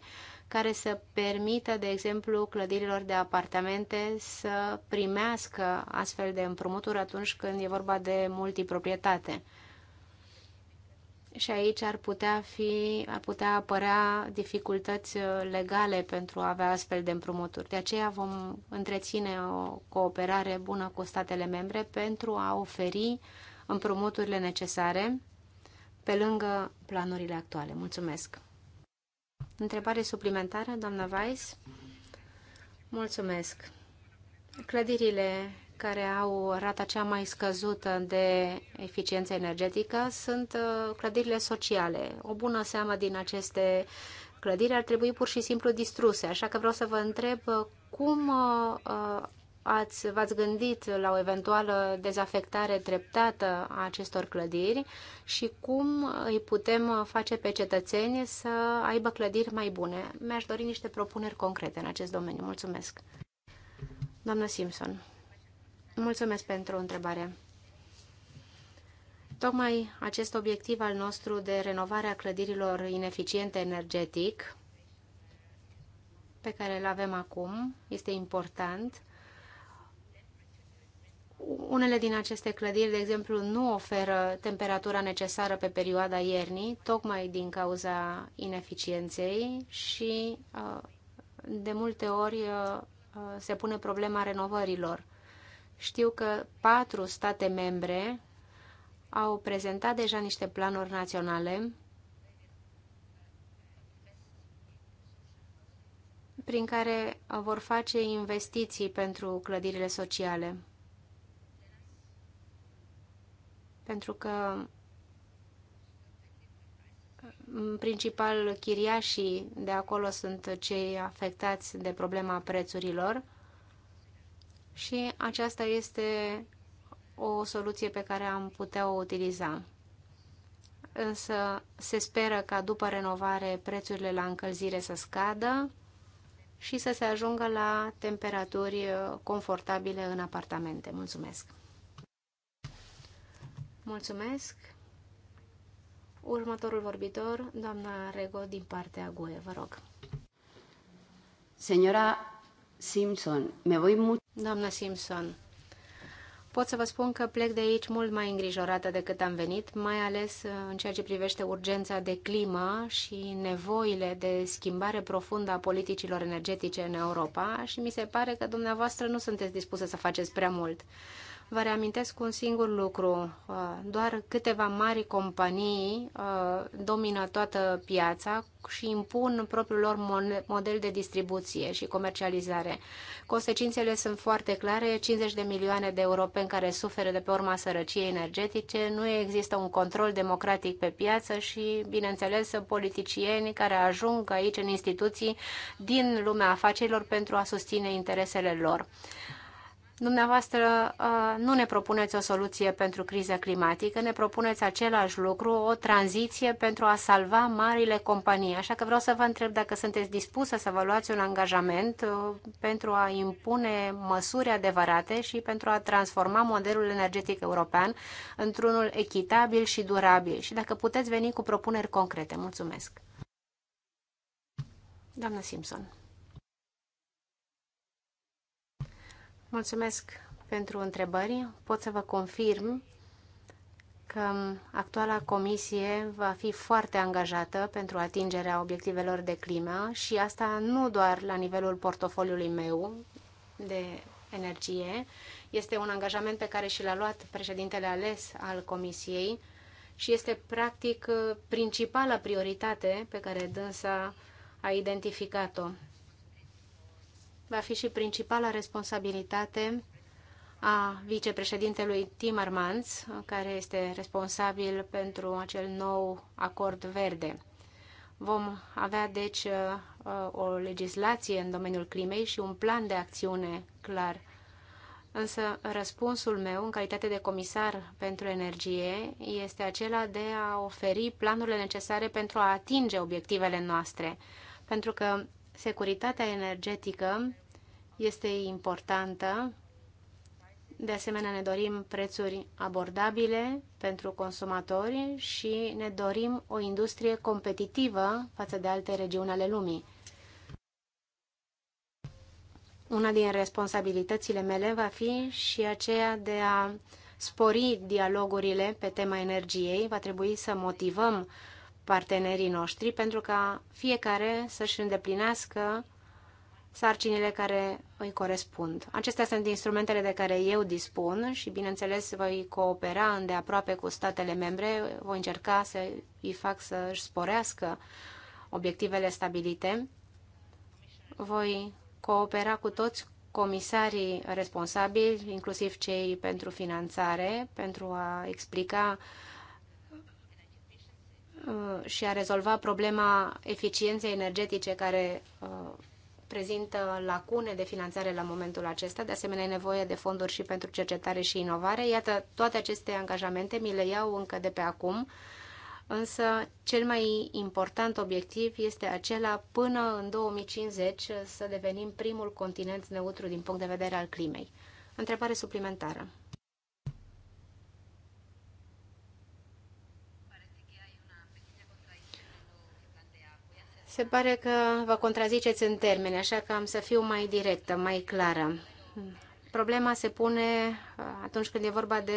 care să permită, de exemplu, clădirilor de apartamente să primească astfel de împrumuturi atunci când e vorba de multiproprietate. Și aici ar putea, fi, ar putea apărea dificultăți uh, legale pentru a avea astfel de împrumuturi. De aceea vom întreține o cooperare bună cu statele membre pentru a oferi împrumuturile necesare pe lângă planurile actuale. Mulțumesc! Întrebare suplimentară, doamna Weiss? Mulțumesc. Clădirile care au rata cea mai scăzută de eficiență energetică sunt uh, clădirile sociale. O bună seamă din aceste clădiri ar trebui pur și simplu distruse. Așa că vreau să vă întreb uh, cum uh, ați, v-ați gândit la o eventuală dezafectare treptată a acestor clădiri și cum îi putem face pe cetățeni să aibă clădiri mai bune. Mi-aș dori niște propuneri concrete în acest domeniu. Mulțumesc. Doamnă Simpson, mulțumesc pentru o întrebare. Tocmai acest obiectiv al nostru de renovare a clădirilor ineficiente energetic, pe care îl avem acum, este important unele din aceste clădiri, de exemplu, nu oferă temperatura necesară pe perioada iernii, tocmai din cauza ineficienței și uh, de multe ori uh, uh, se pune problema renovărilor. Știu că patru state membre au prezentat deja niște planuri naționale prin care vor face investiții pentru clădirile sociale. pentru că în principal chiriașii de acolo sunt cei afectați de problema prețurilor și aceasta este o soluție pe care am putea o utiliza. Însă se speră ca după renovare prețurile la încălzire să scadă și să se ajungă la temperaturi confortabile în apartamente. Mulțumesc! Mulțumesc. Următorul vorbitor, doamna Rego, din partea GUE, vă rog. Senora Simpson, me voi mut... Doamna Simpson, pot să vă spun că plec de aici mult mai îngrijorată decât am venit, mai ales uh, în ceea ce privește urgența de climă și nevoile de schimbare profundă a politicilor energetice în Europa și mi se pare că dumneavoastră nu sunteți dispusă să faceți prea mult. Vă reamintesc un singur lucru. Uh, doar câteva mari companii uh, domină toată piața și impun propriul lor model de distribuție și comercializare. Consecințele sunt foarte clare. 50 de milioane de europeni care suferă de pe urma sărăciei energetice, nu există un control democratic pe piață și, bineînțeles, politicieni care ajung aici în instituții din lumea afacerilor pentru a susține interesele lor. Dumneavoastră uh, nu ne propuneți o soluție pentru criza climatică, ne propuneți același lucru, o tranziție pentru a salva marile companii. Așa că vreau să vă întreb dacă sunteți dispusă să vă luați un angajament uh, pentru a impune măsuri adevărate și pentru a transforma modelul energetic european într-unul echitabil și durabil și dacă puteți veni cu propuneri concrete. Mulțumesc! Doamna Simpson. Mulțumesc pentru întrebări. Pot să vă confirm că actuala comisie va fi foarte angajată pentru atingerea obiectivelor de climă și asta nu doar la nivelul portofoliului meu de energie. Este un angajament pe care și l-a luat președintele ales al comisiei și este practic principala prioritate pe care dânsa a identificat-o va fi și principala responsabilitate a vicepreședintelui Timmermans, care este responsabil pentru acel nou acord verde. Vom avea, deci, uh, o legislație în domeniul climei și un plan de acțiune clar. Însă răspunsul meu, în calitate de comisar pentru energie, este acela de a oferi planurile necesare pentru a atinge obiectivele noastre. Pentru că Securitatea energetică este importantă. De asemenea, ne dorim prețuri abordabile pentru consumatori și ne dorim o industrie competitivă față de alte regiuni ale lumii. Una din responsabilitățile mele va fi și aceea de a spori dialogurile pe tema energiei. Va trebui să motivăm uh, partenerii noștri pentru ca fiecare să-și îndeplinească sarcinile care îi corespund. Acestea sunt instrumentele de care eu dispun și, bineînțeles, voi coopera îndeaproape cu statele membre, voi încerca să îi fac să-și sporească obiectivele stabilite, voi coopera cu toți comisarii responsabili, inclusiv cei pentru finanțare, pentru a explica uh, Uh, și a rezolva problema eficienței energetice care uh, prezintă lacune de finanțare la momentul acesta, de asemenea e nevoie de fonduri și pentru cercetare și inovare. Iată, toate aceste angajamente mi le iau încă de pe acum, însă cel mai important obiectiv este acela până în 2050 să devenim primul continent neutru din punct de vedere al climei. Întrebare suplimentară. Se pare că vă contraziceți în termeni, așa că am să fiu mai directă, mai clară. Problema se pune uh, atunci când e vorba de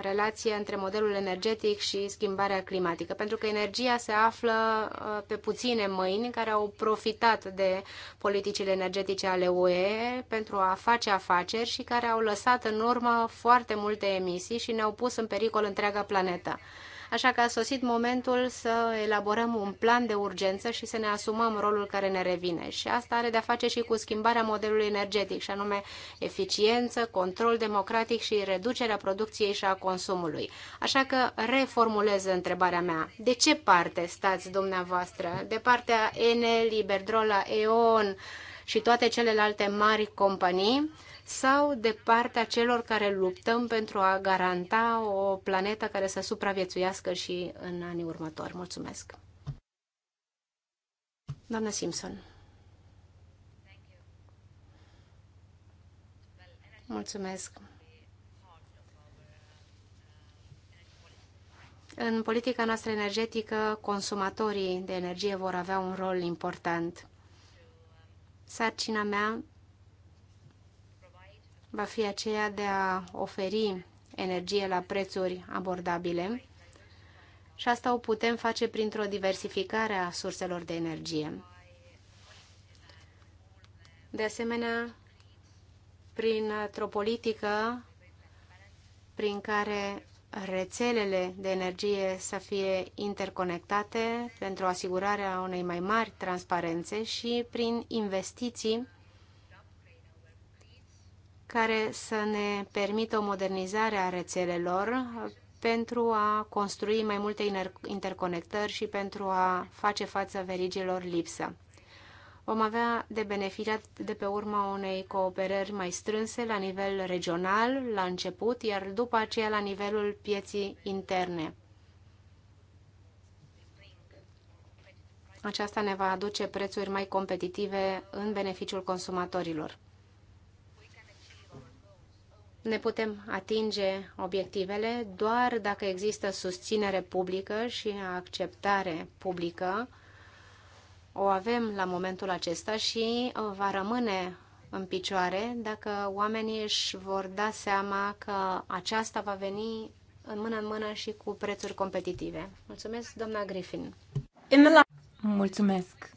relația între modelul energetic și schimbarea climatică, pentru că energia se află uh, pe puține mâini care au profitat de politicile energetice ale UE pentru a face afaceri și care au lăsat în urmă foarte multe emisii și ne-au pus în pericol întreaga planetă așa că a sosit momentul să elaborăm un plan de urgență și să ne asumăm rolul care ne revine. Și asta are de-a face și cu schimbarea modelului energetic, și anume eficiență, control democratic și reducerea producției și a consumului. Așa că reformulez întrebarea mea. De ce parte stați dumneavoastră? De partea Enel, Iberdrola, E.ON, și toate celelalte mari companii sau de partea celor care luptăm pentru a garanta o planetă care să supraviețuiască și în anii următori. Mulțumesc! Doamna Simpson. Mulțumesc. În politica noastră energetică, consumatorii de energie vor avea un rol important sarcina mea va fi aceea de a oferi energie la prețuri abordabile și asta o putem face printr-o diversificare a surselor de energie. De asemenea, printr-o politică prin care rețelele de energie să fie interconectate pentru asigurarea unei mai mari transparențe și prin investiții care să ne permită o modernizare a rețelelor pentru a construi mai multe interconectări și pentru a face față verigilor lipsă vom avea de beneficiat de pe urma unei cooperări mai strânse la nivel regional, la început, iar după aceea la nivelul pieții interne. Aceasta ne va aduce prețuri mai competitive în beneficiul consumatorilor. Ne putem atinge obiectivele doar dacă există susținere publică și acceptare publică o avem la momentul acesta și uh, va rămâne în picioare dacă oamenii își vor da seama că aceasta va veni în mână în mână și cu prețuri competitive. Mulțumesc, doamna Griffin. Mulțumesc.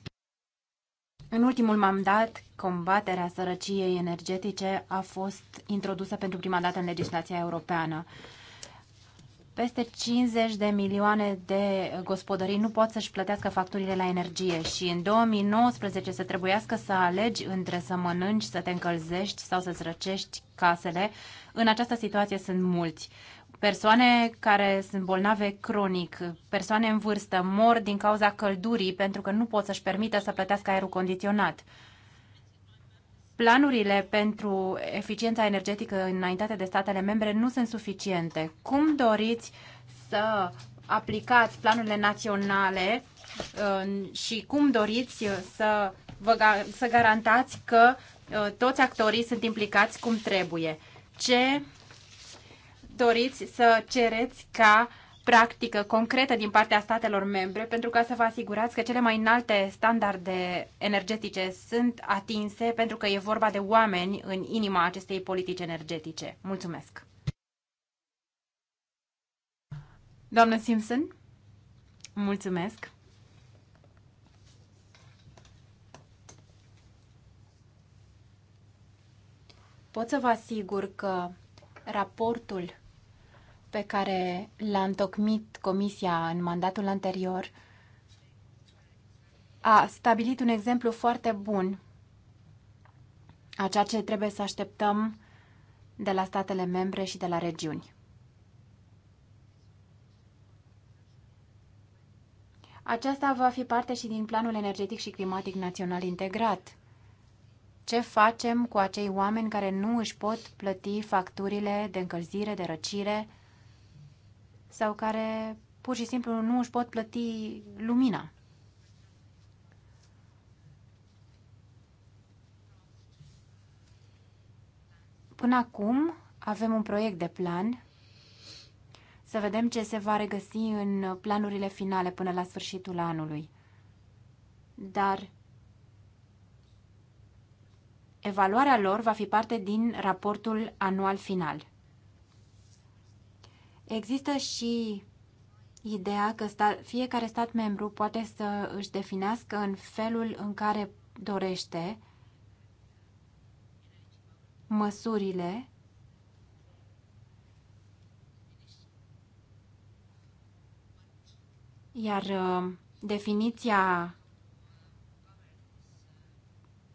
În ultimul mandat, combaterea sărăciei energetice a fost introdusă pentru prima dată în legislația europeană. Peste 50 de milioane de gospodării nu pot să-și plătească facturile la energie și în 2019 să trebuiască să alegi între să mănânci, să te încălzești sau să-ți răcești casele. În această situație sunt mulți persoane care sunt bolnave cronic, persoane în vârstă, mor din cauza căldurii pentru că nu pot să-și permită să plătească aerul condiționat. Planurile pentru eficiența energetică înaintate de statele membre nu sunt suficiente. Cum doriți să aplicați planurile naționale uh, și cum doriți să, vă, să garantați că uh, toți actorii sunt implicați cum trebuie? Ce doriți să cereți ca uh, practică concretă din partea statelor membre pentru ca să vă asigurați că cele mai înalte standarde energetice sunt atinse pentru că e vorba de oameni în inima acestei politici energetice. Mulțumesc! Doamnă Simpson, mulțumesc! Pot să vă asigur că raportul pe care l-a întocmit Comisia în mandatul anterior a stabilit un exemplu foarte bun a ceea ce trebuie să așteptăm de la statele membre și de la regiuni. Aceasta va fi parte și din Planul Energetic și Climatic Național Integrat. Ce facem cu acei oameni care nu își pot plăti facturile de încălzire, de răcire sau care pur și simplu nu își pot plăti lumina. Până acum avem un proiect de plan. Să vedem ce se va regăsi în planurile finale până la sfârșitul anului. Dar evaluarea lor va fi parte din raportul anual final. Există și ideea că stat, fiecare stat membru poate să își definească în felul în care dorește măsurile iar uh, definiția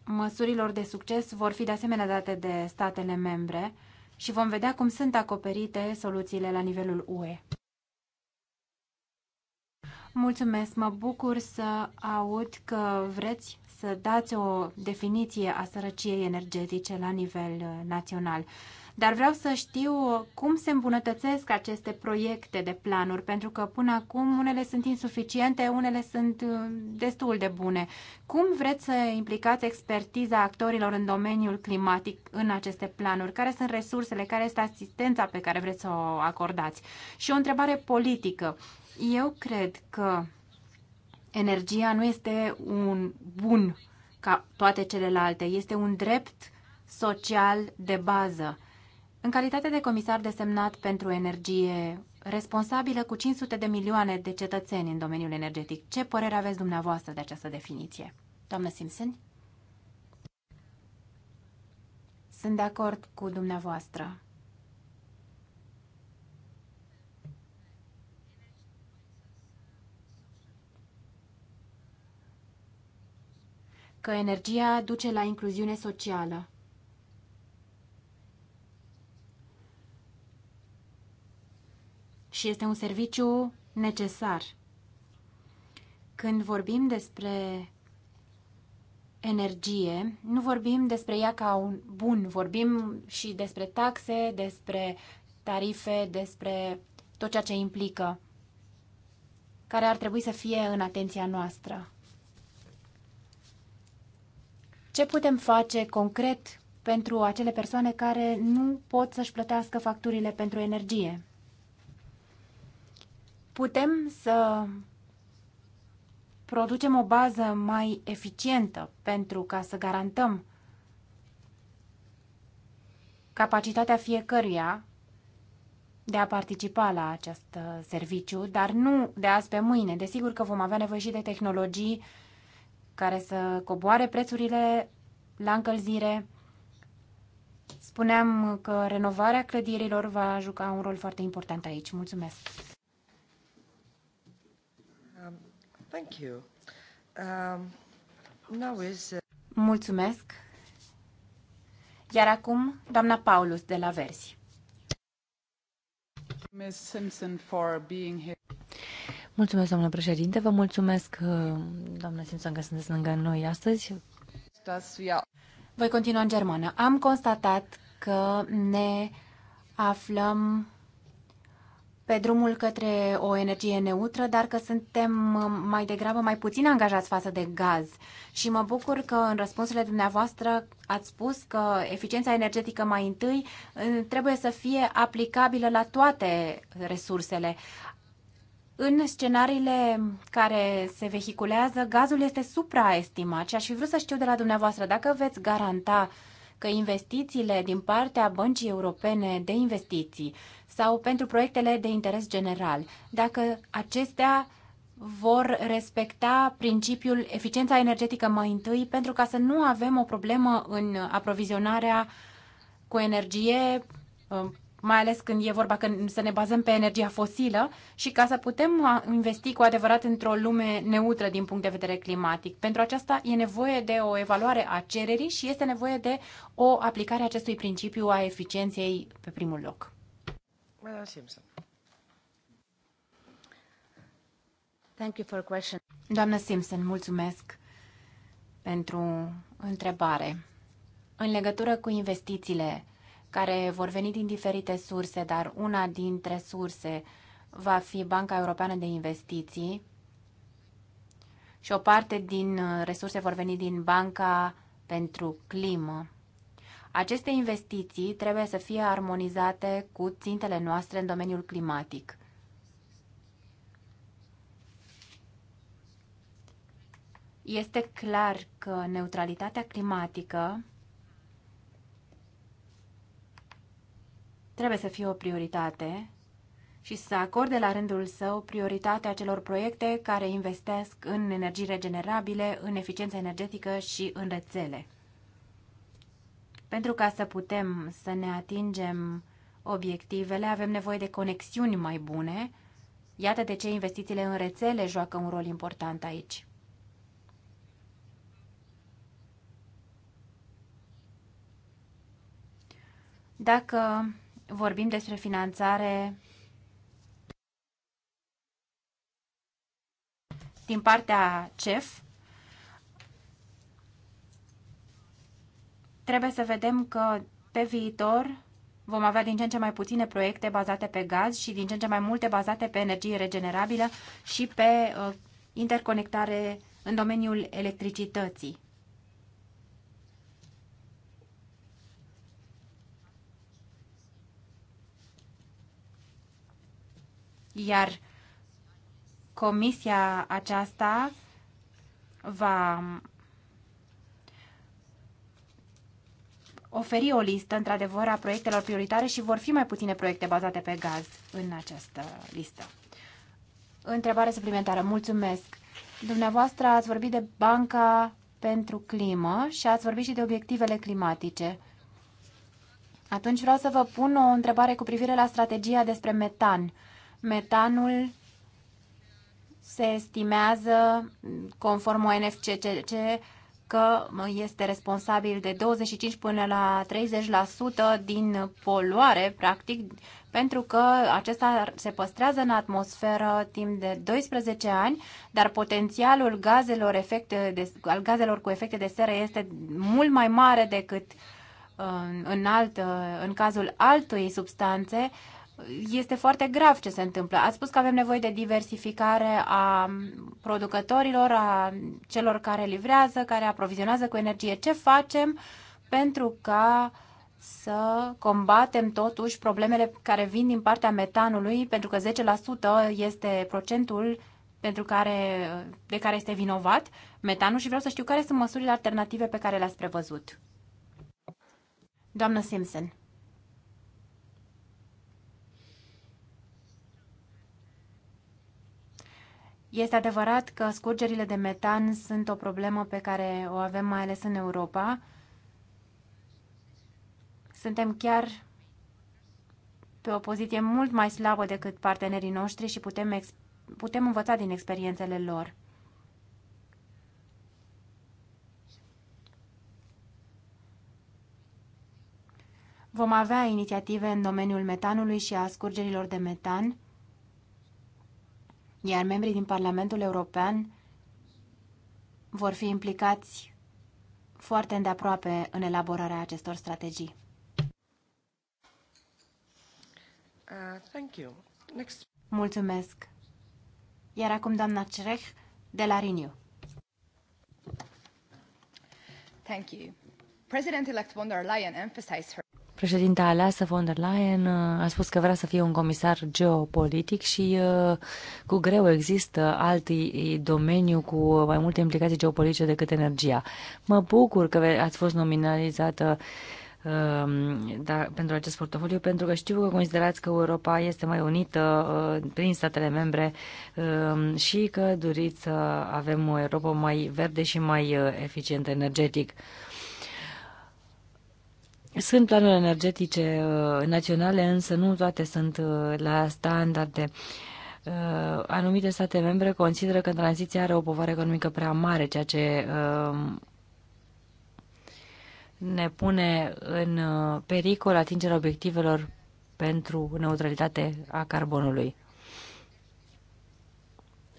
măsurilor de succes vor fi de asemenea date de statele membre și vom vedea cum sunt acoperite soluțiile la nivelul UE. Mulțumesc, mă bucur să aud că vreți să dați o definiție a sărăciei energetice la nivel uh, național. Dar vreau să știu uh, cum se îmbunătățesc aceste proiecte de planuri, pentru că până acum unele sunt insuficiente, unele sunt uh, destul de bune. Cum vreți să implicați expertiza actorilor în domeniul climatic în aceste planuri? Care sunt resursele? Care este asistența pe care vreți să o acordați? Și o întrebare politică. Eu cred că energia nu este un bun ca toate celelalte, este un drept social de bază. În calitate de comisar desemnat pentru energie, responsabilă cu 500 de milioane de cetățeni în domeniul energetic, ce părere aveți dumneavoastră de această definiție? Doamnă Simpson? Sunt de acord cu dumneavoastră. că energia duce la incluziune socială. Și este un serviciu necesar. Când vorbim despre energie, nu vorbim despre ea ca un bun, vorbim și despre taxe, despre tarife, despre tot ceea ce implică, care ar trebui să fie în atenția noastră. Ce putem face concret pentru acele persoane care nu pot să-și plătească facturile pentru energie? Putem să producem o bază mai eficientă pentru ca să garantăm capacitatea fiecăruia de a participa la acest uh, serviciu, dar nu de azi pe mâine. Desigur că vom avea nevoie și de tehnologii uh, care să coboare prețurile la încălzire. Spuneam că renovarea clădirilor va juca un rol foarte important aici. Mulțumesc! Um, thank you. Um, now is, uh... Mulțumesc! Iar acum, doamna Paulus de la Versi. Simpson for being here. Mulțumesc, doamnă președinte. Vă mulțumesc, uh, doamnă Simpson, că sunteți lângă noi astăzi. Voi continua în germană. Am constatat că ne aflăm pe drumul către o energie neutră, dar că suntem uh, mai degrabă mai puțin angajați față de gaz. Și mă bucur că în răspunsurile dumneavoastră ați spus că eficiența energetică mai întâi uh, trebuie să fie aplicabilă la toate resursele. În scenariile care se vehiculează, gazul este supraestimat și aș fi vrut să știu de la dumneavoastră dacă veți garanta că investițiile din partea Băncii Europene de Investiții sau pentru proiectele de interes general, dacă acestea vor respecta principiul eficiența energetică mai întâi pentru ca să nu avem o problemă în aprovizionarea cu energie mai ales când e vorba că să ne bazăm pe energia fosilă și ca să putem investi cu adevărat într-o lume neutră din punct de vedere climatic. Pentru aceasta e nevoie de o evaluare a cererii și este nevoie de o aplicare a acestui principiu a eficienței pe primul loc. Simpson. Thank you for question. Doamnă Simpson, mulțumesc pentru întrebare. În legătură cu investițiile care vor veni din diferite surse, dar una dintre surse va fi Banca Europeană de Investiții și o parte din uh, resurse vor veni din Banca pentru Climă. Aceste investiții trebuie să fie armonizate cu țintele noastre în domeniul climatic. Este clar că neutralitatea climatică trebuie să fie o prioritate și să acorde la rândul său prioritatea celor proiecte care investesc în energii regenerabile, în eficiență energetică și în rețele. Pentru ca să putem să ne atingem obiectivele, avem nevoie de conexiuni mai bune. Iată de ce investițiile în rețele joacă un rol important aici. Dacă vorbim despre finanțare din partea CEF, trebuie să vedem că pe viitor vom avea din ce în ce mai puține proiecte bazate pe gaz și din ce în ce mai multe bazate pe energie regenerabilă și pe uh, interconectare în domeniul electricității. iar comisia aceasta va oferi o listă, într-adevăr, a proiectelor prioritare și vor fi mai puține proiecte bazate pe gaz în această listă. Întrebare suplimentară. Mulțumesc. Dumneavoastră ați vorbit de Banca pentru Climă și ați vorbit și de obiectivele climatice. Atunci vreau să vă pun o întrebare cu privire la strategia despre metan. Metanul se estimează, conform ONFCCC, că este responsabil de 25 până la 30% din poluare, practic, pentru că acesta se păstrează în atmosferă timp de 12 ani, dar potențialul gazelor, efecte de, al gazelor cu efecte de seră este mult mai mare decât uh, în, alt, uh, în cazul altui substanțe, este foarte grav ce se întâmplă. Ați spus că avem nevoie de diversificare a producătorilor, a celor care livrează, care aprovizionează cu energie. Ce facem pentru ca să combatem totuși problemele care vin din partea metanului, pentru că 10% este procentul pentru care, de care este vinovat metanul și vreau să știu care sunt măsurile alternative pe care le-ați prevăzut. Doamna Simpson. Este adevărat că scurgerile de metan sunt o problemă pe care o avem mai ales în Europa. Suntem chiar pe o poziție mult mai slabă decât partenerii noștri și putem, putem învăța din experiențele lor. Vom avea inițiative în domeniul metanului și a scurgerilor de metan iar membrii din Parlamentul European vor fi implicați foarte îndeaproape în elaborarea acestor strategii. Uh, thank you. Next. Mulțumesc. Iar acum doamna Cerech de la Renew. Thank you. President-elect von der Leyen emphasized her Președinta aleasă von der Leyen uh, a spus că vrea să fie un comisar geopolitic și uh, cu greu există alt domeniu cu mai multe implicații geopolitice decât energia. Mă bucur că ați fost nominalizată um, da, pentru acest portofoliu, pentru că știu că considerați că Europa este mai unită uh, prin statele membre um, și că doriți să avem o Europa mai verde și mai eficientă energetic. Sunt planuri energetice uh, naționale, însă nu toate sunt uh, la standarde. Uh, anumite state membre consideră că tranziția are o povară economică prea mare, ceea ce ne pune în pericol atingerea obiectivelor pentru neutralitate a carbonului.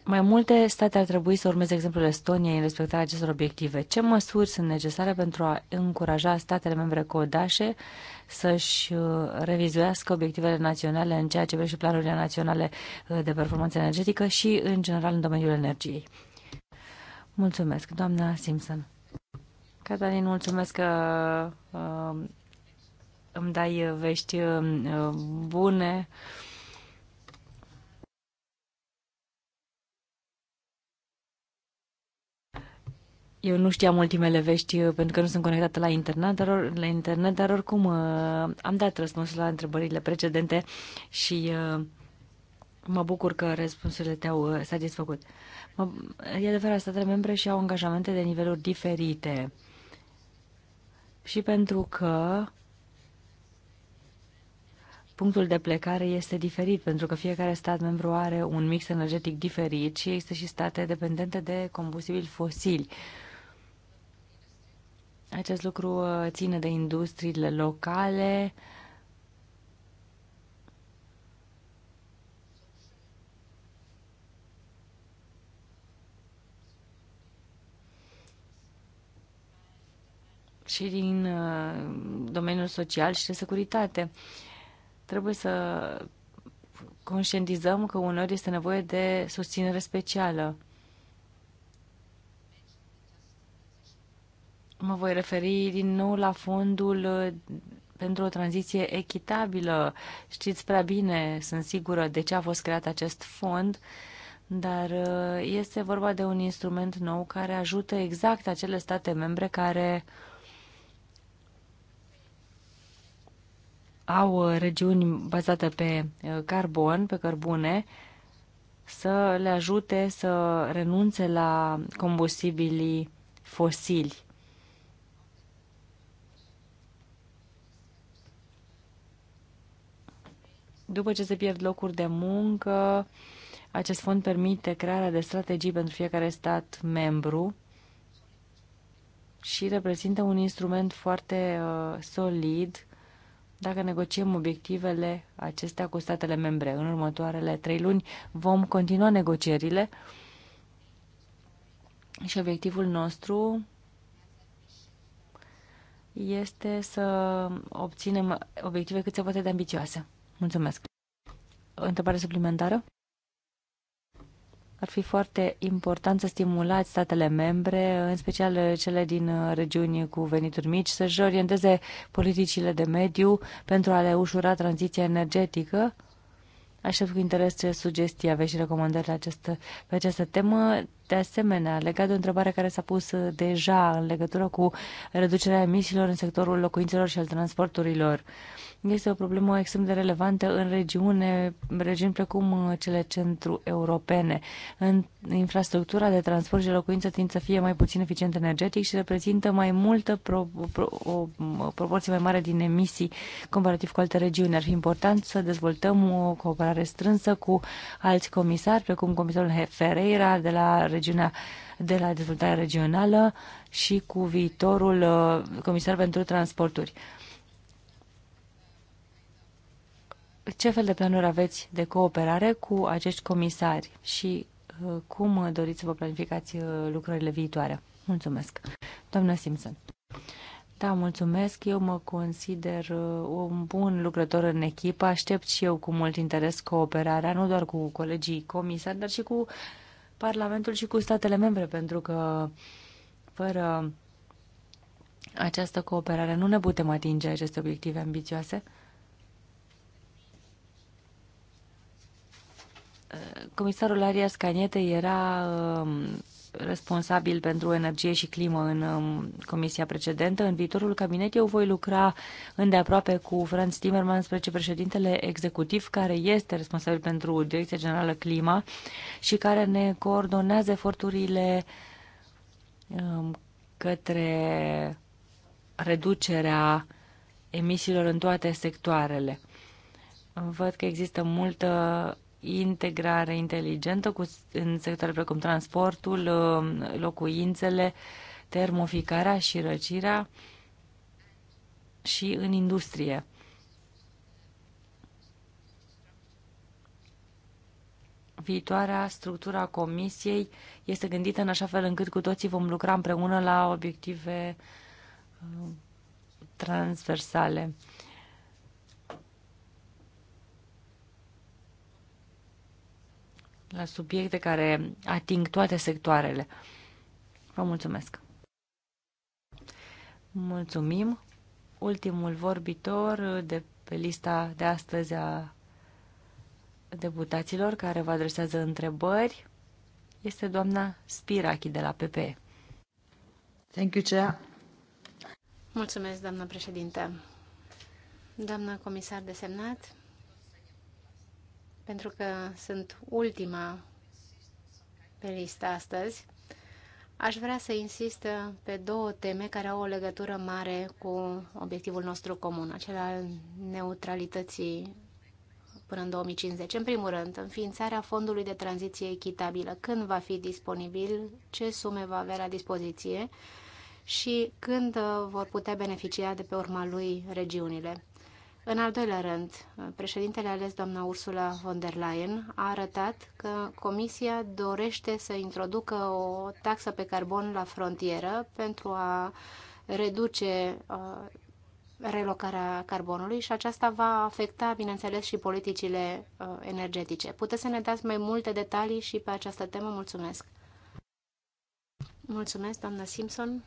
Mai multe state ar trebui să urmeze exemplul Estoniei în respectarea acestor obiective. Ce măsuri sunt necesare pentru a încuraja statele membre codașe să-și uh, revizuiască obiectivele naționale în ceea ce privește planurile naționale uh, de performanță energetică și, în general, în domeniul energiei? Mulțumesc, doamna Simpson. Catalin, mulțumesc că uh, îmi dai vești uh, bune. Eu nu știam ultimele vești uh, pentru că nu sunt conectată la internet, dar, or, la internet, dar oricum uh, am dat răspunsul la întrebările precedente și uh, mă bucur că răspunsurile te-au satisfăcut. Mă, e adevărat, statele membre și au angajamente de niveluri diferite și pentru că punctul de plecare este diferit, pentru că fiecare stat membru are un mix energetic diferit și există și state dependente de combustibili fosili. Uh, acest lucru uh, ține de industriile locale, și din uh, domeniul social și de securitate. Trebuie să conștientizăm că uneori este nevoie de susținere specială. Mă voi referi din nou la fondul uh, pentru o tranziție echitabilă. Știți prea bine, sunt sigură, de ce a fost creat acest fond, dar uh, este vorba de un instrument nou care ajută exact acele state membre care au uh, regiuni bazate pe carbon, pe cărbune, să le ajute să renunțe la combustibilii fosili. După ce se pierd locuri de muncă, acest fond permite crearea de strategii pentru fiecare stat membru și reprezintă un instrument foarte uh, solid dacă negociem obiectivele acestea cu statele membre. În următoarele trei luni vom continua negocierile și obiectivul nostru este să obținem obiective cât se poate de ambițioase. Mulțumesc. O întrebare suplimentară? Ar fi foarte important să stimulați statele membre, în special cele din regiuni cu venituri mici, să-și orienteze politicile de mediu pentru a le ușura tranziția energetică Aștept cu interes ce sugestii aveți și recomandări la această, pe această temă. De asemenea, legat de o întrebare care s-a pus uh, deja în legătură cu reducerea emisiilor în sectorul locuințelor și al transporturilor, este o problemă extrem de relevantă în regiune, regiuni precum uh, cele centru-europene. În infrastructura de transport și locuință tind să fie mai puțin eficient energetic și reprezintă mai multă pro, pro, o proporție mai mare din emisii comparativ cu alte regiuni. Ar fi important să dezvoltăm o cooperare strânsă cu alți comisari, precum comisarul Ferreira de la regiunea de la dezvoltare regională și cu viitorul uh, comisar pentru transporturi. Ce fel de planuri aveți de cooperare cu acești comisari și uh, cum doriți să vă planificați uh, lucrările viitoare? Mulțumesc. Doamna Simpson. Da, mulțumesc. Eu mă consider un bun lucrător în echipă. Aștept și eu cu mult interes cooperarea, nu doar cu colegii comisari, dar și cu Parlamentul și cu statele membre, pentru că fără această cooperare nu ne putem atinge aceste obiective ambițioase. Comisarul Arias Caniete era um, responsabil pentru energie și climă în um, comisia precedentă. În viitorul cabinet eu voi lucra îndeaproape cu Franz Timmermans, vicepreședintele executiv, care este responsabil pentru Direcția Generală Clima și care ne coordonează eforturile um, către reducerea emisiilor în toate sectoarele. Văd că există multă integrare inteligentă cu, în sectoare precum transportul, um, locuințele, termoficarea și răcirea și în industrie. Viitoarea structură a comisiei este gândită în așa fel încât cu toții vom lucra împreună la obiective um, transversale. la subiecte care ating toate sectoarele. Vă mulțumesc! Mulțumim! Ultimul vorbitor de pe lista de astăzi a deputaților care vă adresează întrebări este doamna Spirachi de la PP. Thank you, Chair. Mulțumesc, doamna președinte. Doamna comisar desemnat, pentru că sunt ultima pe listă astăzi, aș vrea să insist pe două teme care au o legătură mare cu obiectivul nostru comun, acela al neutralității până în 2050. În primul rând, înființarea fondului de tranziție echitabilă. Când va fi disponibil? Ce sume va avea la dispoziție? Și când uh, vor putea beneficia de pe urma lui regiunile? În al doilea rând, președintele ales doamna Ursula von der Leyen a arătat că Comisia dorește să introducă o taxă pe carbon la frontieră pentru a reduce uh, relocarea carbonului și aceasta va afecta, bineînțeles, și politicile uh, energetice. Puteți să ne dați mai multe detalii și pe această temă? Mulțumesc! Mulțumesc, doamna Simpson!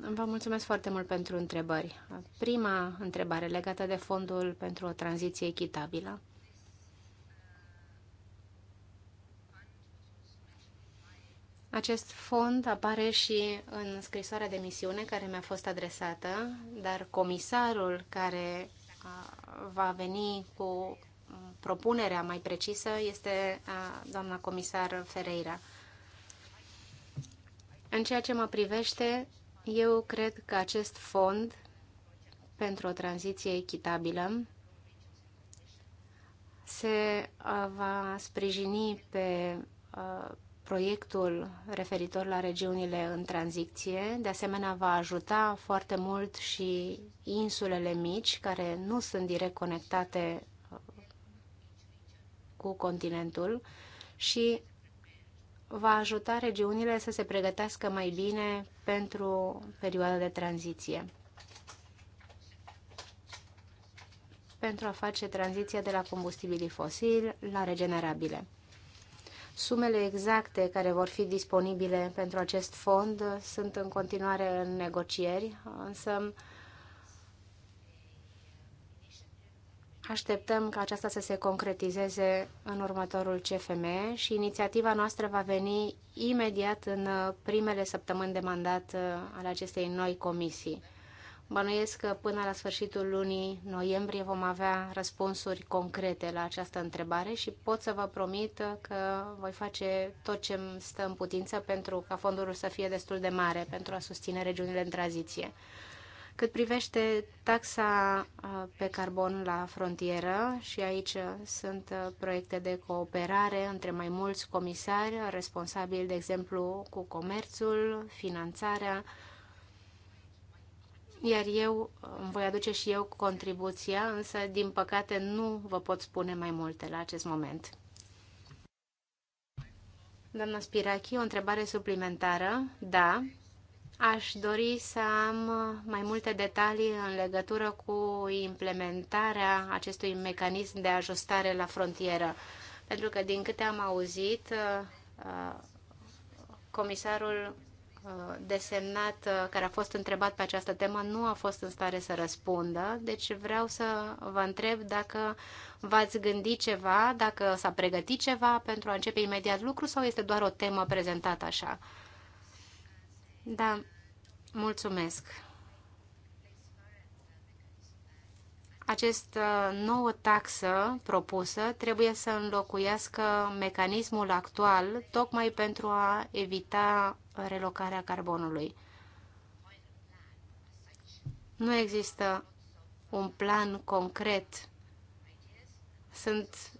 Vă mulțumesc foarte mult pentru întrebări. Prima întrebare legată de fondul pentru o tranziție echitabilă. Acest fond apare și în scrisoarea de misiune care mi-a fost adresată, dar comisarul care va veni cu propunerea mai precisă este doamna comisar Ferreira. În ceea ce mă privește, eu cred că acest fond pentru o tranziție echitabilă se uh, va sprijini pe uh, proiectul referitor la regiunile în tranziție. De asemenea, va ajuta foarte mult și insulele mici, care nu sunt direct conectate uh, cu continentul și va ajuta regiunile să se pregătească mai bine pentru perioada de tranziție. pentru a face tranziția de la combustibilii fosili la regenerabile. Sumele exacte care vor fi disponibile pentru acest fond sunt în continuare în negocieri, însă Așteptăm ca aceasta să se concretizeze în următorul CFM și inițiativa noastră va veni imediat în uh, primele săptămâni de mandat uh, al acestei noi comisii. Bănuiesc că până la sfârșitul lunii noiembrie vom avea răspunsuri concrete la această întrebare și pot să vă promit uh, că voi face tot ce îmi stă în putință pentru ca fondul să fie destul de mare pentru a susține regiunile în tranziție. Cât privește taxa uh, pe carbon la frontieră, și aici uh, sunt uh, proiecte de cooperare între mai mulți comisari responsabili, de exemplu, cu comerțul, finanțarea, iar eu îmi voi aduce și eu contribuția, însă, din păcate, nu vă pot spune mai multe la acest moment. Doamna Spirachi, o întrebare suplimentară? Da, Aș dori să am mai multe detalii în legătură cu implementarea acestui mecanism de ajustare la frontieră. Pentru că, din câte am auzit, uh, comisarul uh, desemnat uh, care a fost întrebat pe această temă nu a fost în stare să răspundă, deci vreau să vă întreb dacă v-ați gândit ceva, dacă s-a pregătit ceva pentru a începe imediat lucru sau este doar o temă prezentată așa. Da, mulțumesc. Această uh, nouă taxă propusă trebuie să înlocuiască mecanismul actual tocmai pentru a evita relocarea carbonului. Nu există un plan concret. Sunt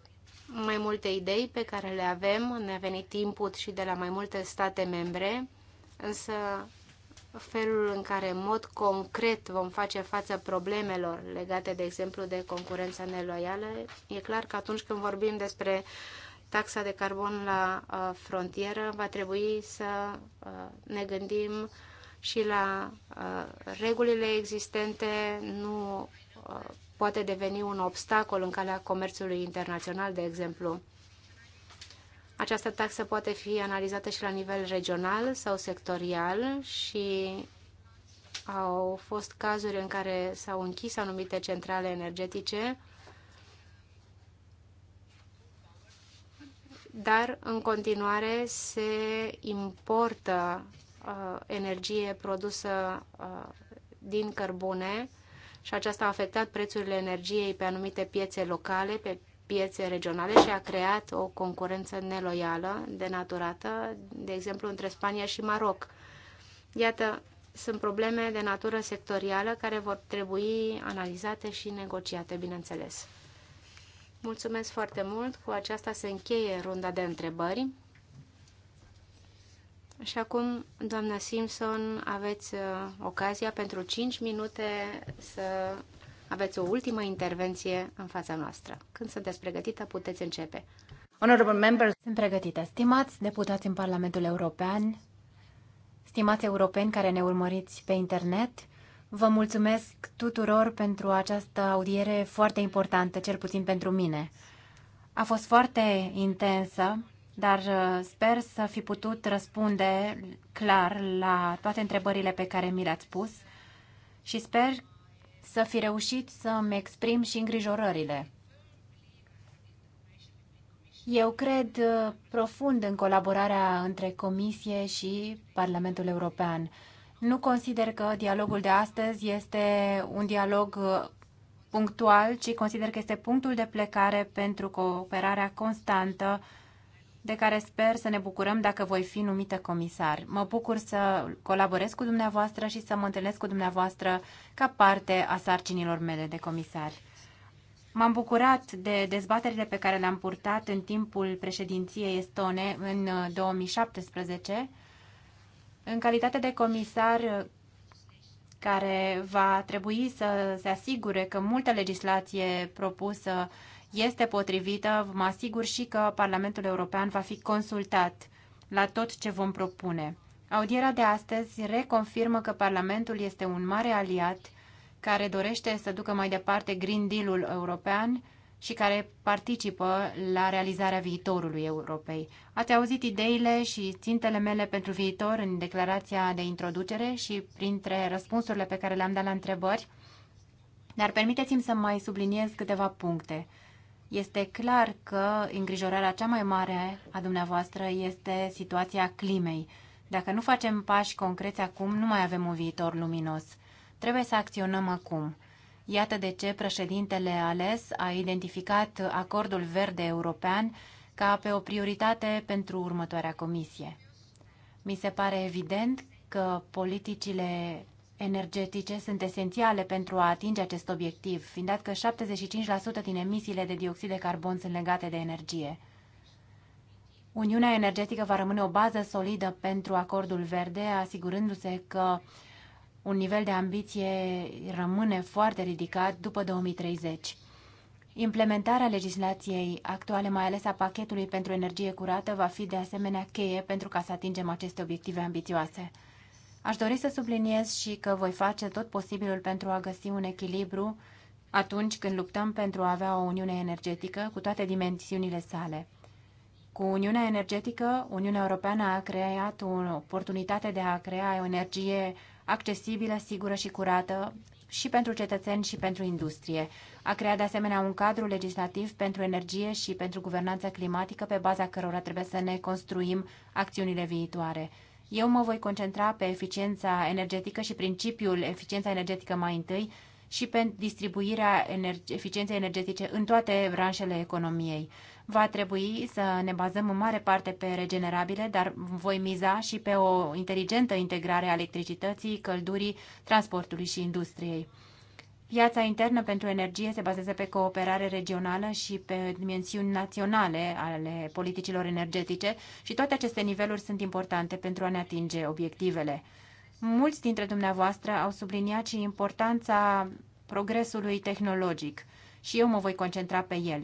mai multe idei pe care le avem, ne-a venit input și de la mai multe state membre Însă felul în care în mod concret vom face față problemelor legate, de exemplu, de concurența neloială, e clar că atunci când vorbim despre taxa de carbon la uh, frontieră, va trebui să uh, ne gândim și la uh, regulile existente, nu uh, poate deveni un obstacol în calea comerțului internațional, de exemplu. Această taxă poate fi analizată și la nivel regional sau sectorial și au fost cazuri în care s-au închis anumite centrale energetice, dar în continuare se importă uh, energie produsă uh, din cărbune și aceasta a afectat prețurile energiei pe anumite piețe locale, pe piețe regionale și a creat o concurență neloială, denaturată, de exemplu, între Spania și Maroc. Iată, sunt probleme de natură sectorială care vor trebui analizate și negociate, bineînțeles. Mulțumesc foarte mult. Cu aceasta se încheie runda de întrebări. Și acum, doamna Simpson, aveți uh, ocazia pentru 5 minute să aveți o ultimă intervenție în fața noastră. Când sunteți pregătită, puteți începe. Honorable members. Sunt pregătită. Stimați deputați în Parlamentul European, stimați europeni care ne urmăriți pe internet, vă mulțumesc tuturor pentru această audiere foarte importantă, cel puțin pentru mine. A fost foarte intensă, dar uh, sper să fi putut răspunde clar la toate întrebările pe care mi le-ați pus și sper să fi reușit să-mi exprim și îngrijorările. Eu cred uh, profund în colaborarea între Comisie și Parlamentul European. Nu consider că dialogul de astăzi este un dialog uh, punctual, ci consider că este punctul de plecare pentru cooperarea constantă de care sper să ne bucurăm dacă voi fi numită comisar. Mă bucur să colaborez cu dumneavoastră și să mă întâlnesc cu dumneavoastră ca parte a sarcinilor mele de comisar. M-am bucurat de dezbaterile pe care le-am purtat în timpul președinției estone în 2017, uh, în calitate de comisar uh, care va trebui să se asigure că multă legislație propusă este potrivită. Mă asigur și că Parlamentul European va fi consultat la tot ce vom propune. Audierea de astăzi reconfirmă că Parlamentul este un mare aliat care dorește să ducă mai departe Green Deal-ul european și care participă la realizarea viitorului Europei. Ați auzit ideile și țintele mele pentru viitor în declarația de introducere și printre răspunsurile pe care le-am dat la întrebări, dar permiteți-mi să mai subliniez câteva puncte. Este clar că îngrijorarea cea mai mare a dumneavoastră este situația climei. Dacă nu facem pași concreți acum, nu mai avem un viitor luminos. Trebuie să acționăm acum. Iată de ce președintele ales a identificat acordul verde european ca pe o prioritate pentru următoarea comisie. Mi se pare evident că politicile energetice sunt esențiale pentru a atinge acest obiectiv, fiind dat că 75% din emisiile de dioxid de carbon sunt legate de energie. Uniunea energetică va rămâne o bază solidă pentru acordul verde, asigurându-se că un nivel de ambiție rămâne foarte ridicat după 2030. Implementarea legislației actuale, mai ales a pachetului pentru energie curată, va fi de asemenea cheie pentru ca să atingem aceste obiective ambițioase. Aș dori să subliniez și că voi face tot posibilul pentru a găsi un echilibru atunci când luptăm pentru a avea o uniune energetică cu toate dimensiunile sale. Cu Uniunea Energetică, Uniunea Europeană a creat o oportunitate de a crea o energie accesibilă, sigură și curată și pentru cetățeni și pentru industrie. A creat de asemenea un cadru legislativ pentru energie și pentru guvernanța climatică pe baza cărora trebuie să ne construim acțiunile viitoare. Eu mă voi concentra pe eficiența energetică și principiul eficiența energetică mai întâi și pe distribuirea energi- eficienței energetice în toate branșele economiei. Va trebui să ne bazăm în mare parte pe regenerabile, dar voi miza și pe o inteligentă integrare a electricității, căldurii, transportului și industriei. Piața internă pentru energie se bazează pe cooperare regională și pe dimensiuni naționale ale politicilor energetice și toate aceste niveluri sunt importante pentru a ne atinge obiectivele. Mulți dintre dumneavoastră au subliniat și importanța progresului tehnologic și eu mă voi concentra pe el.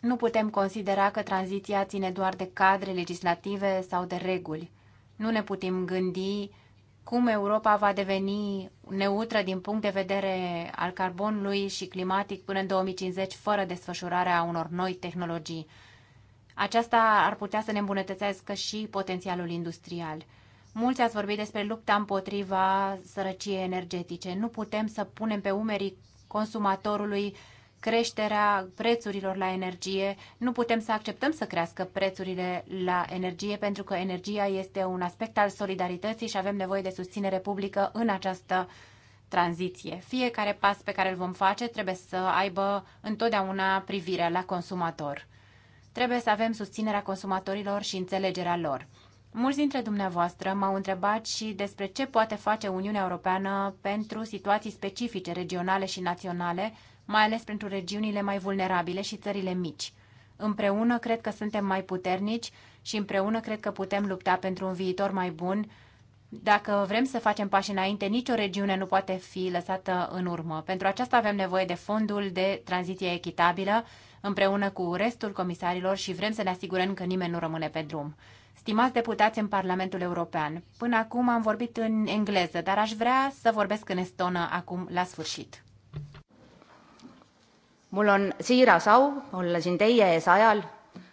Nu putem considera că tranziția ține doar de cadre legislative sau de reguli. Nu ne putem gândi cum Europa va deveni neutră din punct de vedere al carbonului și climatic până în 2050 fără desfășurarea unor noi tehnologii. Aceasta ar putea să ne îmbunătățească și potențialul industrial. Mulți ați vorbit despre lupta împotriva sărăciei energetice. Nu putem să punem pe umerii consumatorului creșterea prețurilor la energie. Nu putem să acceptăm să crească prețurile la energie pentru că energia este un aspect al solidarității și avem nevoie de susținere publică în această tranziție. Fiecare pas pe care îl vom face trebuie să aibă întotdeauna privirea la consumator. Trebuie să avem susținerea consumatorilor și înțelegerea lor. Mulți dintre dumneavoastră m-au întrebat și despre ce poate face Uniunea Europeană pentru situații specifice, regionale și naționale mai ales pentru regiunile mai vulnerabile și țările mici. Împreună cred că suntem mai puternici și împreună cred că putem lupta pentru un viitor mai bun. Dacă vrem să facem pași înainte, nicio regiune nu poate fi lăsată în urmă. Pentru aceasta avem nevoie de fondul de tranziție echitabilă împreună cu restul comisarilor și vrem să ne asigurăm că nimeni nu rămâne pe drum. Stimați deputați în Parlamentul European, până acum am vorbit în engleză, dar aș vrea să vorbesc în estonă acum la sfârșit mul on siiras au olla siin teie ees ajal,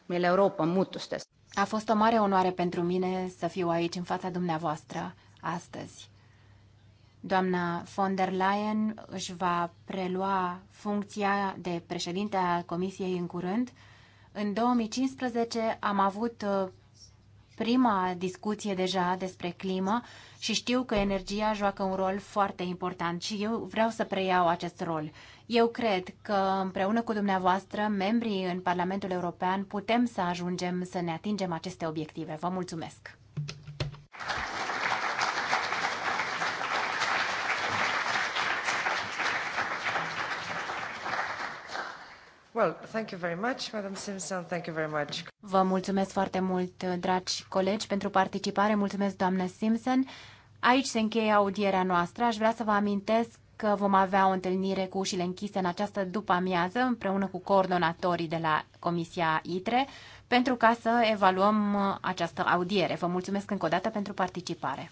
mil Euroopa on muutustes. A fost o mare onoare pentru mine să fiu aici în fața dumneavoastră astăzi. Doamna von der Leyen își va prelua funcția de președinte a Comisiei în curând. În 2015 am avut uh, prima discuție deja despre climă și știu că energia joacă un rol foarte important și eu vreau să preiau acest rol. Eu cred că împreună cu dumneavoastră, membrii în Parlamentul European, putem să ajungem să ne atingem aceste obiective. Vă mulțumesc! Well, thank you very much, Madam Simpson. Thank you very much. Vă mulțumesc foarte mult, dragi colegi, pentru participare. Mulțumesc, doamnă Simpson. Aici se încheie audierea noastră. Aș vrea să vă amintesc că vom avea o întâlnire cu ușile închise în această după-amiază împreună cu coordonatorii de la Comisia ITRE pentru ca să evaluăm această audiere. Vă mulțumesc încă o dată pentru participare.